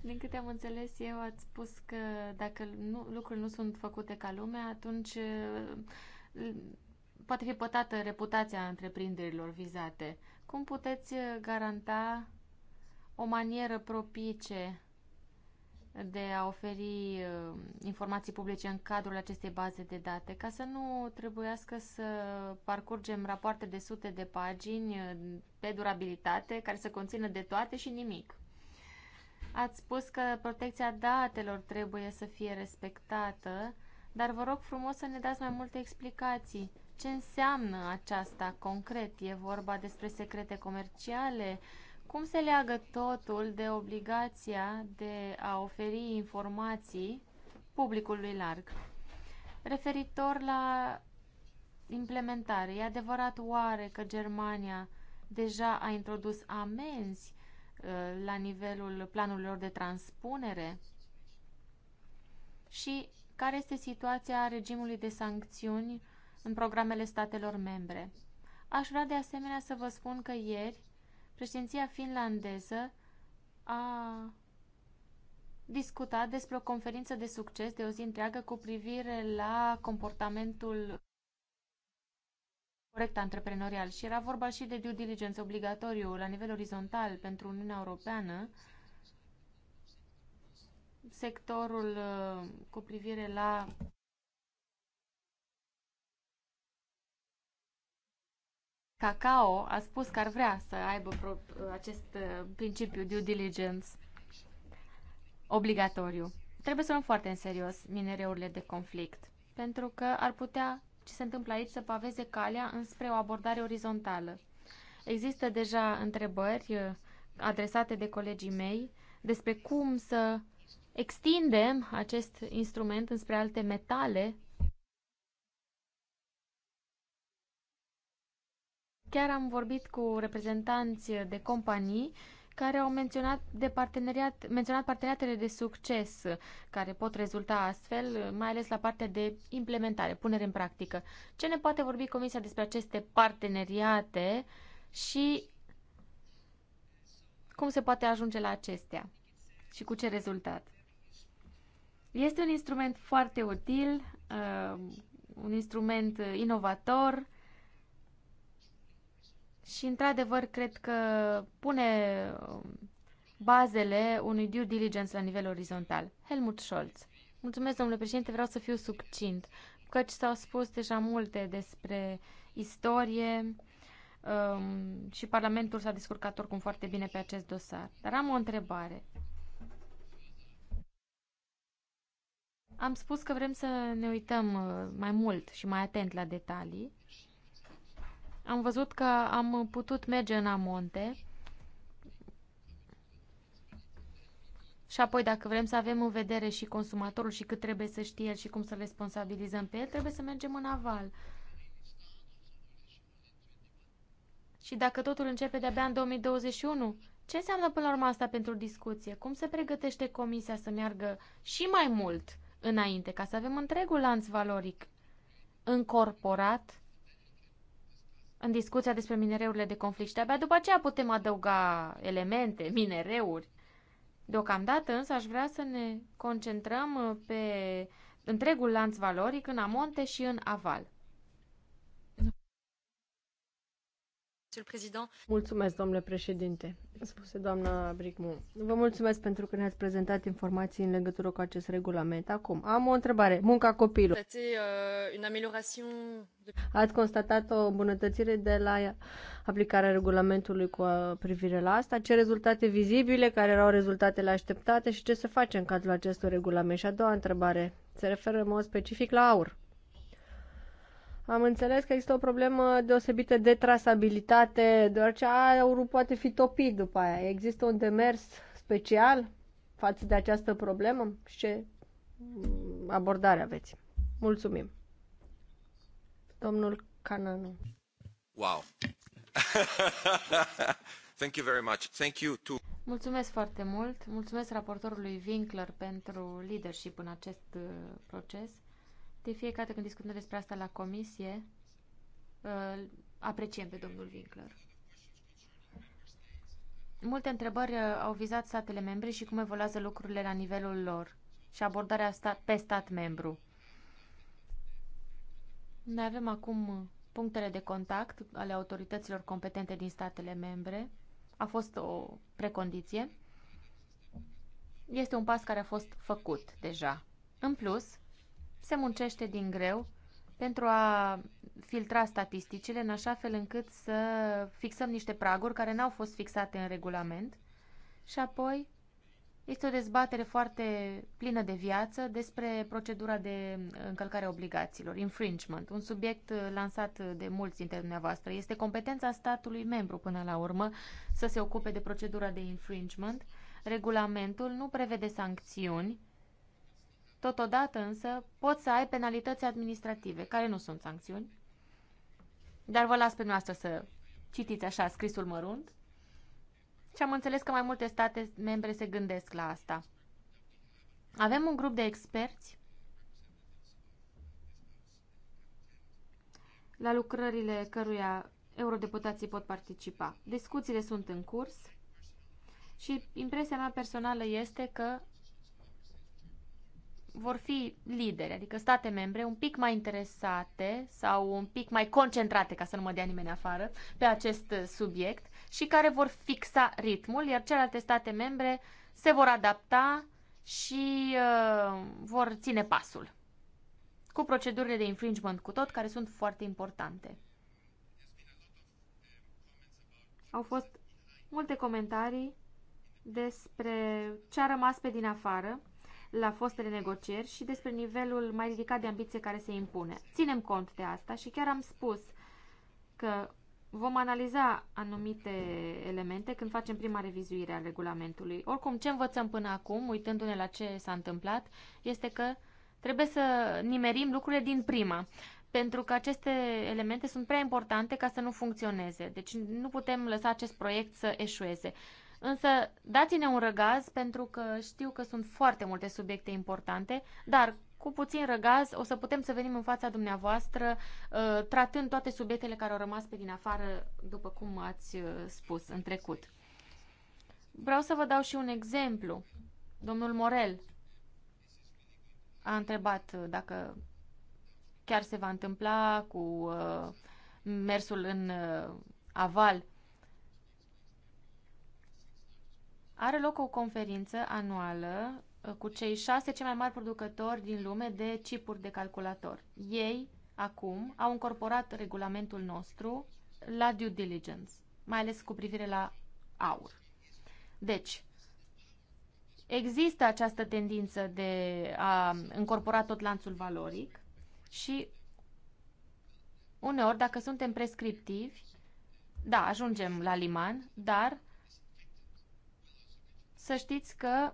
Din câte am înțeles eu, ați spus că dacă nu, lucrurile nu sunt făcute ca lumea, atunci uh, poate fi pătată reputația întreprinderilor vizate. Cum puteți uh, garanta o manieră propice de a oferi uh, informații publice în cadrul acestei baze de date, ca să nu trebuiască să parcurgem rapoarte de sute de pagini pe durabilitate, care să conțină de toate și nimic. Ați spus că protecția datelor trebuie să fie respectată, dar vă rog frumos să ne dați mai multe explicații. Ce înseamnă aceasta concret? E vorba despre secrete comerciale? Cum se leagă totul de obligația de a oferi informații publicului larg? Referitor la implementare, e adevărat oare că Germania deja a introdus amenzi Uh, la nivelul planurilor de transpunere și care este situația regimului de sancțiuni în programele statelor membre. Aș vrea de asemenea să vă spun că ieri președinția finlandeză a discutat despre o conferință de succes de o zi întreagă cu privire la comportamentul corect antreprenorial și era vorba și de due diligence obligatoriu la nivel orizontal pentru Uniunea Europeană, sectorul uh, cu privire la Cacao a spus că ar vrea să aibă uh, acest uh, principiu due diligence obligatoriu. Trebuie să luăm foarte în serios minereurile de conflict, pentru că ar putea ce se întâmplă aici să paveze calea înspre o abordare orizontală. Există deja întrebări uh, adresate de colegii mei despre cum să extindem acest instrument înspre alte metale. Chiar am vorbit cu reprezentanți de companii care au menționat, de parteneriat, menționat parteneriatele de succes care pot rezulta astfel, mai ales la partea de implementare, punere în practică. Ce ne poate vorbi Comisia despre aceste parteneriate și cum se poate ajunge la acestea și cu ce rezultat? Este un instrument foarte util, uh, un instrument inovator, și, într-adevăr, cred că pune um, bazele unui due diligence la nivel orizontal. Helmut Scholz. Mulțumesc, domnule președinte, vreau să fiu succint, căci s-au spus deja multe despre istorie um, și Parlamentul s-a descurcat oricum foarte bine pe acest dosar. Dar am o întrebare. Am spus că vrem să ne uităm uh, mai mult și mai atent la detalii am văzut că am putut merge în amonte și apoi dacă vrem să avem în vedere și consumatorul și cât trebuie să știe el și cum să responsabilizăm pe el, trebuie să mergem în aval. Și dacă totul începe de-abia în 2021, ce înseamnă până la urmă asta pentru discuție? Cum se pregătește comisia să meargă și mai mult înainte, ca să avem întregul lanț valoric încorporat în discuția despre minereurile de conflict și abia după aceea putem adăuga elemente, minereuri. Deocamdată însă aș vrea să ne concentrăm uh, pe întregul lanț valoric în amonte și în aval. Mulțumesc, domnule președinte, spuse doamna Bricmu. Vă mulțumesc pentru că ne-ați prezentat informații în legătură cu acest regulament. Acum, am o întrebare. Munca copilului. Ați uh, constatat o îmbunătățire de la aplicarea regulamentului cu uh, privire la asta? Ce rezultate vizibile, care erau rezultatele așteptate și ce se face în cadrul acestui regulament? Și a doua întrebare se referă în mod specific la aur. Am înțeles că există o problemă deosebită de trasabilitate, ce aurul poate fi topit după aia. Există un demers special față de această problemă? Și ce abordare aveți? Mulțumim. Domnul Cananu. Wow. Thank you very much. Thank you to... Mulțumesc foarte mult. Mulțumesc raportorului Winkler pentru leadership în acest uh, proces. De fiecare dată când discutăm despre asta la comisie, apreciem pe domnul Winkler. Multe întrebări uh, au vizat statele membre și cum evoluează lucrurile la nivelul lor și abordarea stat, pe stat membru. Noi avem acum punctele de contact ale autorităților competente din statele membre. A fost o precondiție. Este un pas care a fost făcut deja. În plus, se muncește din greu pentru a filtra statisticile în așa fel încât să fixăm niște praguri care n-au fost fixate în regulament și apoi este o dezbatere foarte plină de viață despre procedura de încălcare a obligațiilor, infringement, un subiect lansat de mulți dintre dumneavoastră. Este competența statului membru până la urmă să se ocupe de procedura de infringement. Regulamentul nu prevede sancțiuni Totodată însă poți să ai penalități administrative, care nu sunt sancțiuni. Dar vă las pe noastră să citiți așa scrisul mărunt. Și am înțeles că mai multe state membre se gândesc la asta. Avem un grup de experți la lucrările căruia eurodeputații pot participa. Discuțiile sunt în curs și impresia mea personală este că vor fi lideri, adică state membre un pic mai interesate sau un pic mai concentrate, ca să nu mă dea nimeni afară, pe acest subiect și care vor fixa ritmul, iar celelalte state membre se vor adapta și uh, vor ține pasul cu procedurile de infringement cu tot, care sunt foarte importante. Au fost multe comentarii despre ce a rămas pe din afară la fostele negocieri și despre nivelul mai ridicat de ambiție care se impune. Ținem cont de asta și chiar am spus că vom analiza anumite elemente când facem prima revizuire a regulamentului. Oricum, ce învățăm până acum, uitându-ne la ce s-a întâmplat, este că trebuie să nimerim lucrurile din prima pentru că aceste elemente sunt prea importante ca să nu funcționeze. Deci nu putem lăsa acest proiect să eșueze. Însă dați-ne un răgaz pentru că știu că sunt foarte multe subiecte importante, dar cu puțin răgaz o să putem să venim în fața dumneavoastră uh, tratând toate subiectele care au rămas pe din afară, după cum ați uh, spus în trecut. Vreau să vă dau și un exemplu. Domnul Morel a întrebat uh, dacă chiar se va întâmpla cu uh, mersul în uh, aval. are loc o conferință anuală uh, cu cei șase cei mai mari producători din lume de chipuri de calculator. Ei, acum, au incorporat regulamentul nostru la due diligence, mai ales cu privire la aur. Deci, există această tendință de a încorpora tot lanțul valoric și uneori, dacă suntem prescriptivi, da, ajungem la liman, dar să știți că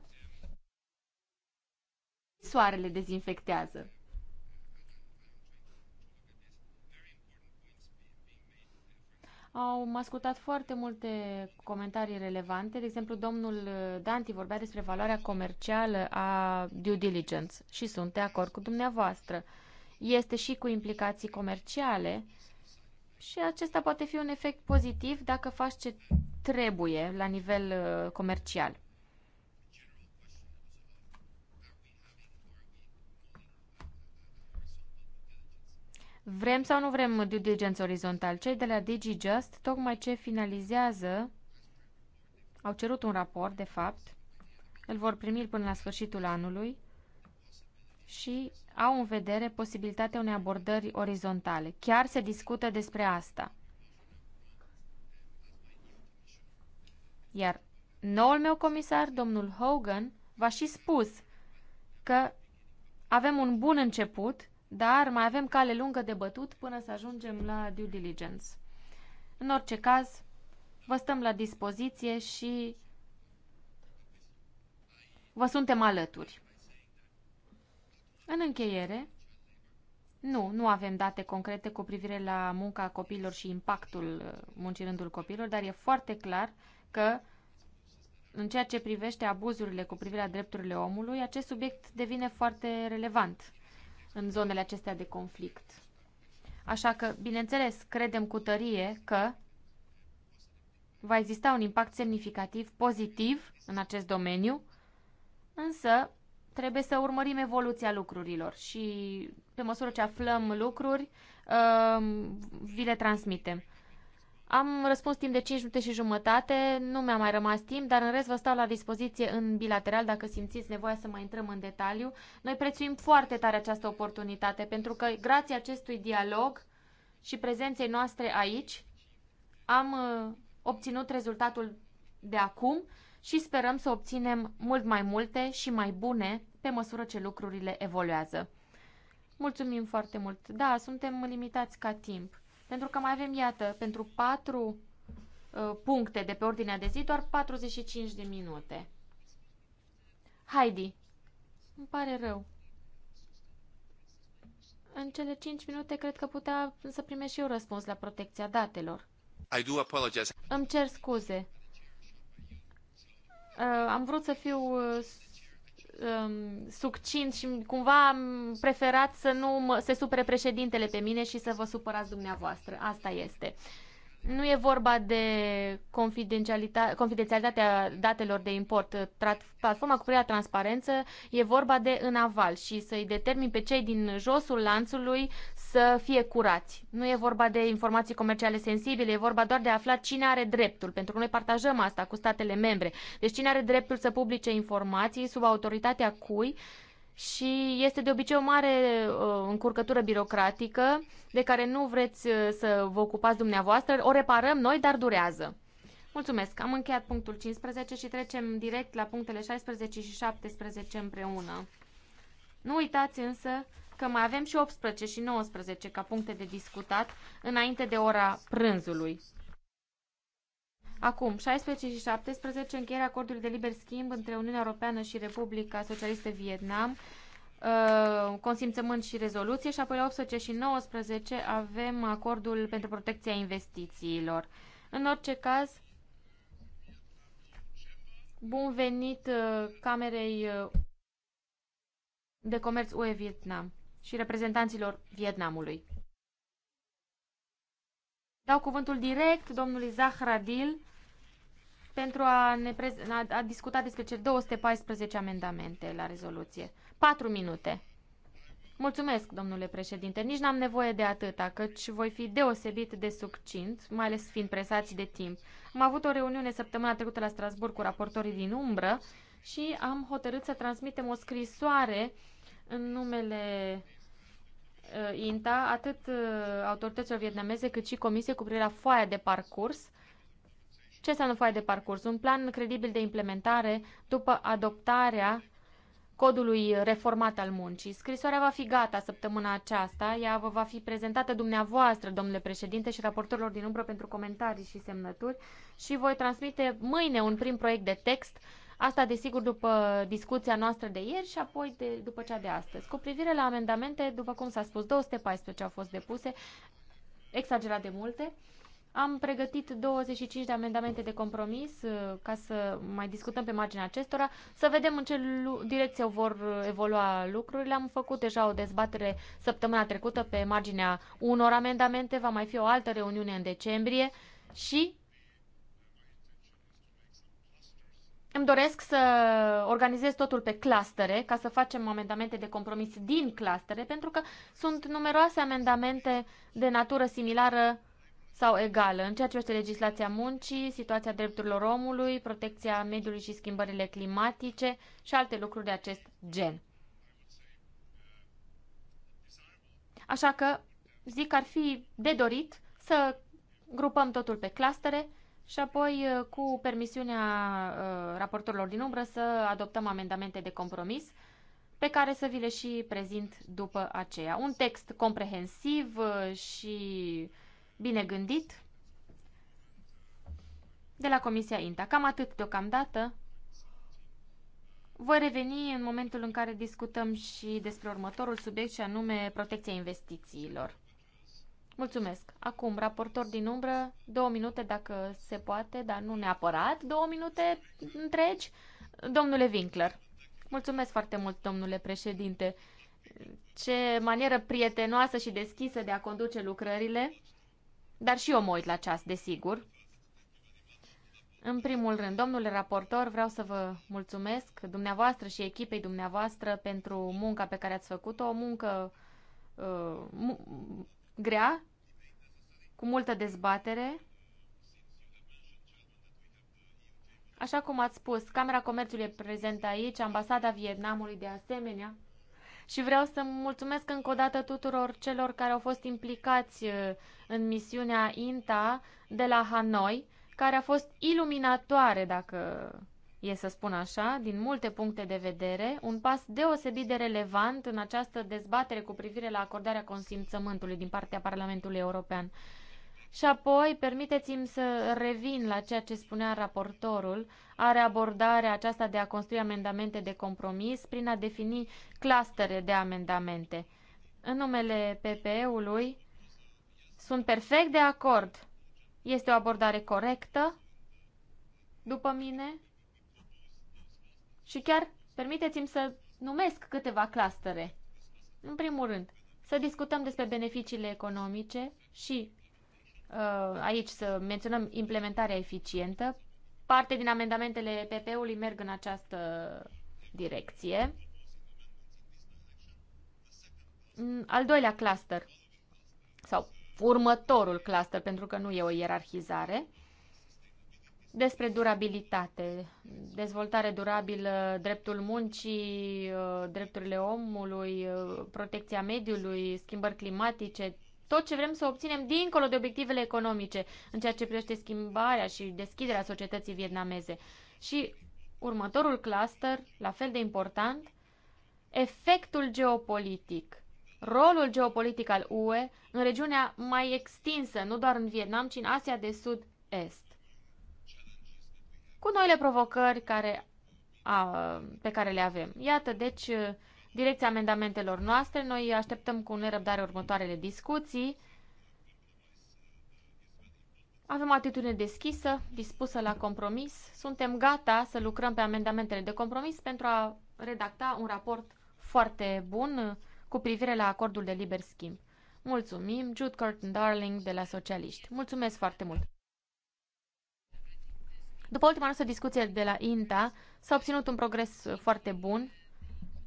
soarele dezinfectează. Au ascultat foarte multe comentarii relevante. De exemplu, domnul uh, Danti vorbea despre valoarea comercială a due diligence și sunt de acord cu dumneavoastră. Este și cu implicații comerciale și acesta poate fi un efect pozitiv dacă faci ce trebuie la nivel uh, comercial. Vrem sau nu vrem due diligence orizontal? Cei de la DigiJust, tocmai ce finalizează, au cerut un raport, de fapt, îl vor primi până la sfârșitul anului și au în vedere posibilitatea unei abordări orizontale. Chiar se discută despre asta. Iar noul meu comisar, domnul Hogan, v-a și spus că avem un bun început dar mai avem cale lungă de bătut până să ajungem la due diligence. În orice caz, vă stăm la dispoziție și vă suntem alături. În încheiere, nu, nu avem date concrete cu privire la munca copiilor și impactul uh, muncii rândul copiilor, dar e foarte clar că în ceea ce privește abuzurile cu privire la drepturile omului, acest subiect devine foarte relevant în zonele acestea de conflict. Așa că, bineînțeles, credem cu tărie că va exista un impact semnificativ pozitiv în acest domeniu, însă trebuie să urmărim evoluția lucrurilor și pe măsură ce aflăm lucruri, uh, vi le transmitem. Am răspuns timp de 5 minute și jumătate, nu mi-a mai rămas timp, dar în rest vă stau la dispoziție în bilateral dacă simțiți nevoia să mai intrăm în detaliu. Noi prețuim foarte tare această oportunitate pentru că grație acestui dialog și prezenței noastre aici am uh, obținut rezultatul de acum și sperăm să obținem mult mai multe și mai bune pe măsură ce lucrurile evoluează. Mulțumim foarte mult. Da, suntem limitați ca timp. Pentru că mai avem, iată, pentru patru uh, puncte de pe ordinea de zi, doar 45 de minute. Heidi, îmi pare rău. În cele 5 minute cred că putea să primești și eu răspuns la protecția datelor. I do apologize. Îmi cer scuze. Uh, am vrut să fiu uh, um, succint și cumva am preferat să nu mă, se supere președintele pe mine și să vă supărați dumneavoastră. Asta este. Nu e vorba de confidențialitatea datelor de import. Platforma cu prea transparență e vorba de în aval și să-i determin pe cei din josul lanțului să fie curați. Nu e vorba de informații comerciale sensibile, e vorba doar de a afla cine are dreptul, pentru că noi partajăm asta cu statele membre. Deci cine are dreptul să publice informații, sub autoritatea cui și este de obicei o mare uh, încurcătură birocratică de care nu vreți uh, să vă ocupați dumneavoastră. O reparăm noi, dar durează. Mulțumesc. Am încheiat punctul 15 și trecem direct la punctele 16 și 17 împreună. Nu uitați însă că mai avem și 18 și 19 ca puncte de discutat înainte de ora prânzului. Acum, 16 și 17, încheierea acordului de liber schimb între Uniunea Europeană și Republica Socialistă Vietnam, uh, consimțământ și rezoluție și apoi la 18 și 19 avem acordul pentru protecția investițiilor. În orice caz, bun venit uh, Camerei uh, de Comerț UE Vietnam și reprezentanților Vietnamului. Dau cuvântul direct domnului Zahradil pentru a, ne a, a discuta despre cele 214 amendamente la rezoluție. Patru minute. Mulțumesc, domnule președinte. Nici n-am nevoie de atâta, căci voi fi deosebit de succint, mai ales fiind presați de timp. Am avut o reuniune săptămâna trecută la Strasburg cu raportorii din umbră și am hotărât să transmitem o scrisoare în numele Uh, INTA, atât uh, autorităților vietnameze, cât și comisie cu privire la foaia de parcurs. Ce înseamnă foaia de parcurs? Un plan credibil de implementare după adoptarea codului reformat al muncii. Scrisoarea va fi gata săptămâna aceasta. Ea vă va fi prezentată dumneavoastră, domnule președinte, și raportorilor din umbră pentru comentarii și semnături și voi transmite mâine un prim proiect de text Asta, desigur, după discuția noastră de ieri și apoi de, după cea de astăzi. Cu privire la amendamente, după cum s-a spus, 214 au fost depuse, exagerat de multe. Am pregătit 25 de amendamente de compromis uh, ca să mai discutăm pe marginea acestora, să vedem în ce direcție vor uh, evolua lucrurile. Am făcut deja o dezbatere săptămâna trecută pe marginea unor amendamente, va mai fi o altă reuniune în decembrie și Îmi doresc să organizez totul pe clastere, ca să facem amendamente de compromis din clastere, pentru că sunt numeroase amendamente de natură similară sau egală în ceea ce este legislația muncii, situația drepturilor omului, protecția mediului și schimbările climatice și alte lucruri de acest gen. Așa că zic că ar fi de dorit să grupăm totul pe clastere, și apoi, uh, cu permisiunea uh, raportorilor din umbră, să adoptăm amendamente de compromis pe care să vi le și prezint după aceea. Un text comprehensiv uh, și bine gândit de la Comisia INTA. Cam atât deocamdată. Voi reveni în momentul în care discutăm și despre următorul subiect și anume protecția investițiilor. Mulțumesc. Acum, raportor din umbră, două minute dacă se poate, dar nu neapărat două minute întregi. Domnule Winkler, mulțumesc foarte mult, domnule președinte. Ce manieră prietenoasă și deschisă de a conduce lucrările, dar și eu mă uit la ceas, desigur. În primul rând, domnule raportor, vreau să vă mulțumesc dumneavoastră și echipei dumneavoastră pentru munca pe care ați făcut-o, o muncă uh, grea, cu multă dezbatere. Așa cum ați spus, Camera Comerțului e prezentă aici, Ambasada Vietnamului de asemenea. Și vreau să mulțumesc încă o dată tuturor celor care au fost implicați uh, în misiunea INTA de la Hanoi, care a fost iluminatoare, dacă e să spun așa, din multe puncte de vedere, un pas deosebit de relevant în această dezbatere cu privire la acordarea consimțământului din partea Parlamentului European. Și apoi, permiteți-mi să revin la ceea ce spunea raportorul, are abordarea aceasta de a construi amendamente de compromis prin a defini clustere de amendamente. În numele PPE-ului, sunt perfect de acord. Este o abordare corectă, după mine, și chiar permiteți-mi să numesc câteva clastere. În primul rând, să discutăm despre beneficiile economice și uh, aici să menționăm implementarea eficientă. Parte din amendamentele PP-ului merg în această direcție. Al doilea cluster, sau următorul cluster, pentru că nu e o ierarhizare, despre durabilitate, dezvoltare durabilă, dreptul muncii, uh, drepturile omului, uh, protecția mediului, schimbări climatice, tot ce vrem să obținem dincolo de obiectivele economice în ceea ce privește schimbarea și deschiderea societății vietnameze. Și următorul cluster, la fel de important, efectul geopolitic, rolul geopolitic al UE în regiunea mai extinsă, nu doar în Vietnam, ci în Asia de Sud-Est cu noile provocări care, a, pe care le avem. Iată, deci, direcția amendamentelor noastre. Noi așteptăm cu nerăbdare următoarele discuții. Avem atitudine deschisă, dispusă la compromis. Suntem gata să lucrăm pe amendamentele de compromis pentru a redacta un raport foarte bun cu privire la acordul de liber schimb. Mulțumim, Jude Curtin Darling de la Socialiști. Mulțumesc foarte mult! După ultima noastră discuție de la INTA, s-a obținut un progres foarte bun,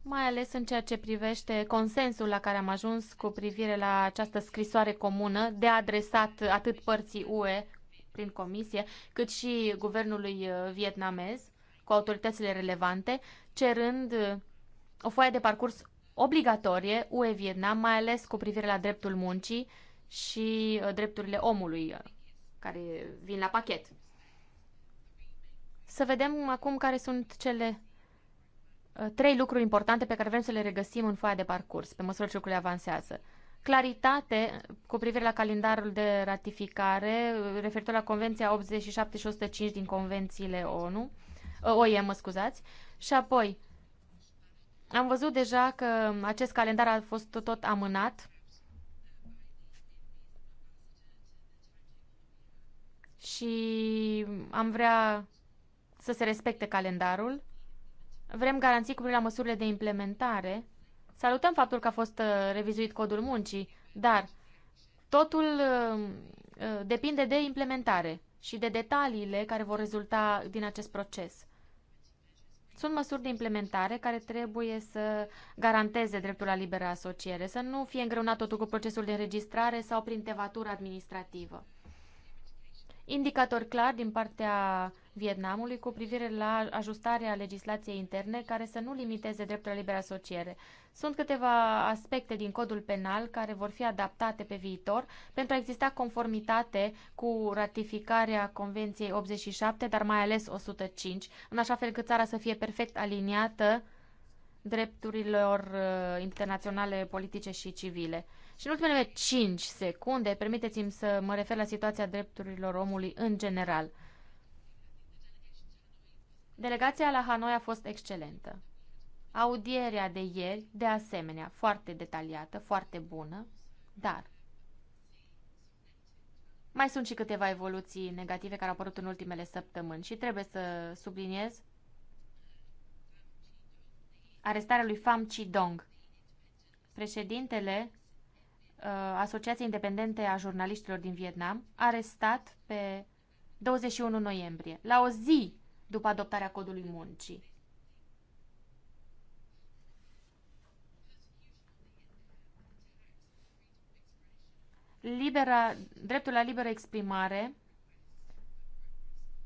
mai ales în ceea ce privește consensul la care am ajuns cu privire la această scrisoare comună de adresat atât părții UE prin comisie, cât și guvernului uh, vietnamez cu autoritățile relevante, cerând uh, o foaie de parcurs obligatorie UE-Vietnam, mai ales cu privire la dreptul muncii și uh, drepturile omului care vin la pachet. Să vedem acum care sunt cele uh, trei lucruri importante pe care vrem să le regăsim în foaia de parcurs, pe măsură ce lucrurile avansează. Claritate cu privire la calendarul de ratificare, uh, referitor la Convenția 87 și 105 din Convențiile ONU, uh, OIM, mă scuzați, și apoi am văzut deja că acest calendar a fost tot amânat și am vrea să se respecte calendarul. Vrem garanții cu privire la măsurile de implementare. Salutăm faptul că a fost uh, revizuit codul muncii, dar totul uh, uh, depinde de implementare și de detaliile care vor rezulta din acest proces. Sunt măsuri de implementare care trebuie să garanteze dreptul la liberă asociere, să nu fie îngreunat totul cu procesul de înregistrare sau prin tevatură administrativă. Indicator clar din partea Vietnamului cu privire la ajustarea legislației interne care să nu limiteze dreptul la liberă asociere. Sunt câteva aspecte din codul penal care vor fi adaptate pe viitor pentru a exista conformitate cu ratificarea Convenției 87, dar mai ales 105, în așa fel că țara să fie perfect aliniată drepturilor uh, internaționale politice și civile. Și în ultimele 5 secunde, permiteți-mi să mă refer la situația drepturilor omului în general. Delegația la Hanoi a fost excelentă. Audierea de ieri, de asemenea, foarte detaliată, foarte bună, dar mai sunt și câteva evoluții negative care au apărut în ultimele săptămâni și trebuie să subliniez arestarea lui Pham Chi Dong. Președintele Uh, Asociația Independente a Jurnaliștilor din Vietnam, arestat pe 21 noiembrie, la o zi după adoptarea codului muncii. Libera, dreptul la liberă exprimare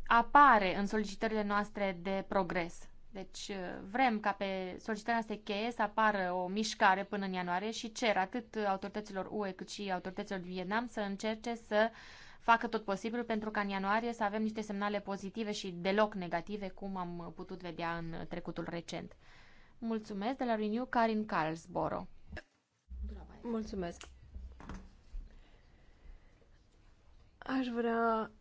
apare în solicitările noastre de progres. Deci uh, vrem ca pe solicitarea noastră cheie să apară o mișcare până în ianuarie și cer atât autorităților UE cât și autorităților din Vietnam să încerce să facă tot posibilul pentru ca în ianuarie să avem niște semnale pozitive și deloc negative, cum am putut vedea în trecutul recent. Mulțumesc de la Renew Karin Carlsboro. Mulțumesc. Aș vrea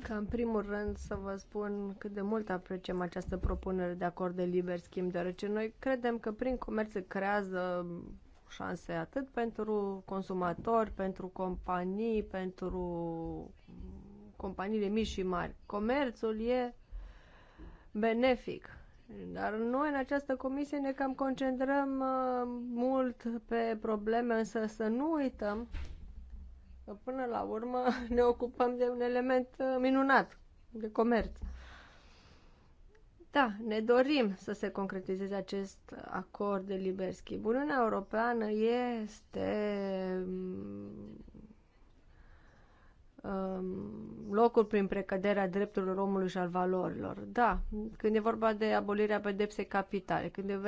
ca în primul rând să vă spun cât de mult apreciem această propunere de acord de liber schimb, deoarece noi credem că prin comerț se creează șanse atât pentru consumatori, pentru companii, pentru companiile mici și mari. Comerțul e benefic. Dar noi în această comisie ne cam concentrăm uh, mult pe probleme, însă să nu uităm că până la urmă ne ocupăm de un element uh, minunat, de comerț. Da, ne dorim să se concretizeze acest acord de liber schimb. Uniunea Europeană este mm, Um, locuri prin precăderea drepturilor omului și al valorilor. Da, când e vorba de abolirea pedepsei capitale, când e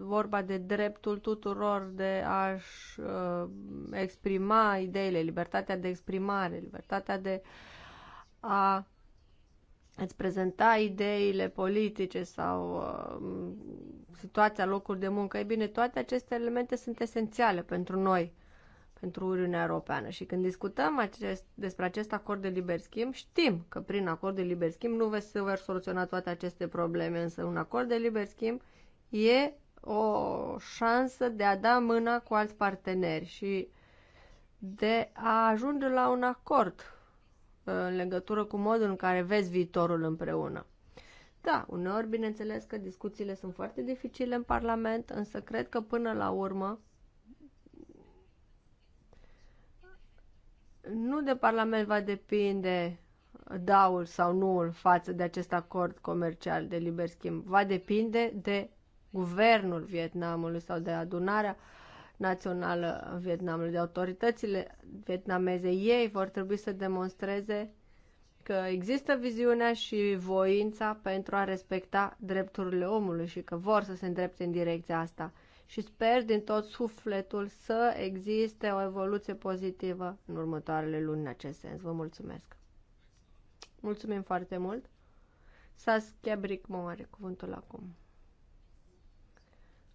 vorba de dreptul tuturor de a-și uh, exprima ideile, libertatea de exprimare, libertatea de a îți prezenta ideile politice sau uh, situația locuri de muncă, e bine, toate aceste elemente sunt esențiale pentru noi pentru Uniunea Europeană. Și când discutăm acest, despre acest acord de liber schimb, știm că prin acord de liber schimb nu veți să vă soluționa toate aceste probleme, însă un acord de liber schimb e o șansă de a da mâna cu alți parteneri și de a ajunge la un acord uh, în legătură cu modul în care vezi viitorul împreună. Da, uneori, bineînțeles că discuțiile sunt foarte dificile în Parlament, însă cred că până la urmă nu de Parlament va depinde daul sau nuul față de acest acord comercial de liber schimb. Va depinde de guvernul Vietnamului sau de adunarea națională în Vietnamului, de autoritățile vietnameze, ei vor trebui să demonstreze că există viziunea și voința pentru a respecta drepturile omului și că vor să se îndrepte în direcția asta și sper din tot sufletul să existe o evoluție pozitivă în următoarele luni în acest sens. Vă mulțumesc! Mulțumim foarte mult! Saskia mă are cuvântul acum.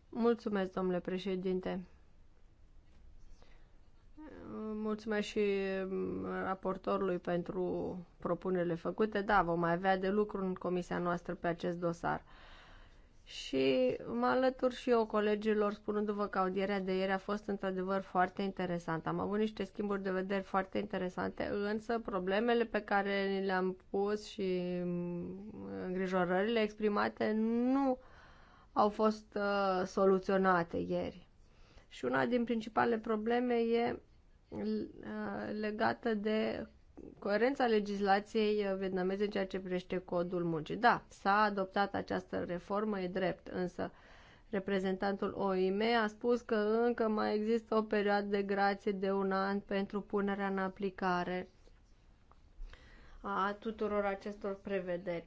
Mulțumesc, domnule președinte! Mulțumesc și mm, raportorului pentru propunerile făcute. Da, vom mai avea de lucru în comisia noastră pe acest dosar și mă alătur și eu colegilor spunându-vă că audierea de ieri a fost într-adevăr foarte interesantă. Am avut niște schimburi de vedere foarte interesante, însă problemele pe care ni le-am pus și mm, îngrijorările exprimate nu au fost uh, soluționate ieri. Și una din principalele probleme e uh, legată de coerența legislației uh, vietnameze în ceea ce privește codul muncii. Da, s-a adoptat această reformă, e drept, însă reprezentantul OIM a spus că încă mai există o perioadă de grație de un an pentru punerea în aplicare a tuturor acestor prevederi.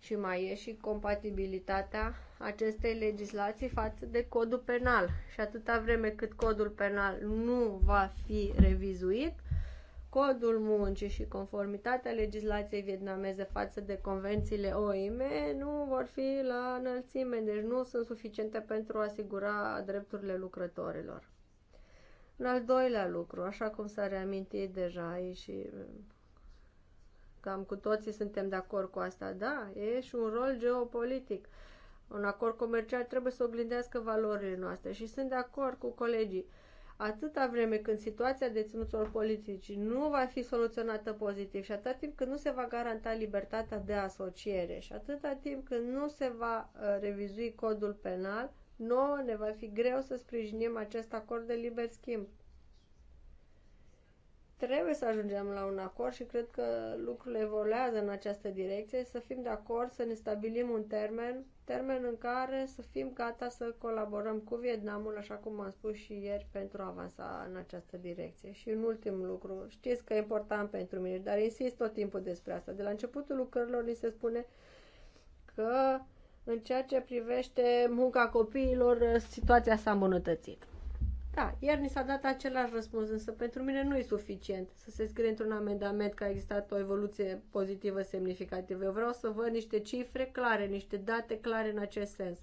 Și mai e și compatibilitatea acestei legislații față de codul penal. Și atâta vreme cât codul penal nu va fi revizuit, codul muncii și conformitatea legislației vietnameze față de convențiile OIM nu vor fi la înălțime, deci nu sunt suficiente pentru a asigura drepturile lucrătorilor. În al doilea lucru, așa cum s-a reamintit deja aici și uh, cam cu toții suntem de acord cu asta, da, e și un rol geopolitic. Un acord comercial trebuie să oglindească valorile noastre și sunt de acord cu colegii atâta vreme când situația deținuților politici nu va fi soluționată pozitiv și atâta timp când nu se va garanta libertatea de asociere și atâta timp când nu se va uh, revizui codul penal, nouă ne va fi greu să sprijinim acest acord de liber schimb. Trebuie să ajungem la un acord și cred că lucrurile evoluează în această direcție, să fim de acord să ne stabilim un termen termen în care să fim gata să colaborăm cu Vietnamul, așa cum am spus și ieri, pentru a avansa în această direcție. Și un ultim lucru, știți că e important pentru mine, dar insist tot timpul despre asta. De la începutul lucrărilor ni se spune că în ceea ce privește munca copiilor, situația s-a îmbunătățit. Da, ieri ni s-a dat același răspuns, însă pentru mine nu e suficient să se scrie într-un amendament că a existat o evoluție pozitivă semnificativă. Eu vreau să văd niște cifre clare, niște date clare în acest sens.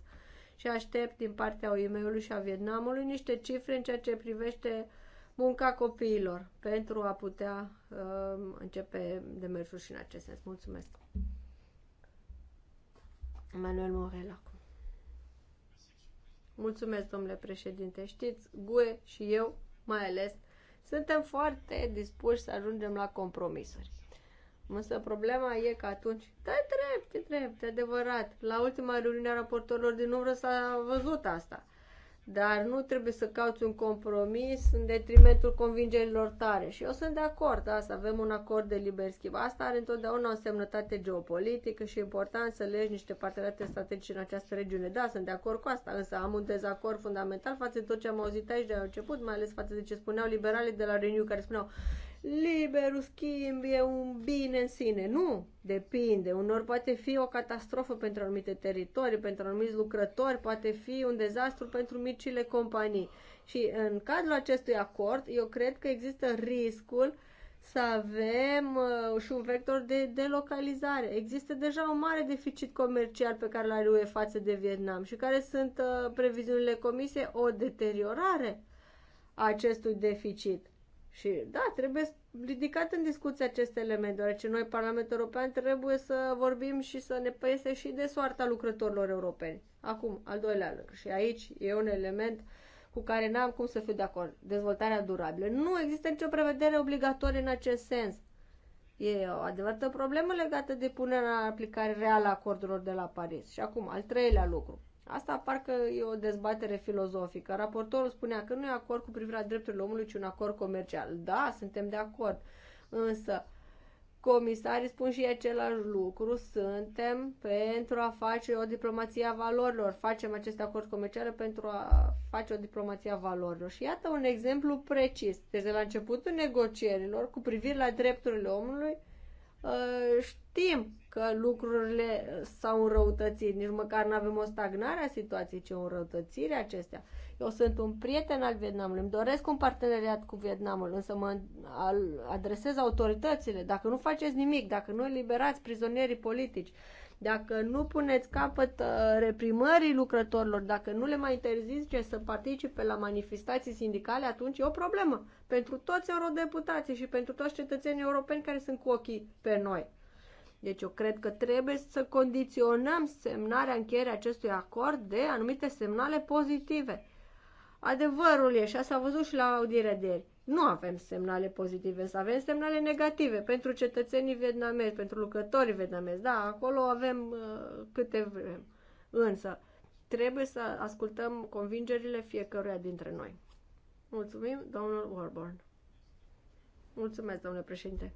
Și aștept din partea OIM-ului și a Vietnamului niște cifre în ceea ce privește munca copiilor pentru a putea uh, începe demersul și în acest sens. Mulțumesc! Manuel Morel acum. Mulțumesc, domnule președinte. Știți, GUE și eu, mai ales, suntem foarte dispuși să ajungem la compromisuri. Însă problema e că atunci, da, drept, e drept, e adevărat. La ultima reuniune a raportorilor din umbră s-a văzut asta. Dar nu trebuie să cauți un compromis în detrimentul convingerilor tare. Și eu sunt de acord, asta da, avem un acord de liber schimb. Asta are întotdeauna o semnătate geopolitică și e important să legi niște parteneriate strategice în această regiune. Da, sunt de acord cu asta, însă am un dezacord fundamental față de tot ce am auzit aici de la început, mai ales față de ce spuneau liberalii de la Renew, care spuneau liberul schimb e un bine în sine. Nu, depinde. Unor poate fi o catastrofă pentru anumite teritorii, pentru anumiți lucrători, poate fi un dezastru pentru micile companii. Și în cadrul acestui acord, eu cred că există riscul să avem uh, și un vector de delocalizare. Există deja un mare deficit comercial pe care l-are UE față de Vietnam și care sunt uh, previziunile comisiei o deteriorare a acestui deficit. Și da, trebuie ridicat în discuție acest element, deoarece noi, Parlamentul European, trebuie să vorbim și să ne păiese și de soarta lucrătorilor europeni. Acum, al doilea lucru. Și aici e un element cu care n-am cum să fiu de acord. Dezvoltarea durabilă. Nu există nicio prevedere obligatorie în acest sens. E o adevărată problemă legată de punerea în aplicare reală a acordurilor de la Paris. Și acum, al treilea lucru. Asta parcă e o dezbatere filozofică. Raportorul spunea că nu e acord cu privirea drepturilor omului, ci un acord comercial. Da, suntem de acord. Însă, comisarii spun și același lucru, suntem pentru a face o diplomație a valorilor, facem aceste acord comerciale pentru a face o diplomație a valorilor. Și iată un exemplu precis. Deci de la începutul negocierilor, cu privire la drepturile omului, ă, știm că lucrurile s-au înrăutățit. Nici măcar nu avem o stagnare a situației, ci o înrăutățire acestea. Eu sunt un prieten al Vietnamului, îmi doresc un parteneriat cu Vietnamul, însă mă adresez autoritățile. Dacă nu faceți nimic, dacă nu eliberați prizonierii politici, dacă nu puneți capăt uh, reprimării lucrătorilor, dacă nu le mai interzice să participe la manifestații sindicale, atunci e o problemă pentru toți eurodeputații și pentru toți cetățenii europeni care sunt cu ochii pe noi. Deci eu cred că trebuie să condiționăm semnarea încheierea acestui acord de anumite semnale pozitive. Adevărul e, și asta a văzut și la audierea de ieri, nu avem semnale pozitive, să avem semnale negative pentru cetățenii vietnamezi, pentru lucrătorii vietnamezi. Da, acolo avem uh, câte vrem. Însă, trebuie să ascultăm convingerile fiecăruia dintre noi. Mulțumim, domnul Warborn. Mulțumesc, domnule președinte.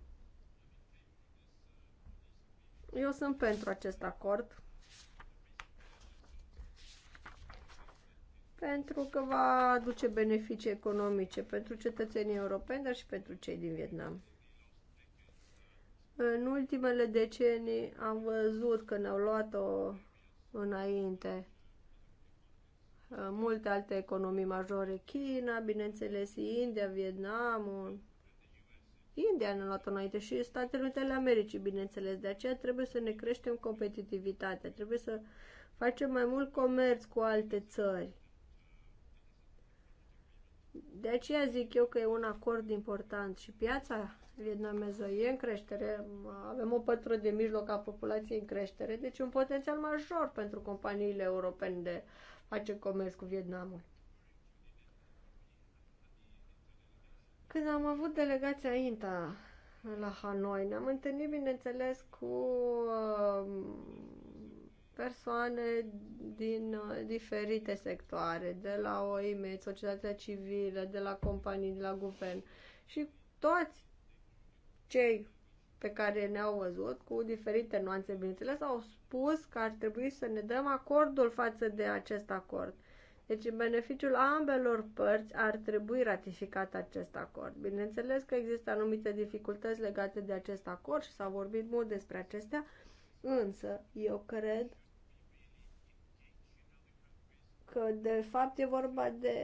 Eu sunt pentru acest acord. Pentru că va aduce beneficii economice pentru cetățenii europeni, dar și pentru cei din Vietnam. În ultimele decenii am văzut că ne-au luat-o înainte multe alte economii majore, China, bineînțeles India, Vietnamul, India, în luat înainte și Statele Unite ale Americii, bineînțeles. De aceea trebuie să ne creștem competitivitatea, trebuie să facem mai mult comerț cu alte țări. De aceea zic eu că e un acord important și piața vietnameză e în creștere, avem o pătură de mijloc a populației în creștere, deci un potențial major pentru companiile europene de face comerț cu Vietnamul. Când am avut delegația INTA la Hanoi, ne-am întâlnit, bineînțeles, cu um, persoane din uh, diferite sectoare, de la OIM, societatea civilă, de la companii, de la guvern și toți cei pe care ne-au văzut cu diferite nuanțe, bineînțeles, au spus că ar trebui să ne dăm acordul față de acest acord. Deci, în beneficiul ambelor părți ar trebui ratificat acest acord. Bineînțeles că există anumite dificultăți legate de acest acord și s-a vorbit mult despre acestea, însă eu cred că de fapt e vorba de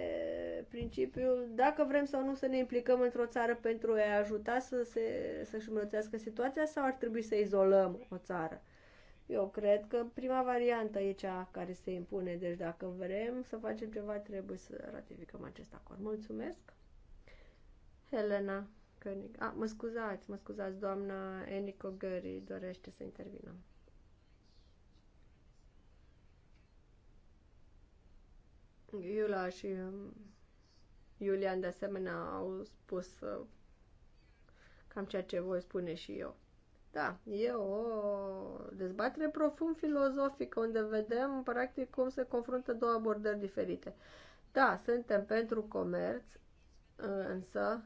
principiul dacă vrem sau nu să ne implicăm într-o țară pentru a ajuta să se, să-și îmbunătățească situația sau ar trebui să izolăm o țară. Eu cred că prima variantă e cea care se impune, deci dacă vrem să facem ceva, trebuie să ratificăm acest acord. Mulțumesc! Helena König. A, ah, mă scuzați, mă scuzați, doamna Eniko Gări dorește să intervină. Iula și um, Iulian de asemenea au spus uh, cam ceea ce voi spune și eu. Da, e o dezbatere profund filozofică unde vedem practic cum se confruntă două abordări diferite. Da, suntem pentru comerț, însă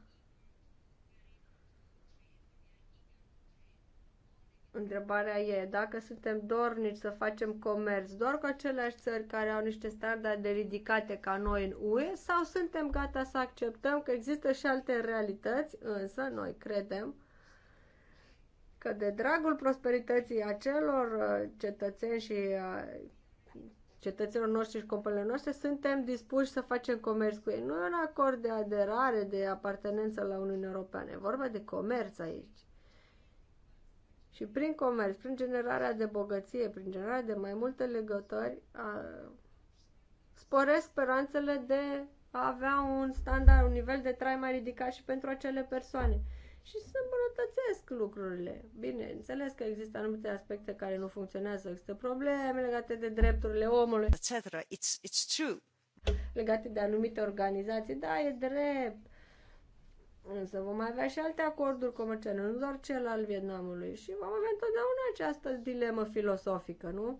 Întrebarea e dacă suntem dornici să facem comerț doar cu aceleași țări care au niște standarde ridicate ca noi în UE sau suntem gata să acceptăm că există și alte realități, însă noi credem că de dragul prosperității acelor uh, cetățeni și uh, cetățenilor noștri și companiilor noastre, suntem dispuși să facem comerț cu ei. Nu e un acord de aderare, de apartenență la Uniunea Europeană, e vorba de comerț aici. Și prin comerț, prin generarea de bogăție, prin generarea de mai multe legători, a, sporesc speranțele de a avea un standard, un nivel de trai mai ridicat și pentru acele persoane și să îmbunătățesc lucrurile. Bine, înțeles că există anumite aspecte care nu funcționează, există probleme legate de drepturile omului, etc. It's, it's true. Legate de anumite organizații, da, e drept. Însă vom avea și alte acorduri comerciale, nu doar cel al Vietnamului. Și vom avea întotdeauna această dilemă filosofică, nu?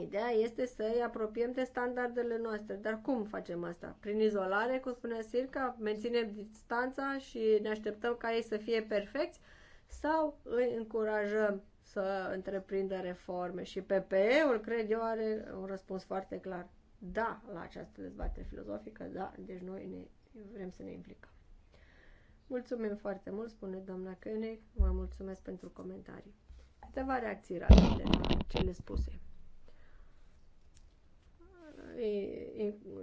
Ideea este să îi apropiem de standardele noastre. Dar cum facem asta? Prin izolare, cum spunea Sirca, menținem distanța și ne așteptăm ca ei să fie perfecți sau îi încurajăm să întreprindă reforme? Și PPE-ul, cred eu, are un răspuns foarte clar. Da, la această dezbatere filozofică, da, deci noi ne, vrem să ne implicăm. Mulțumim foarte mult, spune doamna König, vă mulțumesc pentru comentarii. Câteva reacții rapide la cele spuse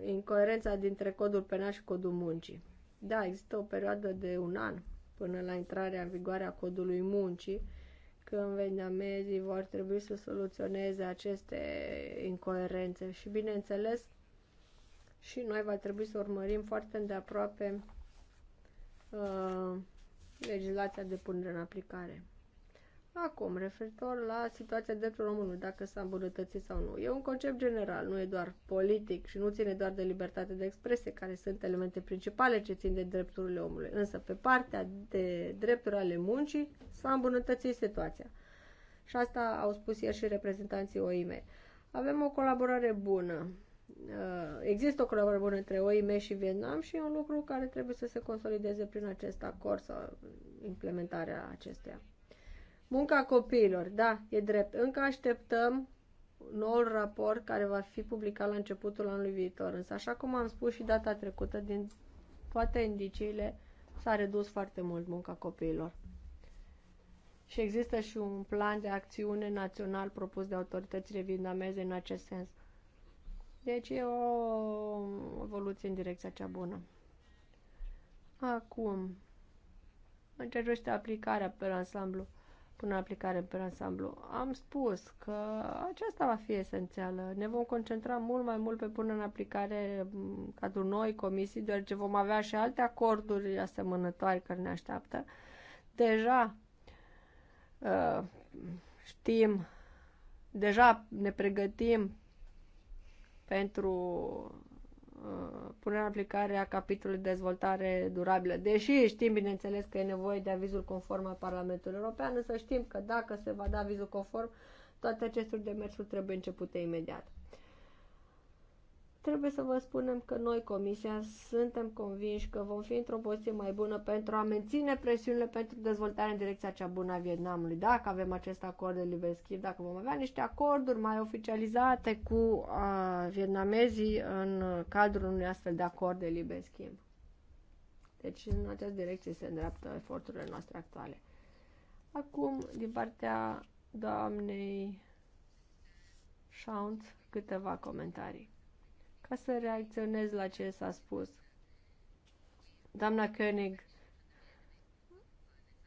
incoerența dintre codul penal și codul muncii. Da, există o perioadă de un an până la intrarea în vigoare a codului muncii, când vietnamezii vor trebui să soluționeze aceste incoerențe. Și bineînțeles, și noi va trebui să urmărim foarte îndeaproape uh, legislația de punere în aplicare. Acum, referitor la situația dreptului românului, dacă s-a îmbunătățit sau nu. E un concept general, nu e doar politic și nu ține doar de libertate de expresie, care sunt elemente principale ce țin de drepturile omului. Însă, pe partea de drepturi ale muncii, s-a îmbunătățit situația. Și asta au spus ieri și reprezentanții OIM. Avem o colaborare bună. Uh, există o colaborare bună între OIM și Vietnam și e un lucru care trebuie să se consolideze prin acest acord sau implementarea acesteia. Munca copiilor, da, e drept. Încă așteptăm noul raport care va fi publicat la începutul anului viitor. Însă, așa cum am spus și data trecută, din toate indiciile s-a redus foarte mult munca copiilor. Și există și un plan de acțiune național propus de autoritățile vietnameze în acest sens. Deci e o evoluție în direcția cea bună. Acum, încercește aplicarea pe ansamblu până aplicare pe ansamblu. Am spus că aceasta va fi esențială. Ne vom concentra mult mai mult pe până în aplicare mm, cadrul noi comisii, deoarece vom avea și alte acorduri asemănătoare care ne așteaptă. Deja uh, știm, deja ne pregătim pentru Uh, punerea în aplicare a capitolului dezvoltare durabilă. Deși știm, bineînțeles, că e nevoie de avizul conform al Parlamentului European, însă știm că dacă se va da avizul conform, toate aceste demersuri trebuie începute imediat. Trebuie să vă spunem că noi, Comisia, suntem convinși că vom fi într-o poziție mai bună pentru a menține presiunile pentru dezvoltare în direcția cea bună a Vietnamului. Dacă avem acest acord de liber schimb, dacă vom avea niște acorduri mai oficializate cu uh, vietnamezii în cadrul unui astfel de acord de liber schimb. Deci în această direcție se îndreaptă eforturile noastre actuale. Acum, din partea doamnei Shaunt, câteva comentarii ca să reacționez la ce s-a spus. Doamna König,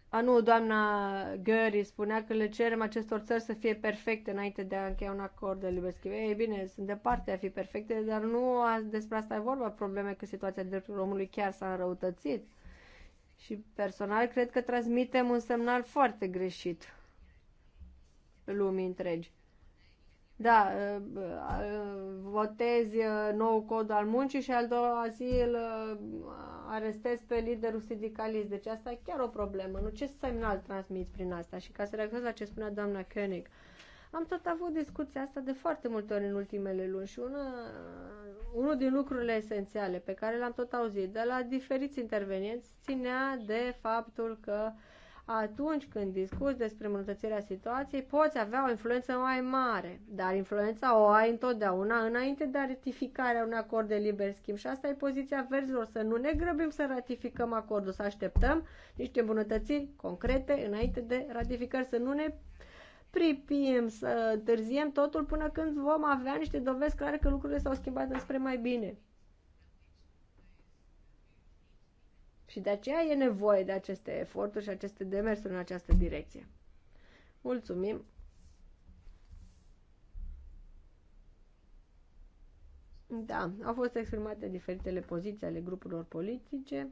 a nu, doamna Gări spunea că le cerem acestor țări să fie perfecte înainte de a încheia un acord de liber schimb. Ei bine, sunt departe a fi perfecte, dar nu a, despre asta e vorba. Probleme că situația dreptului omului chiar s-a înrăutățit. Și personal cred că transmitem un semnal foarte greșit lumii întregi. Da, ă, ă, votezi ă, nou cod al muncii și al doua zi îl arestezi pe liderul sindicalist. Deci asta e chiar o problemă. Nu ce semnal transmiți prin asta? Și ca să reacționez la ce spunea doamna Koenig, am tot avut discuția asta de foarte multe ori în ultimele luni și una, unul din lucrurile esențiale pe care l-am tot auzit de la diferiți intervenienți ținea de faptul că uh, atunci când discuți despre îmbunătățirea situației, poți avea o influență mai mare, dar influența o ai întotdeauna înainte de ratificarea unui acord de liber schimb și asta e poziția verzilor, să nu ne grăbim să ratificăm acordul, să așteptăm niște îmbunătățiri concrete înainte de ratificări, să nu ne pripim, să târziem totul până când vom avea niște dovezi clare că lucrurile s-au schimbat înspre mai bine. Și de aceea e nevoie de aceste eforturi și aceste demersuri în această direcție. Mulțumim! Da, au fost exprimate diferitele poziții ale grupurilor politice,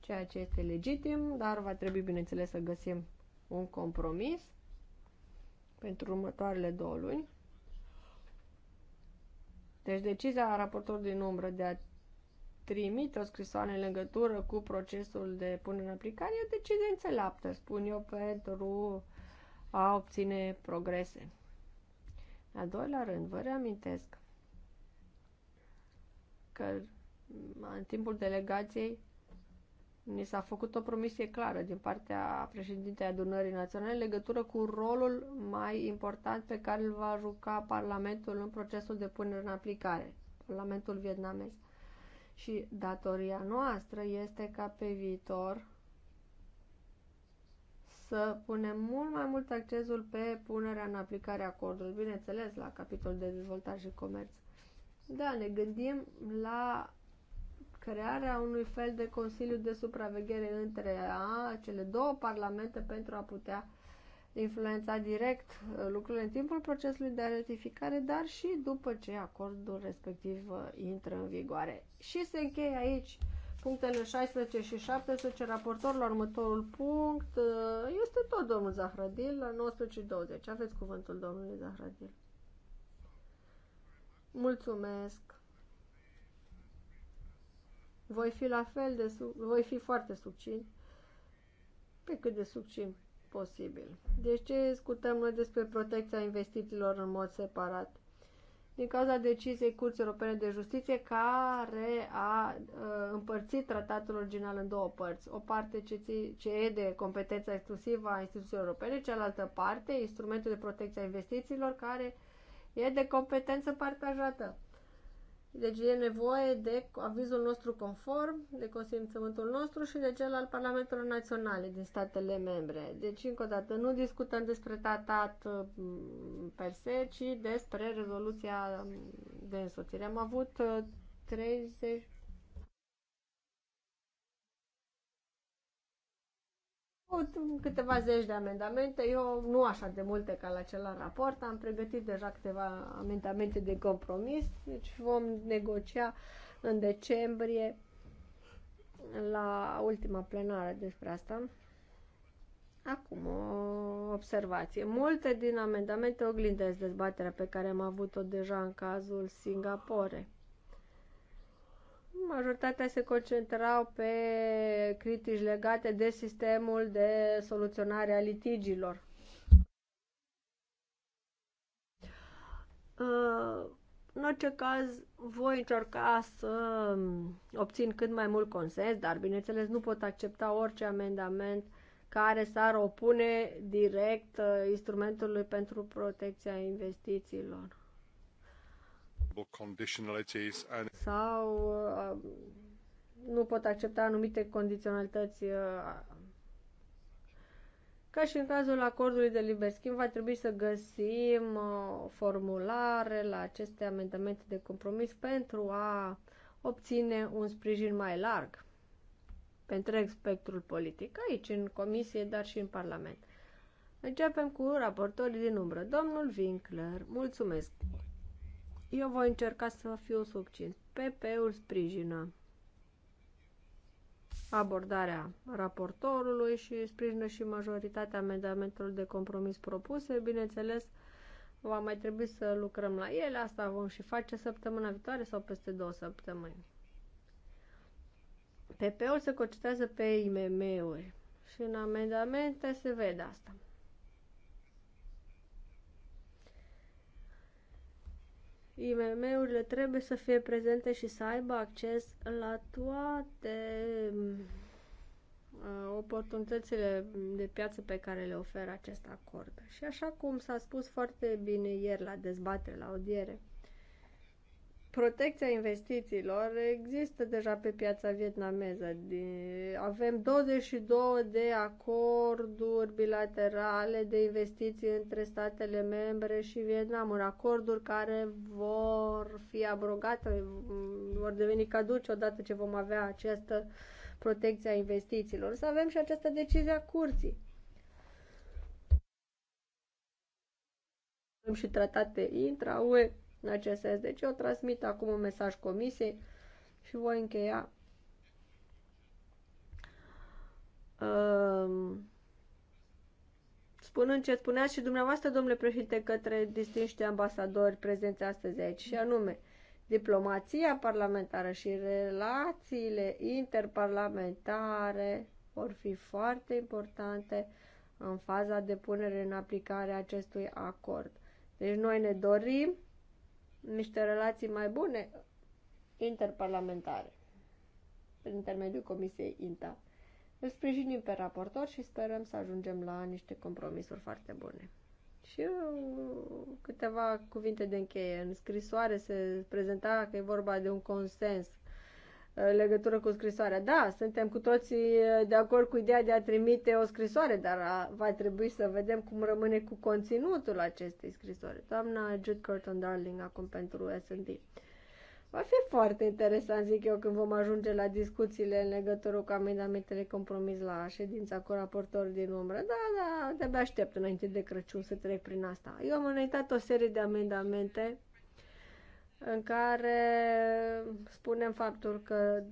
ceea ce este legitim, dar va trebui, bineînțeles, să găsim un compromis pentru următoarele două luni. Deci decizia raportorului din umbră de a trimit o scrisoare în legătură cu procesul de punere în aplicare, e o decizie înțeleaptă, spun eu, pentru a obține progrese. Al doilea rând, vă reamintesc că în timpul delegației ni s-a făcut o promisie clară din partea președintei adunării naționale în legătură cu rolul mai important pe care îl va juca Parlamentul în procesul de punere în aplicare, Parlamentul vietnamez. Și datoria noastră este ca pe viitor să punem mult mai mult accesul pe punerea în aplicare a acordului, bineînțeles la capitolul de dezvoltare și comerț. Da, ne gândim la crearea unui fel de consiliu de supraveghere între a, cele două parlamente pentru a putea uh, influența direct uh, lucrurile în timpul procesului de ratificare, dar și după ce acordul respectiv uh, intră în vigoare. Și se încheie aici punctele 16 și 17, raportor la următorul punct uh, este tot domnul Zahradil, la 19.20. Aveți cuvântul domnului Zahradil. Mulțumesc! Voi fi la fel de, voi fi foarte succint, pe cât de succint posibil. De deci, ce discutăm noi despre protecția investițiilor în mod separat? Din cauza deciziei Curții Europene de Justiție care a uh, împărțit tratatul original în două părți. O parte ce, ți, ce e de competența exclusivă a instituțiilor europene, cealaltă parte, instrumentul de protecție a investițiilor, care e de competență partajată. Deci e nevoie de avizul nostru conform, de consimțământul nostru și de cel al Parlamentelor Naționale din statele membre. Deci, încă o dată, nu discutăm despre tratat uh, per se, ci despre rezoluția um, de însoțire. Am avut 30, uh, câteva zeci de amendamente, eu nu așa de multe ca la celălalt raport, am pregătit deja câteva amendamente de compromis, deci vom negocia în decembrie la ultima plenară despre asta. Acum, o observație. Multe din amendamente oglindesc dezbaterea pe care am avut-o deja în cazul Singapore majoritatea se concentrau pe critici legate de sistemul de soluționare a litigilor. Uh, în orice caz, voi încerca să obțin cât mai mult consens, dar bineînțeles nu pot accepta orice amendament care s-ar opune direct uh, instrumentului pentru protecția investițiilor sau uh, nu pot accepta anumite condiționalități. Uh, ca și în cazul acordului de liber schimb, va trebui să găsim o uh, formulare la aceste amendamente de compromis pentru a obține un sprijin mai larg pe întreg spectrul politic, aici, în comisie, dar și în Parlament. Începem cu raportorii din umbră. Domnul Winkler, mulțumesc! Eu voi încerca să fiu succint. PP-ul sprijină abordarea raportorului și sprijină și majoritatea amendamentelor de compromis propuse. Bineînțeles, va mai trebui să lucrăm la ele. Asta vom și face săptămâna viitoare sau peste două săptămâni. PP-ul se concentrează pe IMM-uri și în amendamente se vede asta. IMM-urile trebuie să fie prezente și să aibă acces la toate uh, oportunitățile de piață pe care le oferă acest acord. Și așa cum s-a spus foarte bine ieri la dezbatere, la audiere, protecția investițiilor există deja pe piața vietnameză. Avem 22 de acorduri bilaterale de investiții între statele membre și Vietnamul, acorduri care vor fi abrogate, vor deveni caduce odată ce vom avea această protecție a investițiilor. Să avem și această decizie a curții. Avem și tratate intra-UE în acest sens. Deci eu transmit acum un mesaj comisiei și voi încheia Um, spunând ce spuneați și dumneavoastră, domnule președinte, către distinși ambasadori prezenți astăzi aici, și anume diplomația parlamentară și relațiile interparlamentare vor fi foarte importante în faza de punere în aplicare a acestui acord. Deci noi ne dorim niște relații mai bune interparlamentare prin intermediul Comisiei INTA. Îl sprijinim pe raportor și sperăm să ajungem la niște compromisuri foarte bune. Și câteva cuvinte de încheie. În scrisoare se prezenta că e vorba de un consens legătură cu scrisoarea. Da, suntem cu toții eh, de acord cu ideea de a trimite o scrisoare, dar va trebui să vedem cum rămâne cu conținutul acestei scrisoare. Doamna Jude Curtin Darling, acum pentru S&D. Va fi foarte interesant, zic eu, când vom ajunge la discuțiile în legătură cu amendamentele compromis la ședința cu raportori din umbră. Da, da, de-abia aștept înainte de Crăciun să trec prin asta. Eu am înaintat o serie de amendamente în care spunem faptul că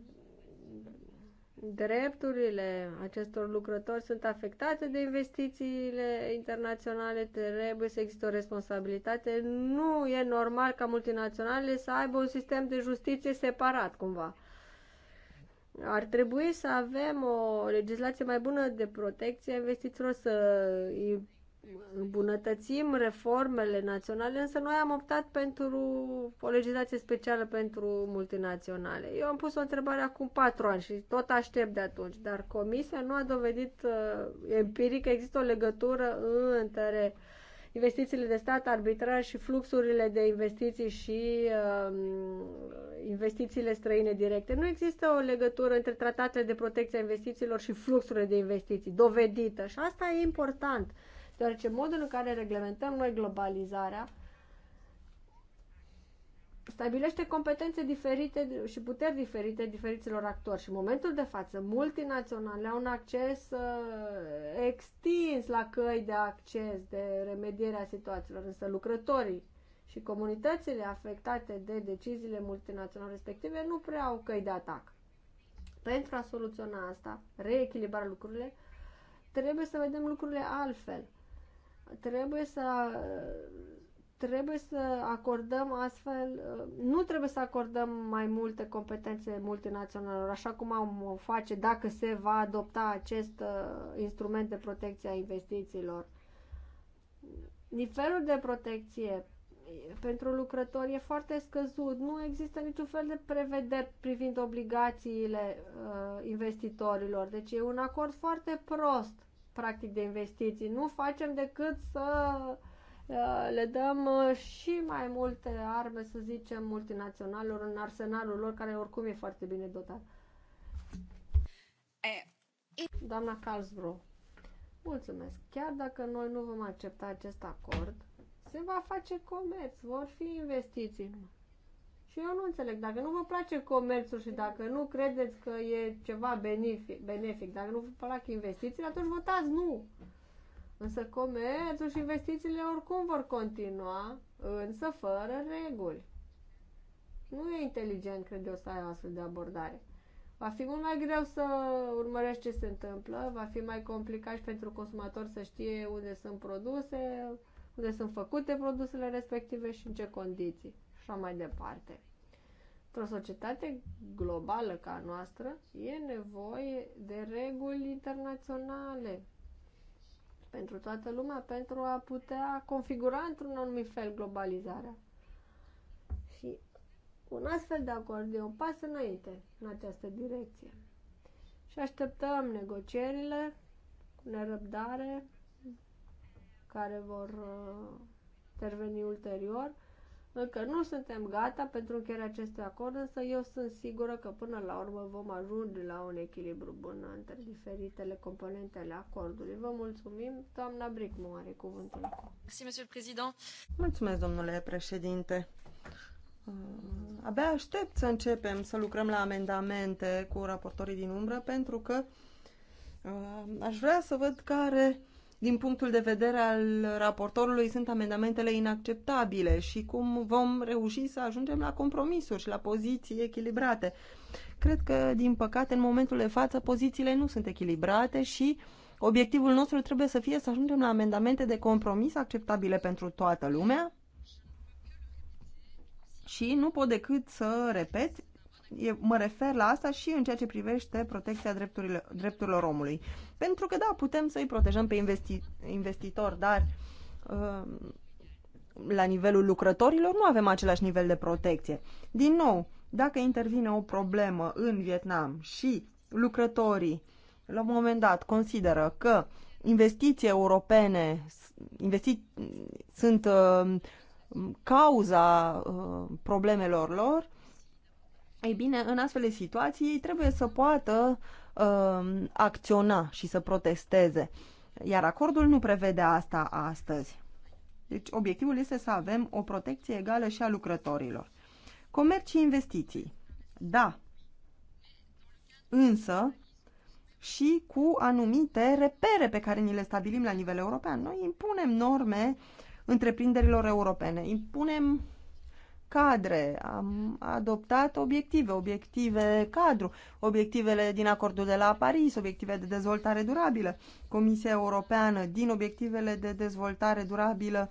drepturile acestor lucrători sunt afectate de investițiile internaționale, trebuie să există o responsabilitate. Nu e normal ca multinaționale să aibă un sistem de justiție separat cumva. Ar trebui să avem o legislație mai bună de protecție a investițiilor, să îmbunătățim reformele naționale, însă noi am optat pentru o legislație specială pentru multinaționale. Eu am pus o întrebare acum patru ani și tot aștept de atunci, dar comisia nu a dovedit uh, empiric că există o legătură între investițiile de stat arbitrar și fluxurile de investiții și uh, investițiile străine directe. Nu există o legătură între tratatele de protecție a investițiilor și fluxurile de investiții, dovedită. Și asta e important. Uh, deoarece modul în care reglementăm noi globalizarea stabilește competențe diferite și puteri diferite diferiților actori și în momentul de față multinaționale au un acces uh, extins la căi de acces, de remediere a situațiilor, însă lucrătorii și comunitățile afectate de deciziile multinaționale respective nu prea au căi de atac. Pentru a soluționa asta, reechilibra lucrurile, trebuie să vedem lucrurile altfel – Trebuie să trebuie să acordăm astfel, nu trebuie să acordăm mai multe competențe multinaționalelor, așa cum am face dacă se va adopta acest uh, instrument de protecție a investițiilor. Nivelul de protecție pentru lucrători e foarte scăzut, nu există niciun fel de prevederi privind obligațiile uh, investitorilor, deci e un acord foarte prost practic de investiții. Nu facem decât să uh, le dăm uh, și mai multe arme, să zicem, multinaționalilor în arsenalul lor, care oricum e foarte bine dotat. Eh, Doamna Carlsbro, mulțumesc. Chiar dacă noi nu vom accepta acest acord, se va face comerț, vor fi investiții. Și eu nu înțeleg, dacă nu vă place comerțul și dacă nu credeți că e ceva benefic, benefic dacă nu vă plac investițiile, atunci votați nu. Însă comerțul și investițiile oricum vor continua, însă fără reguli. Nu e inteligent, cred eu, să ai o astfel de abordare. Va fi mult mai greu să urmărești ce se întâmplă, va fi mai complicat și pentru consumator să știe unde sunt produse, unde sunt făcute produsele respective și în ce condiții așa mai departe. Într-o societate globală ca a noastră, e nevoie de reguli internaționale pentru toată lumea, pentru a putea configura într-un anumit fel globalizarea. Și un astfel de acord e un pas înainte în această direcție. Și așteptăm negocierile cu nerăbdare care vor uh, interveni ulterior încă nu suntem gata pentru încheierea acestui acord, însă eu sunt sigură că până la urmă vom ajunge la un echilibru bun între diferitele componente ale acordului. Vă mulțumim. Doamna Bricmo are cuvântul. Mulțumesc, domnule președinte. Uh, abia aștept să începem să lucrăm la amendamente cu raportorii din umbră, pentru că uh, aș vrea să văd care din punctul de vedere al raportorului, sunt amendamentele inacceptabile și cum vom reuși să ajungem la compromisuri și la poziții echilibrate. Cred că, din păcate, în momentul de față, pozițiile nu sunt echilibrate și obiectivul nostru trebuie să fie să ajungem la amendamente de compromis acceptabile pentru toată lumea și nu pot decât să repet, e, mă refer la asta și în ceea ce privește protecția drepturilor, omului. Pentru că, da, putem să-i protejăm pe investi, investitor, dar uh, la nivelul lucrătorilor nu avem același nivel de protecție. Din nou, dacă intervine o problemă în Vietnam și lucrătorii la un moment dat consideră că investiții europene investi, sunt uh, cauza uh, problemelor lor, ei bine, în astfel de situații ei trebuie să poată uh, acționa și să protesteze. Iar acordul nu prevede asta astăzi. Deci obiectivul este să avem o protecție egală și a lucrătorilor. Comerț și investiții. Da. Însă și cu anumite repere pe care ni le stabilim la nivel european. Noi impunem norme întreprinderilor europene, impunem cadre, am adoptat obiective, obiective cadru, obiectivele din acordul de la Paris, obiective de dezvoltare durabilă. Comisia Europeană din obiectivele de dezvoltare durabilă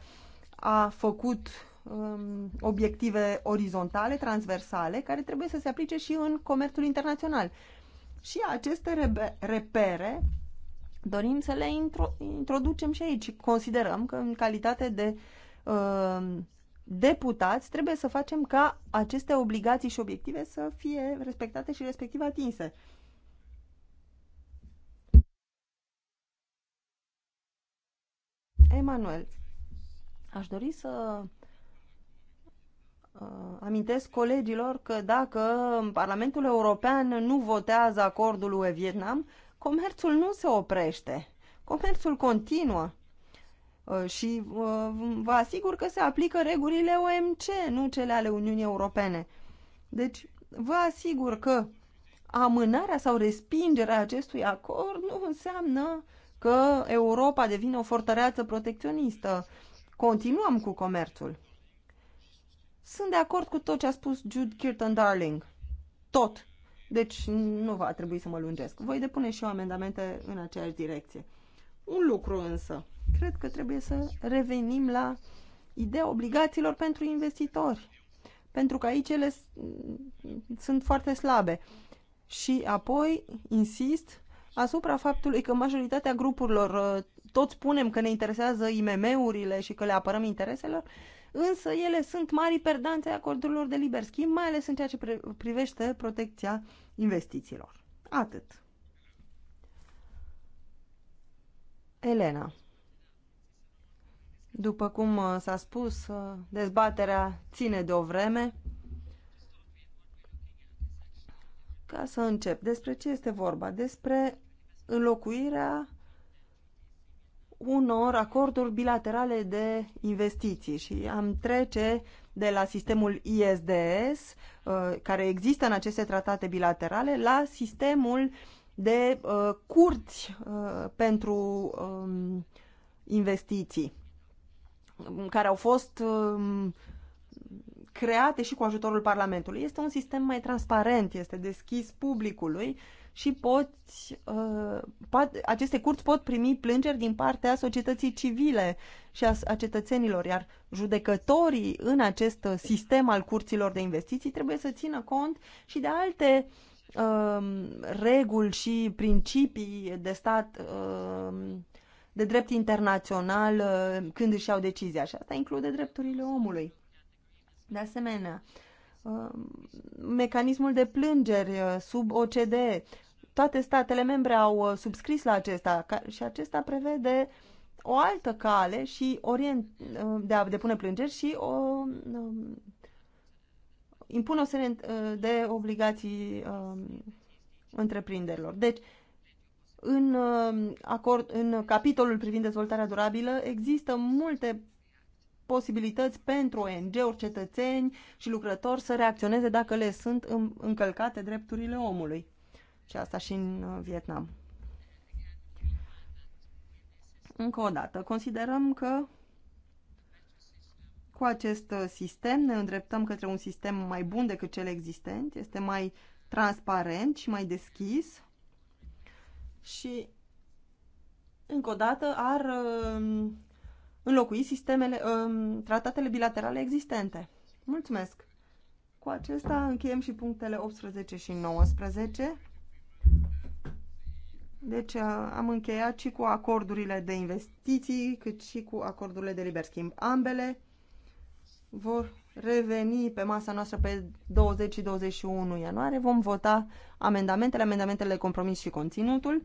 a făcut um, obiective orizontale, transversale, care trebuie să se aplice și în comerțul internațional. Și aceste repere dorim să le introducem și aici. Considerăm că în calitate de uh, deputați, trebuie să facem ca aceste obligații și obiective să fie respectate și respectiv atinse. Emanuel, aș dori să uh, amintesc colegilor că dacă Parlamentul European nu votează acordul UE Vietnam, comerțul nu se oprește. Comerțul continuă. Uh, și uh, vă asigur că se aplică regulile OMC, nu cele ale Uniunii Europene. Deci, vă asigur că amânarea sau respingerea acestui acord nu înseamnă că Europa devine o fortăreață protecționistă. Continuăm cu comerțul. Sunt de acord cu tot ce a spus Jude Kirton Darling. Tot. Deci nu va trebui să mă lungesc. Voi depune și eu amendamente în aceeași direcție. Un lucru însă Cred că trebuie să revenim la ideea obligațiilor pentru investitori, pentru că aici ele sunt foarte slabe. Și apoi insist asupra faptului că majoritatea grupurilor uh, toți spunem că ne interesează IMM-urile și că le apărăm intereselor, însă ele sunt mari perdanțe acordurilor de liber schimb, mai ales în ceea ce privește protecția investițiilor. Atât. Elena. După cum uh, s-a spus, uh, dezbaterea ține de o vreme. Ca să încep, despre ce este vorba? Despre înlocuirea unor acorduri bilaterale de investiții și am trece de la sistemul ISDS, uh, care există în aceste tratate bilaterale, la sistemul de curți pentru um, investiții care au fost um, create și cu ajutorul Parlamentului. Este un sistem mai transparent, este deschis publicului și poți, uh, aceste curți pot primi plângeri din partea societății civile și a, cetățenilor, iar judecătorii în acest sistem al curților de investiții trebuie să țină cont și de alte um, reguli și principii de stat um, de drept internațional uh, când își iau decizia și asta include drepturile omului. De asemenea, uh, mecanismul de plângeri uh, sub OCDE, toate statele membre au subscris la acesta și acesta prevede o altă cale și orient, de a depune plângeri și o, um, impune o serie de obligații um, întreprinderilor. Deci, în, uh, acord, în capitolul privind dezvoltarea durabilă există multe posibilități pentru ONG-uri, cetățeni și lucrători să reacționeze dacă le sunt încălcate drepturile omului. Și asta și în uh, Vietnam. Încă o dată, considerăm că cu acest uh, sistem ne îndreptăm către un sistem mai bun decât cel existent, este mai transparent și mai deschis și, încă o dată, ar um, înlocui sistemele, um, tratatele bilaterale existente. Mulțumesc! Cu acesta încheiem și punctele 18 și 19. Deci uh, am încheiat și cu acordurile de investiții, cât și cu acordurile de liber schimb. Ambele vor reveni pe masa noastră pe 20 și 21 ianuarie. Vom vota amendamentele, amendamentele de compromis și conținutul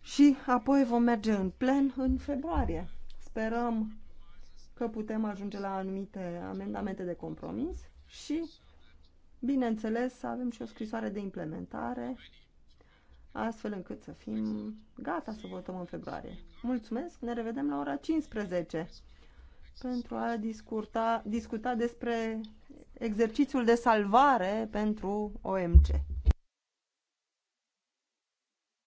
și apoi vom merge în plen în februarie. Sperăm că putem ajunge la anumite amendamente de compromis și, bineînțeles, avem și o scrisoare de implementare astfel încât să fim gata să votăm în februarie. Mulțumesc, ne revedem la ora 15 pentru a discuta, discuta despre exercițiul de salvare pentru OMC.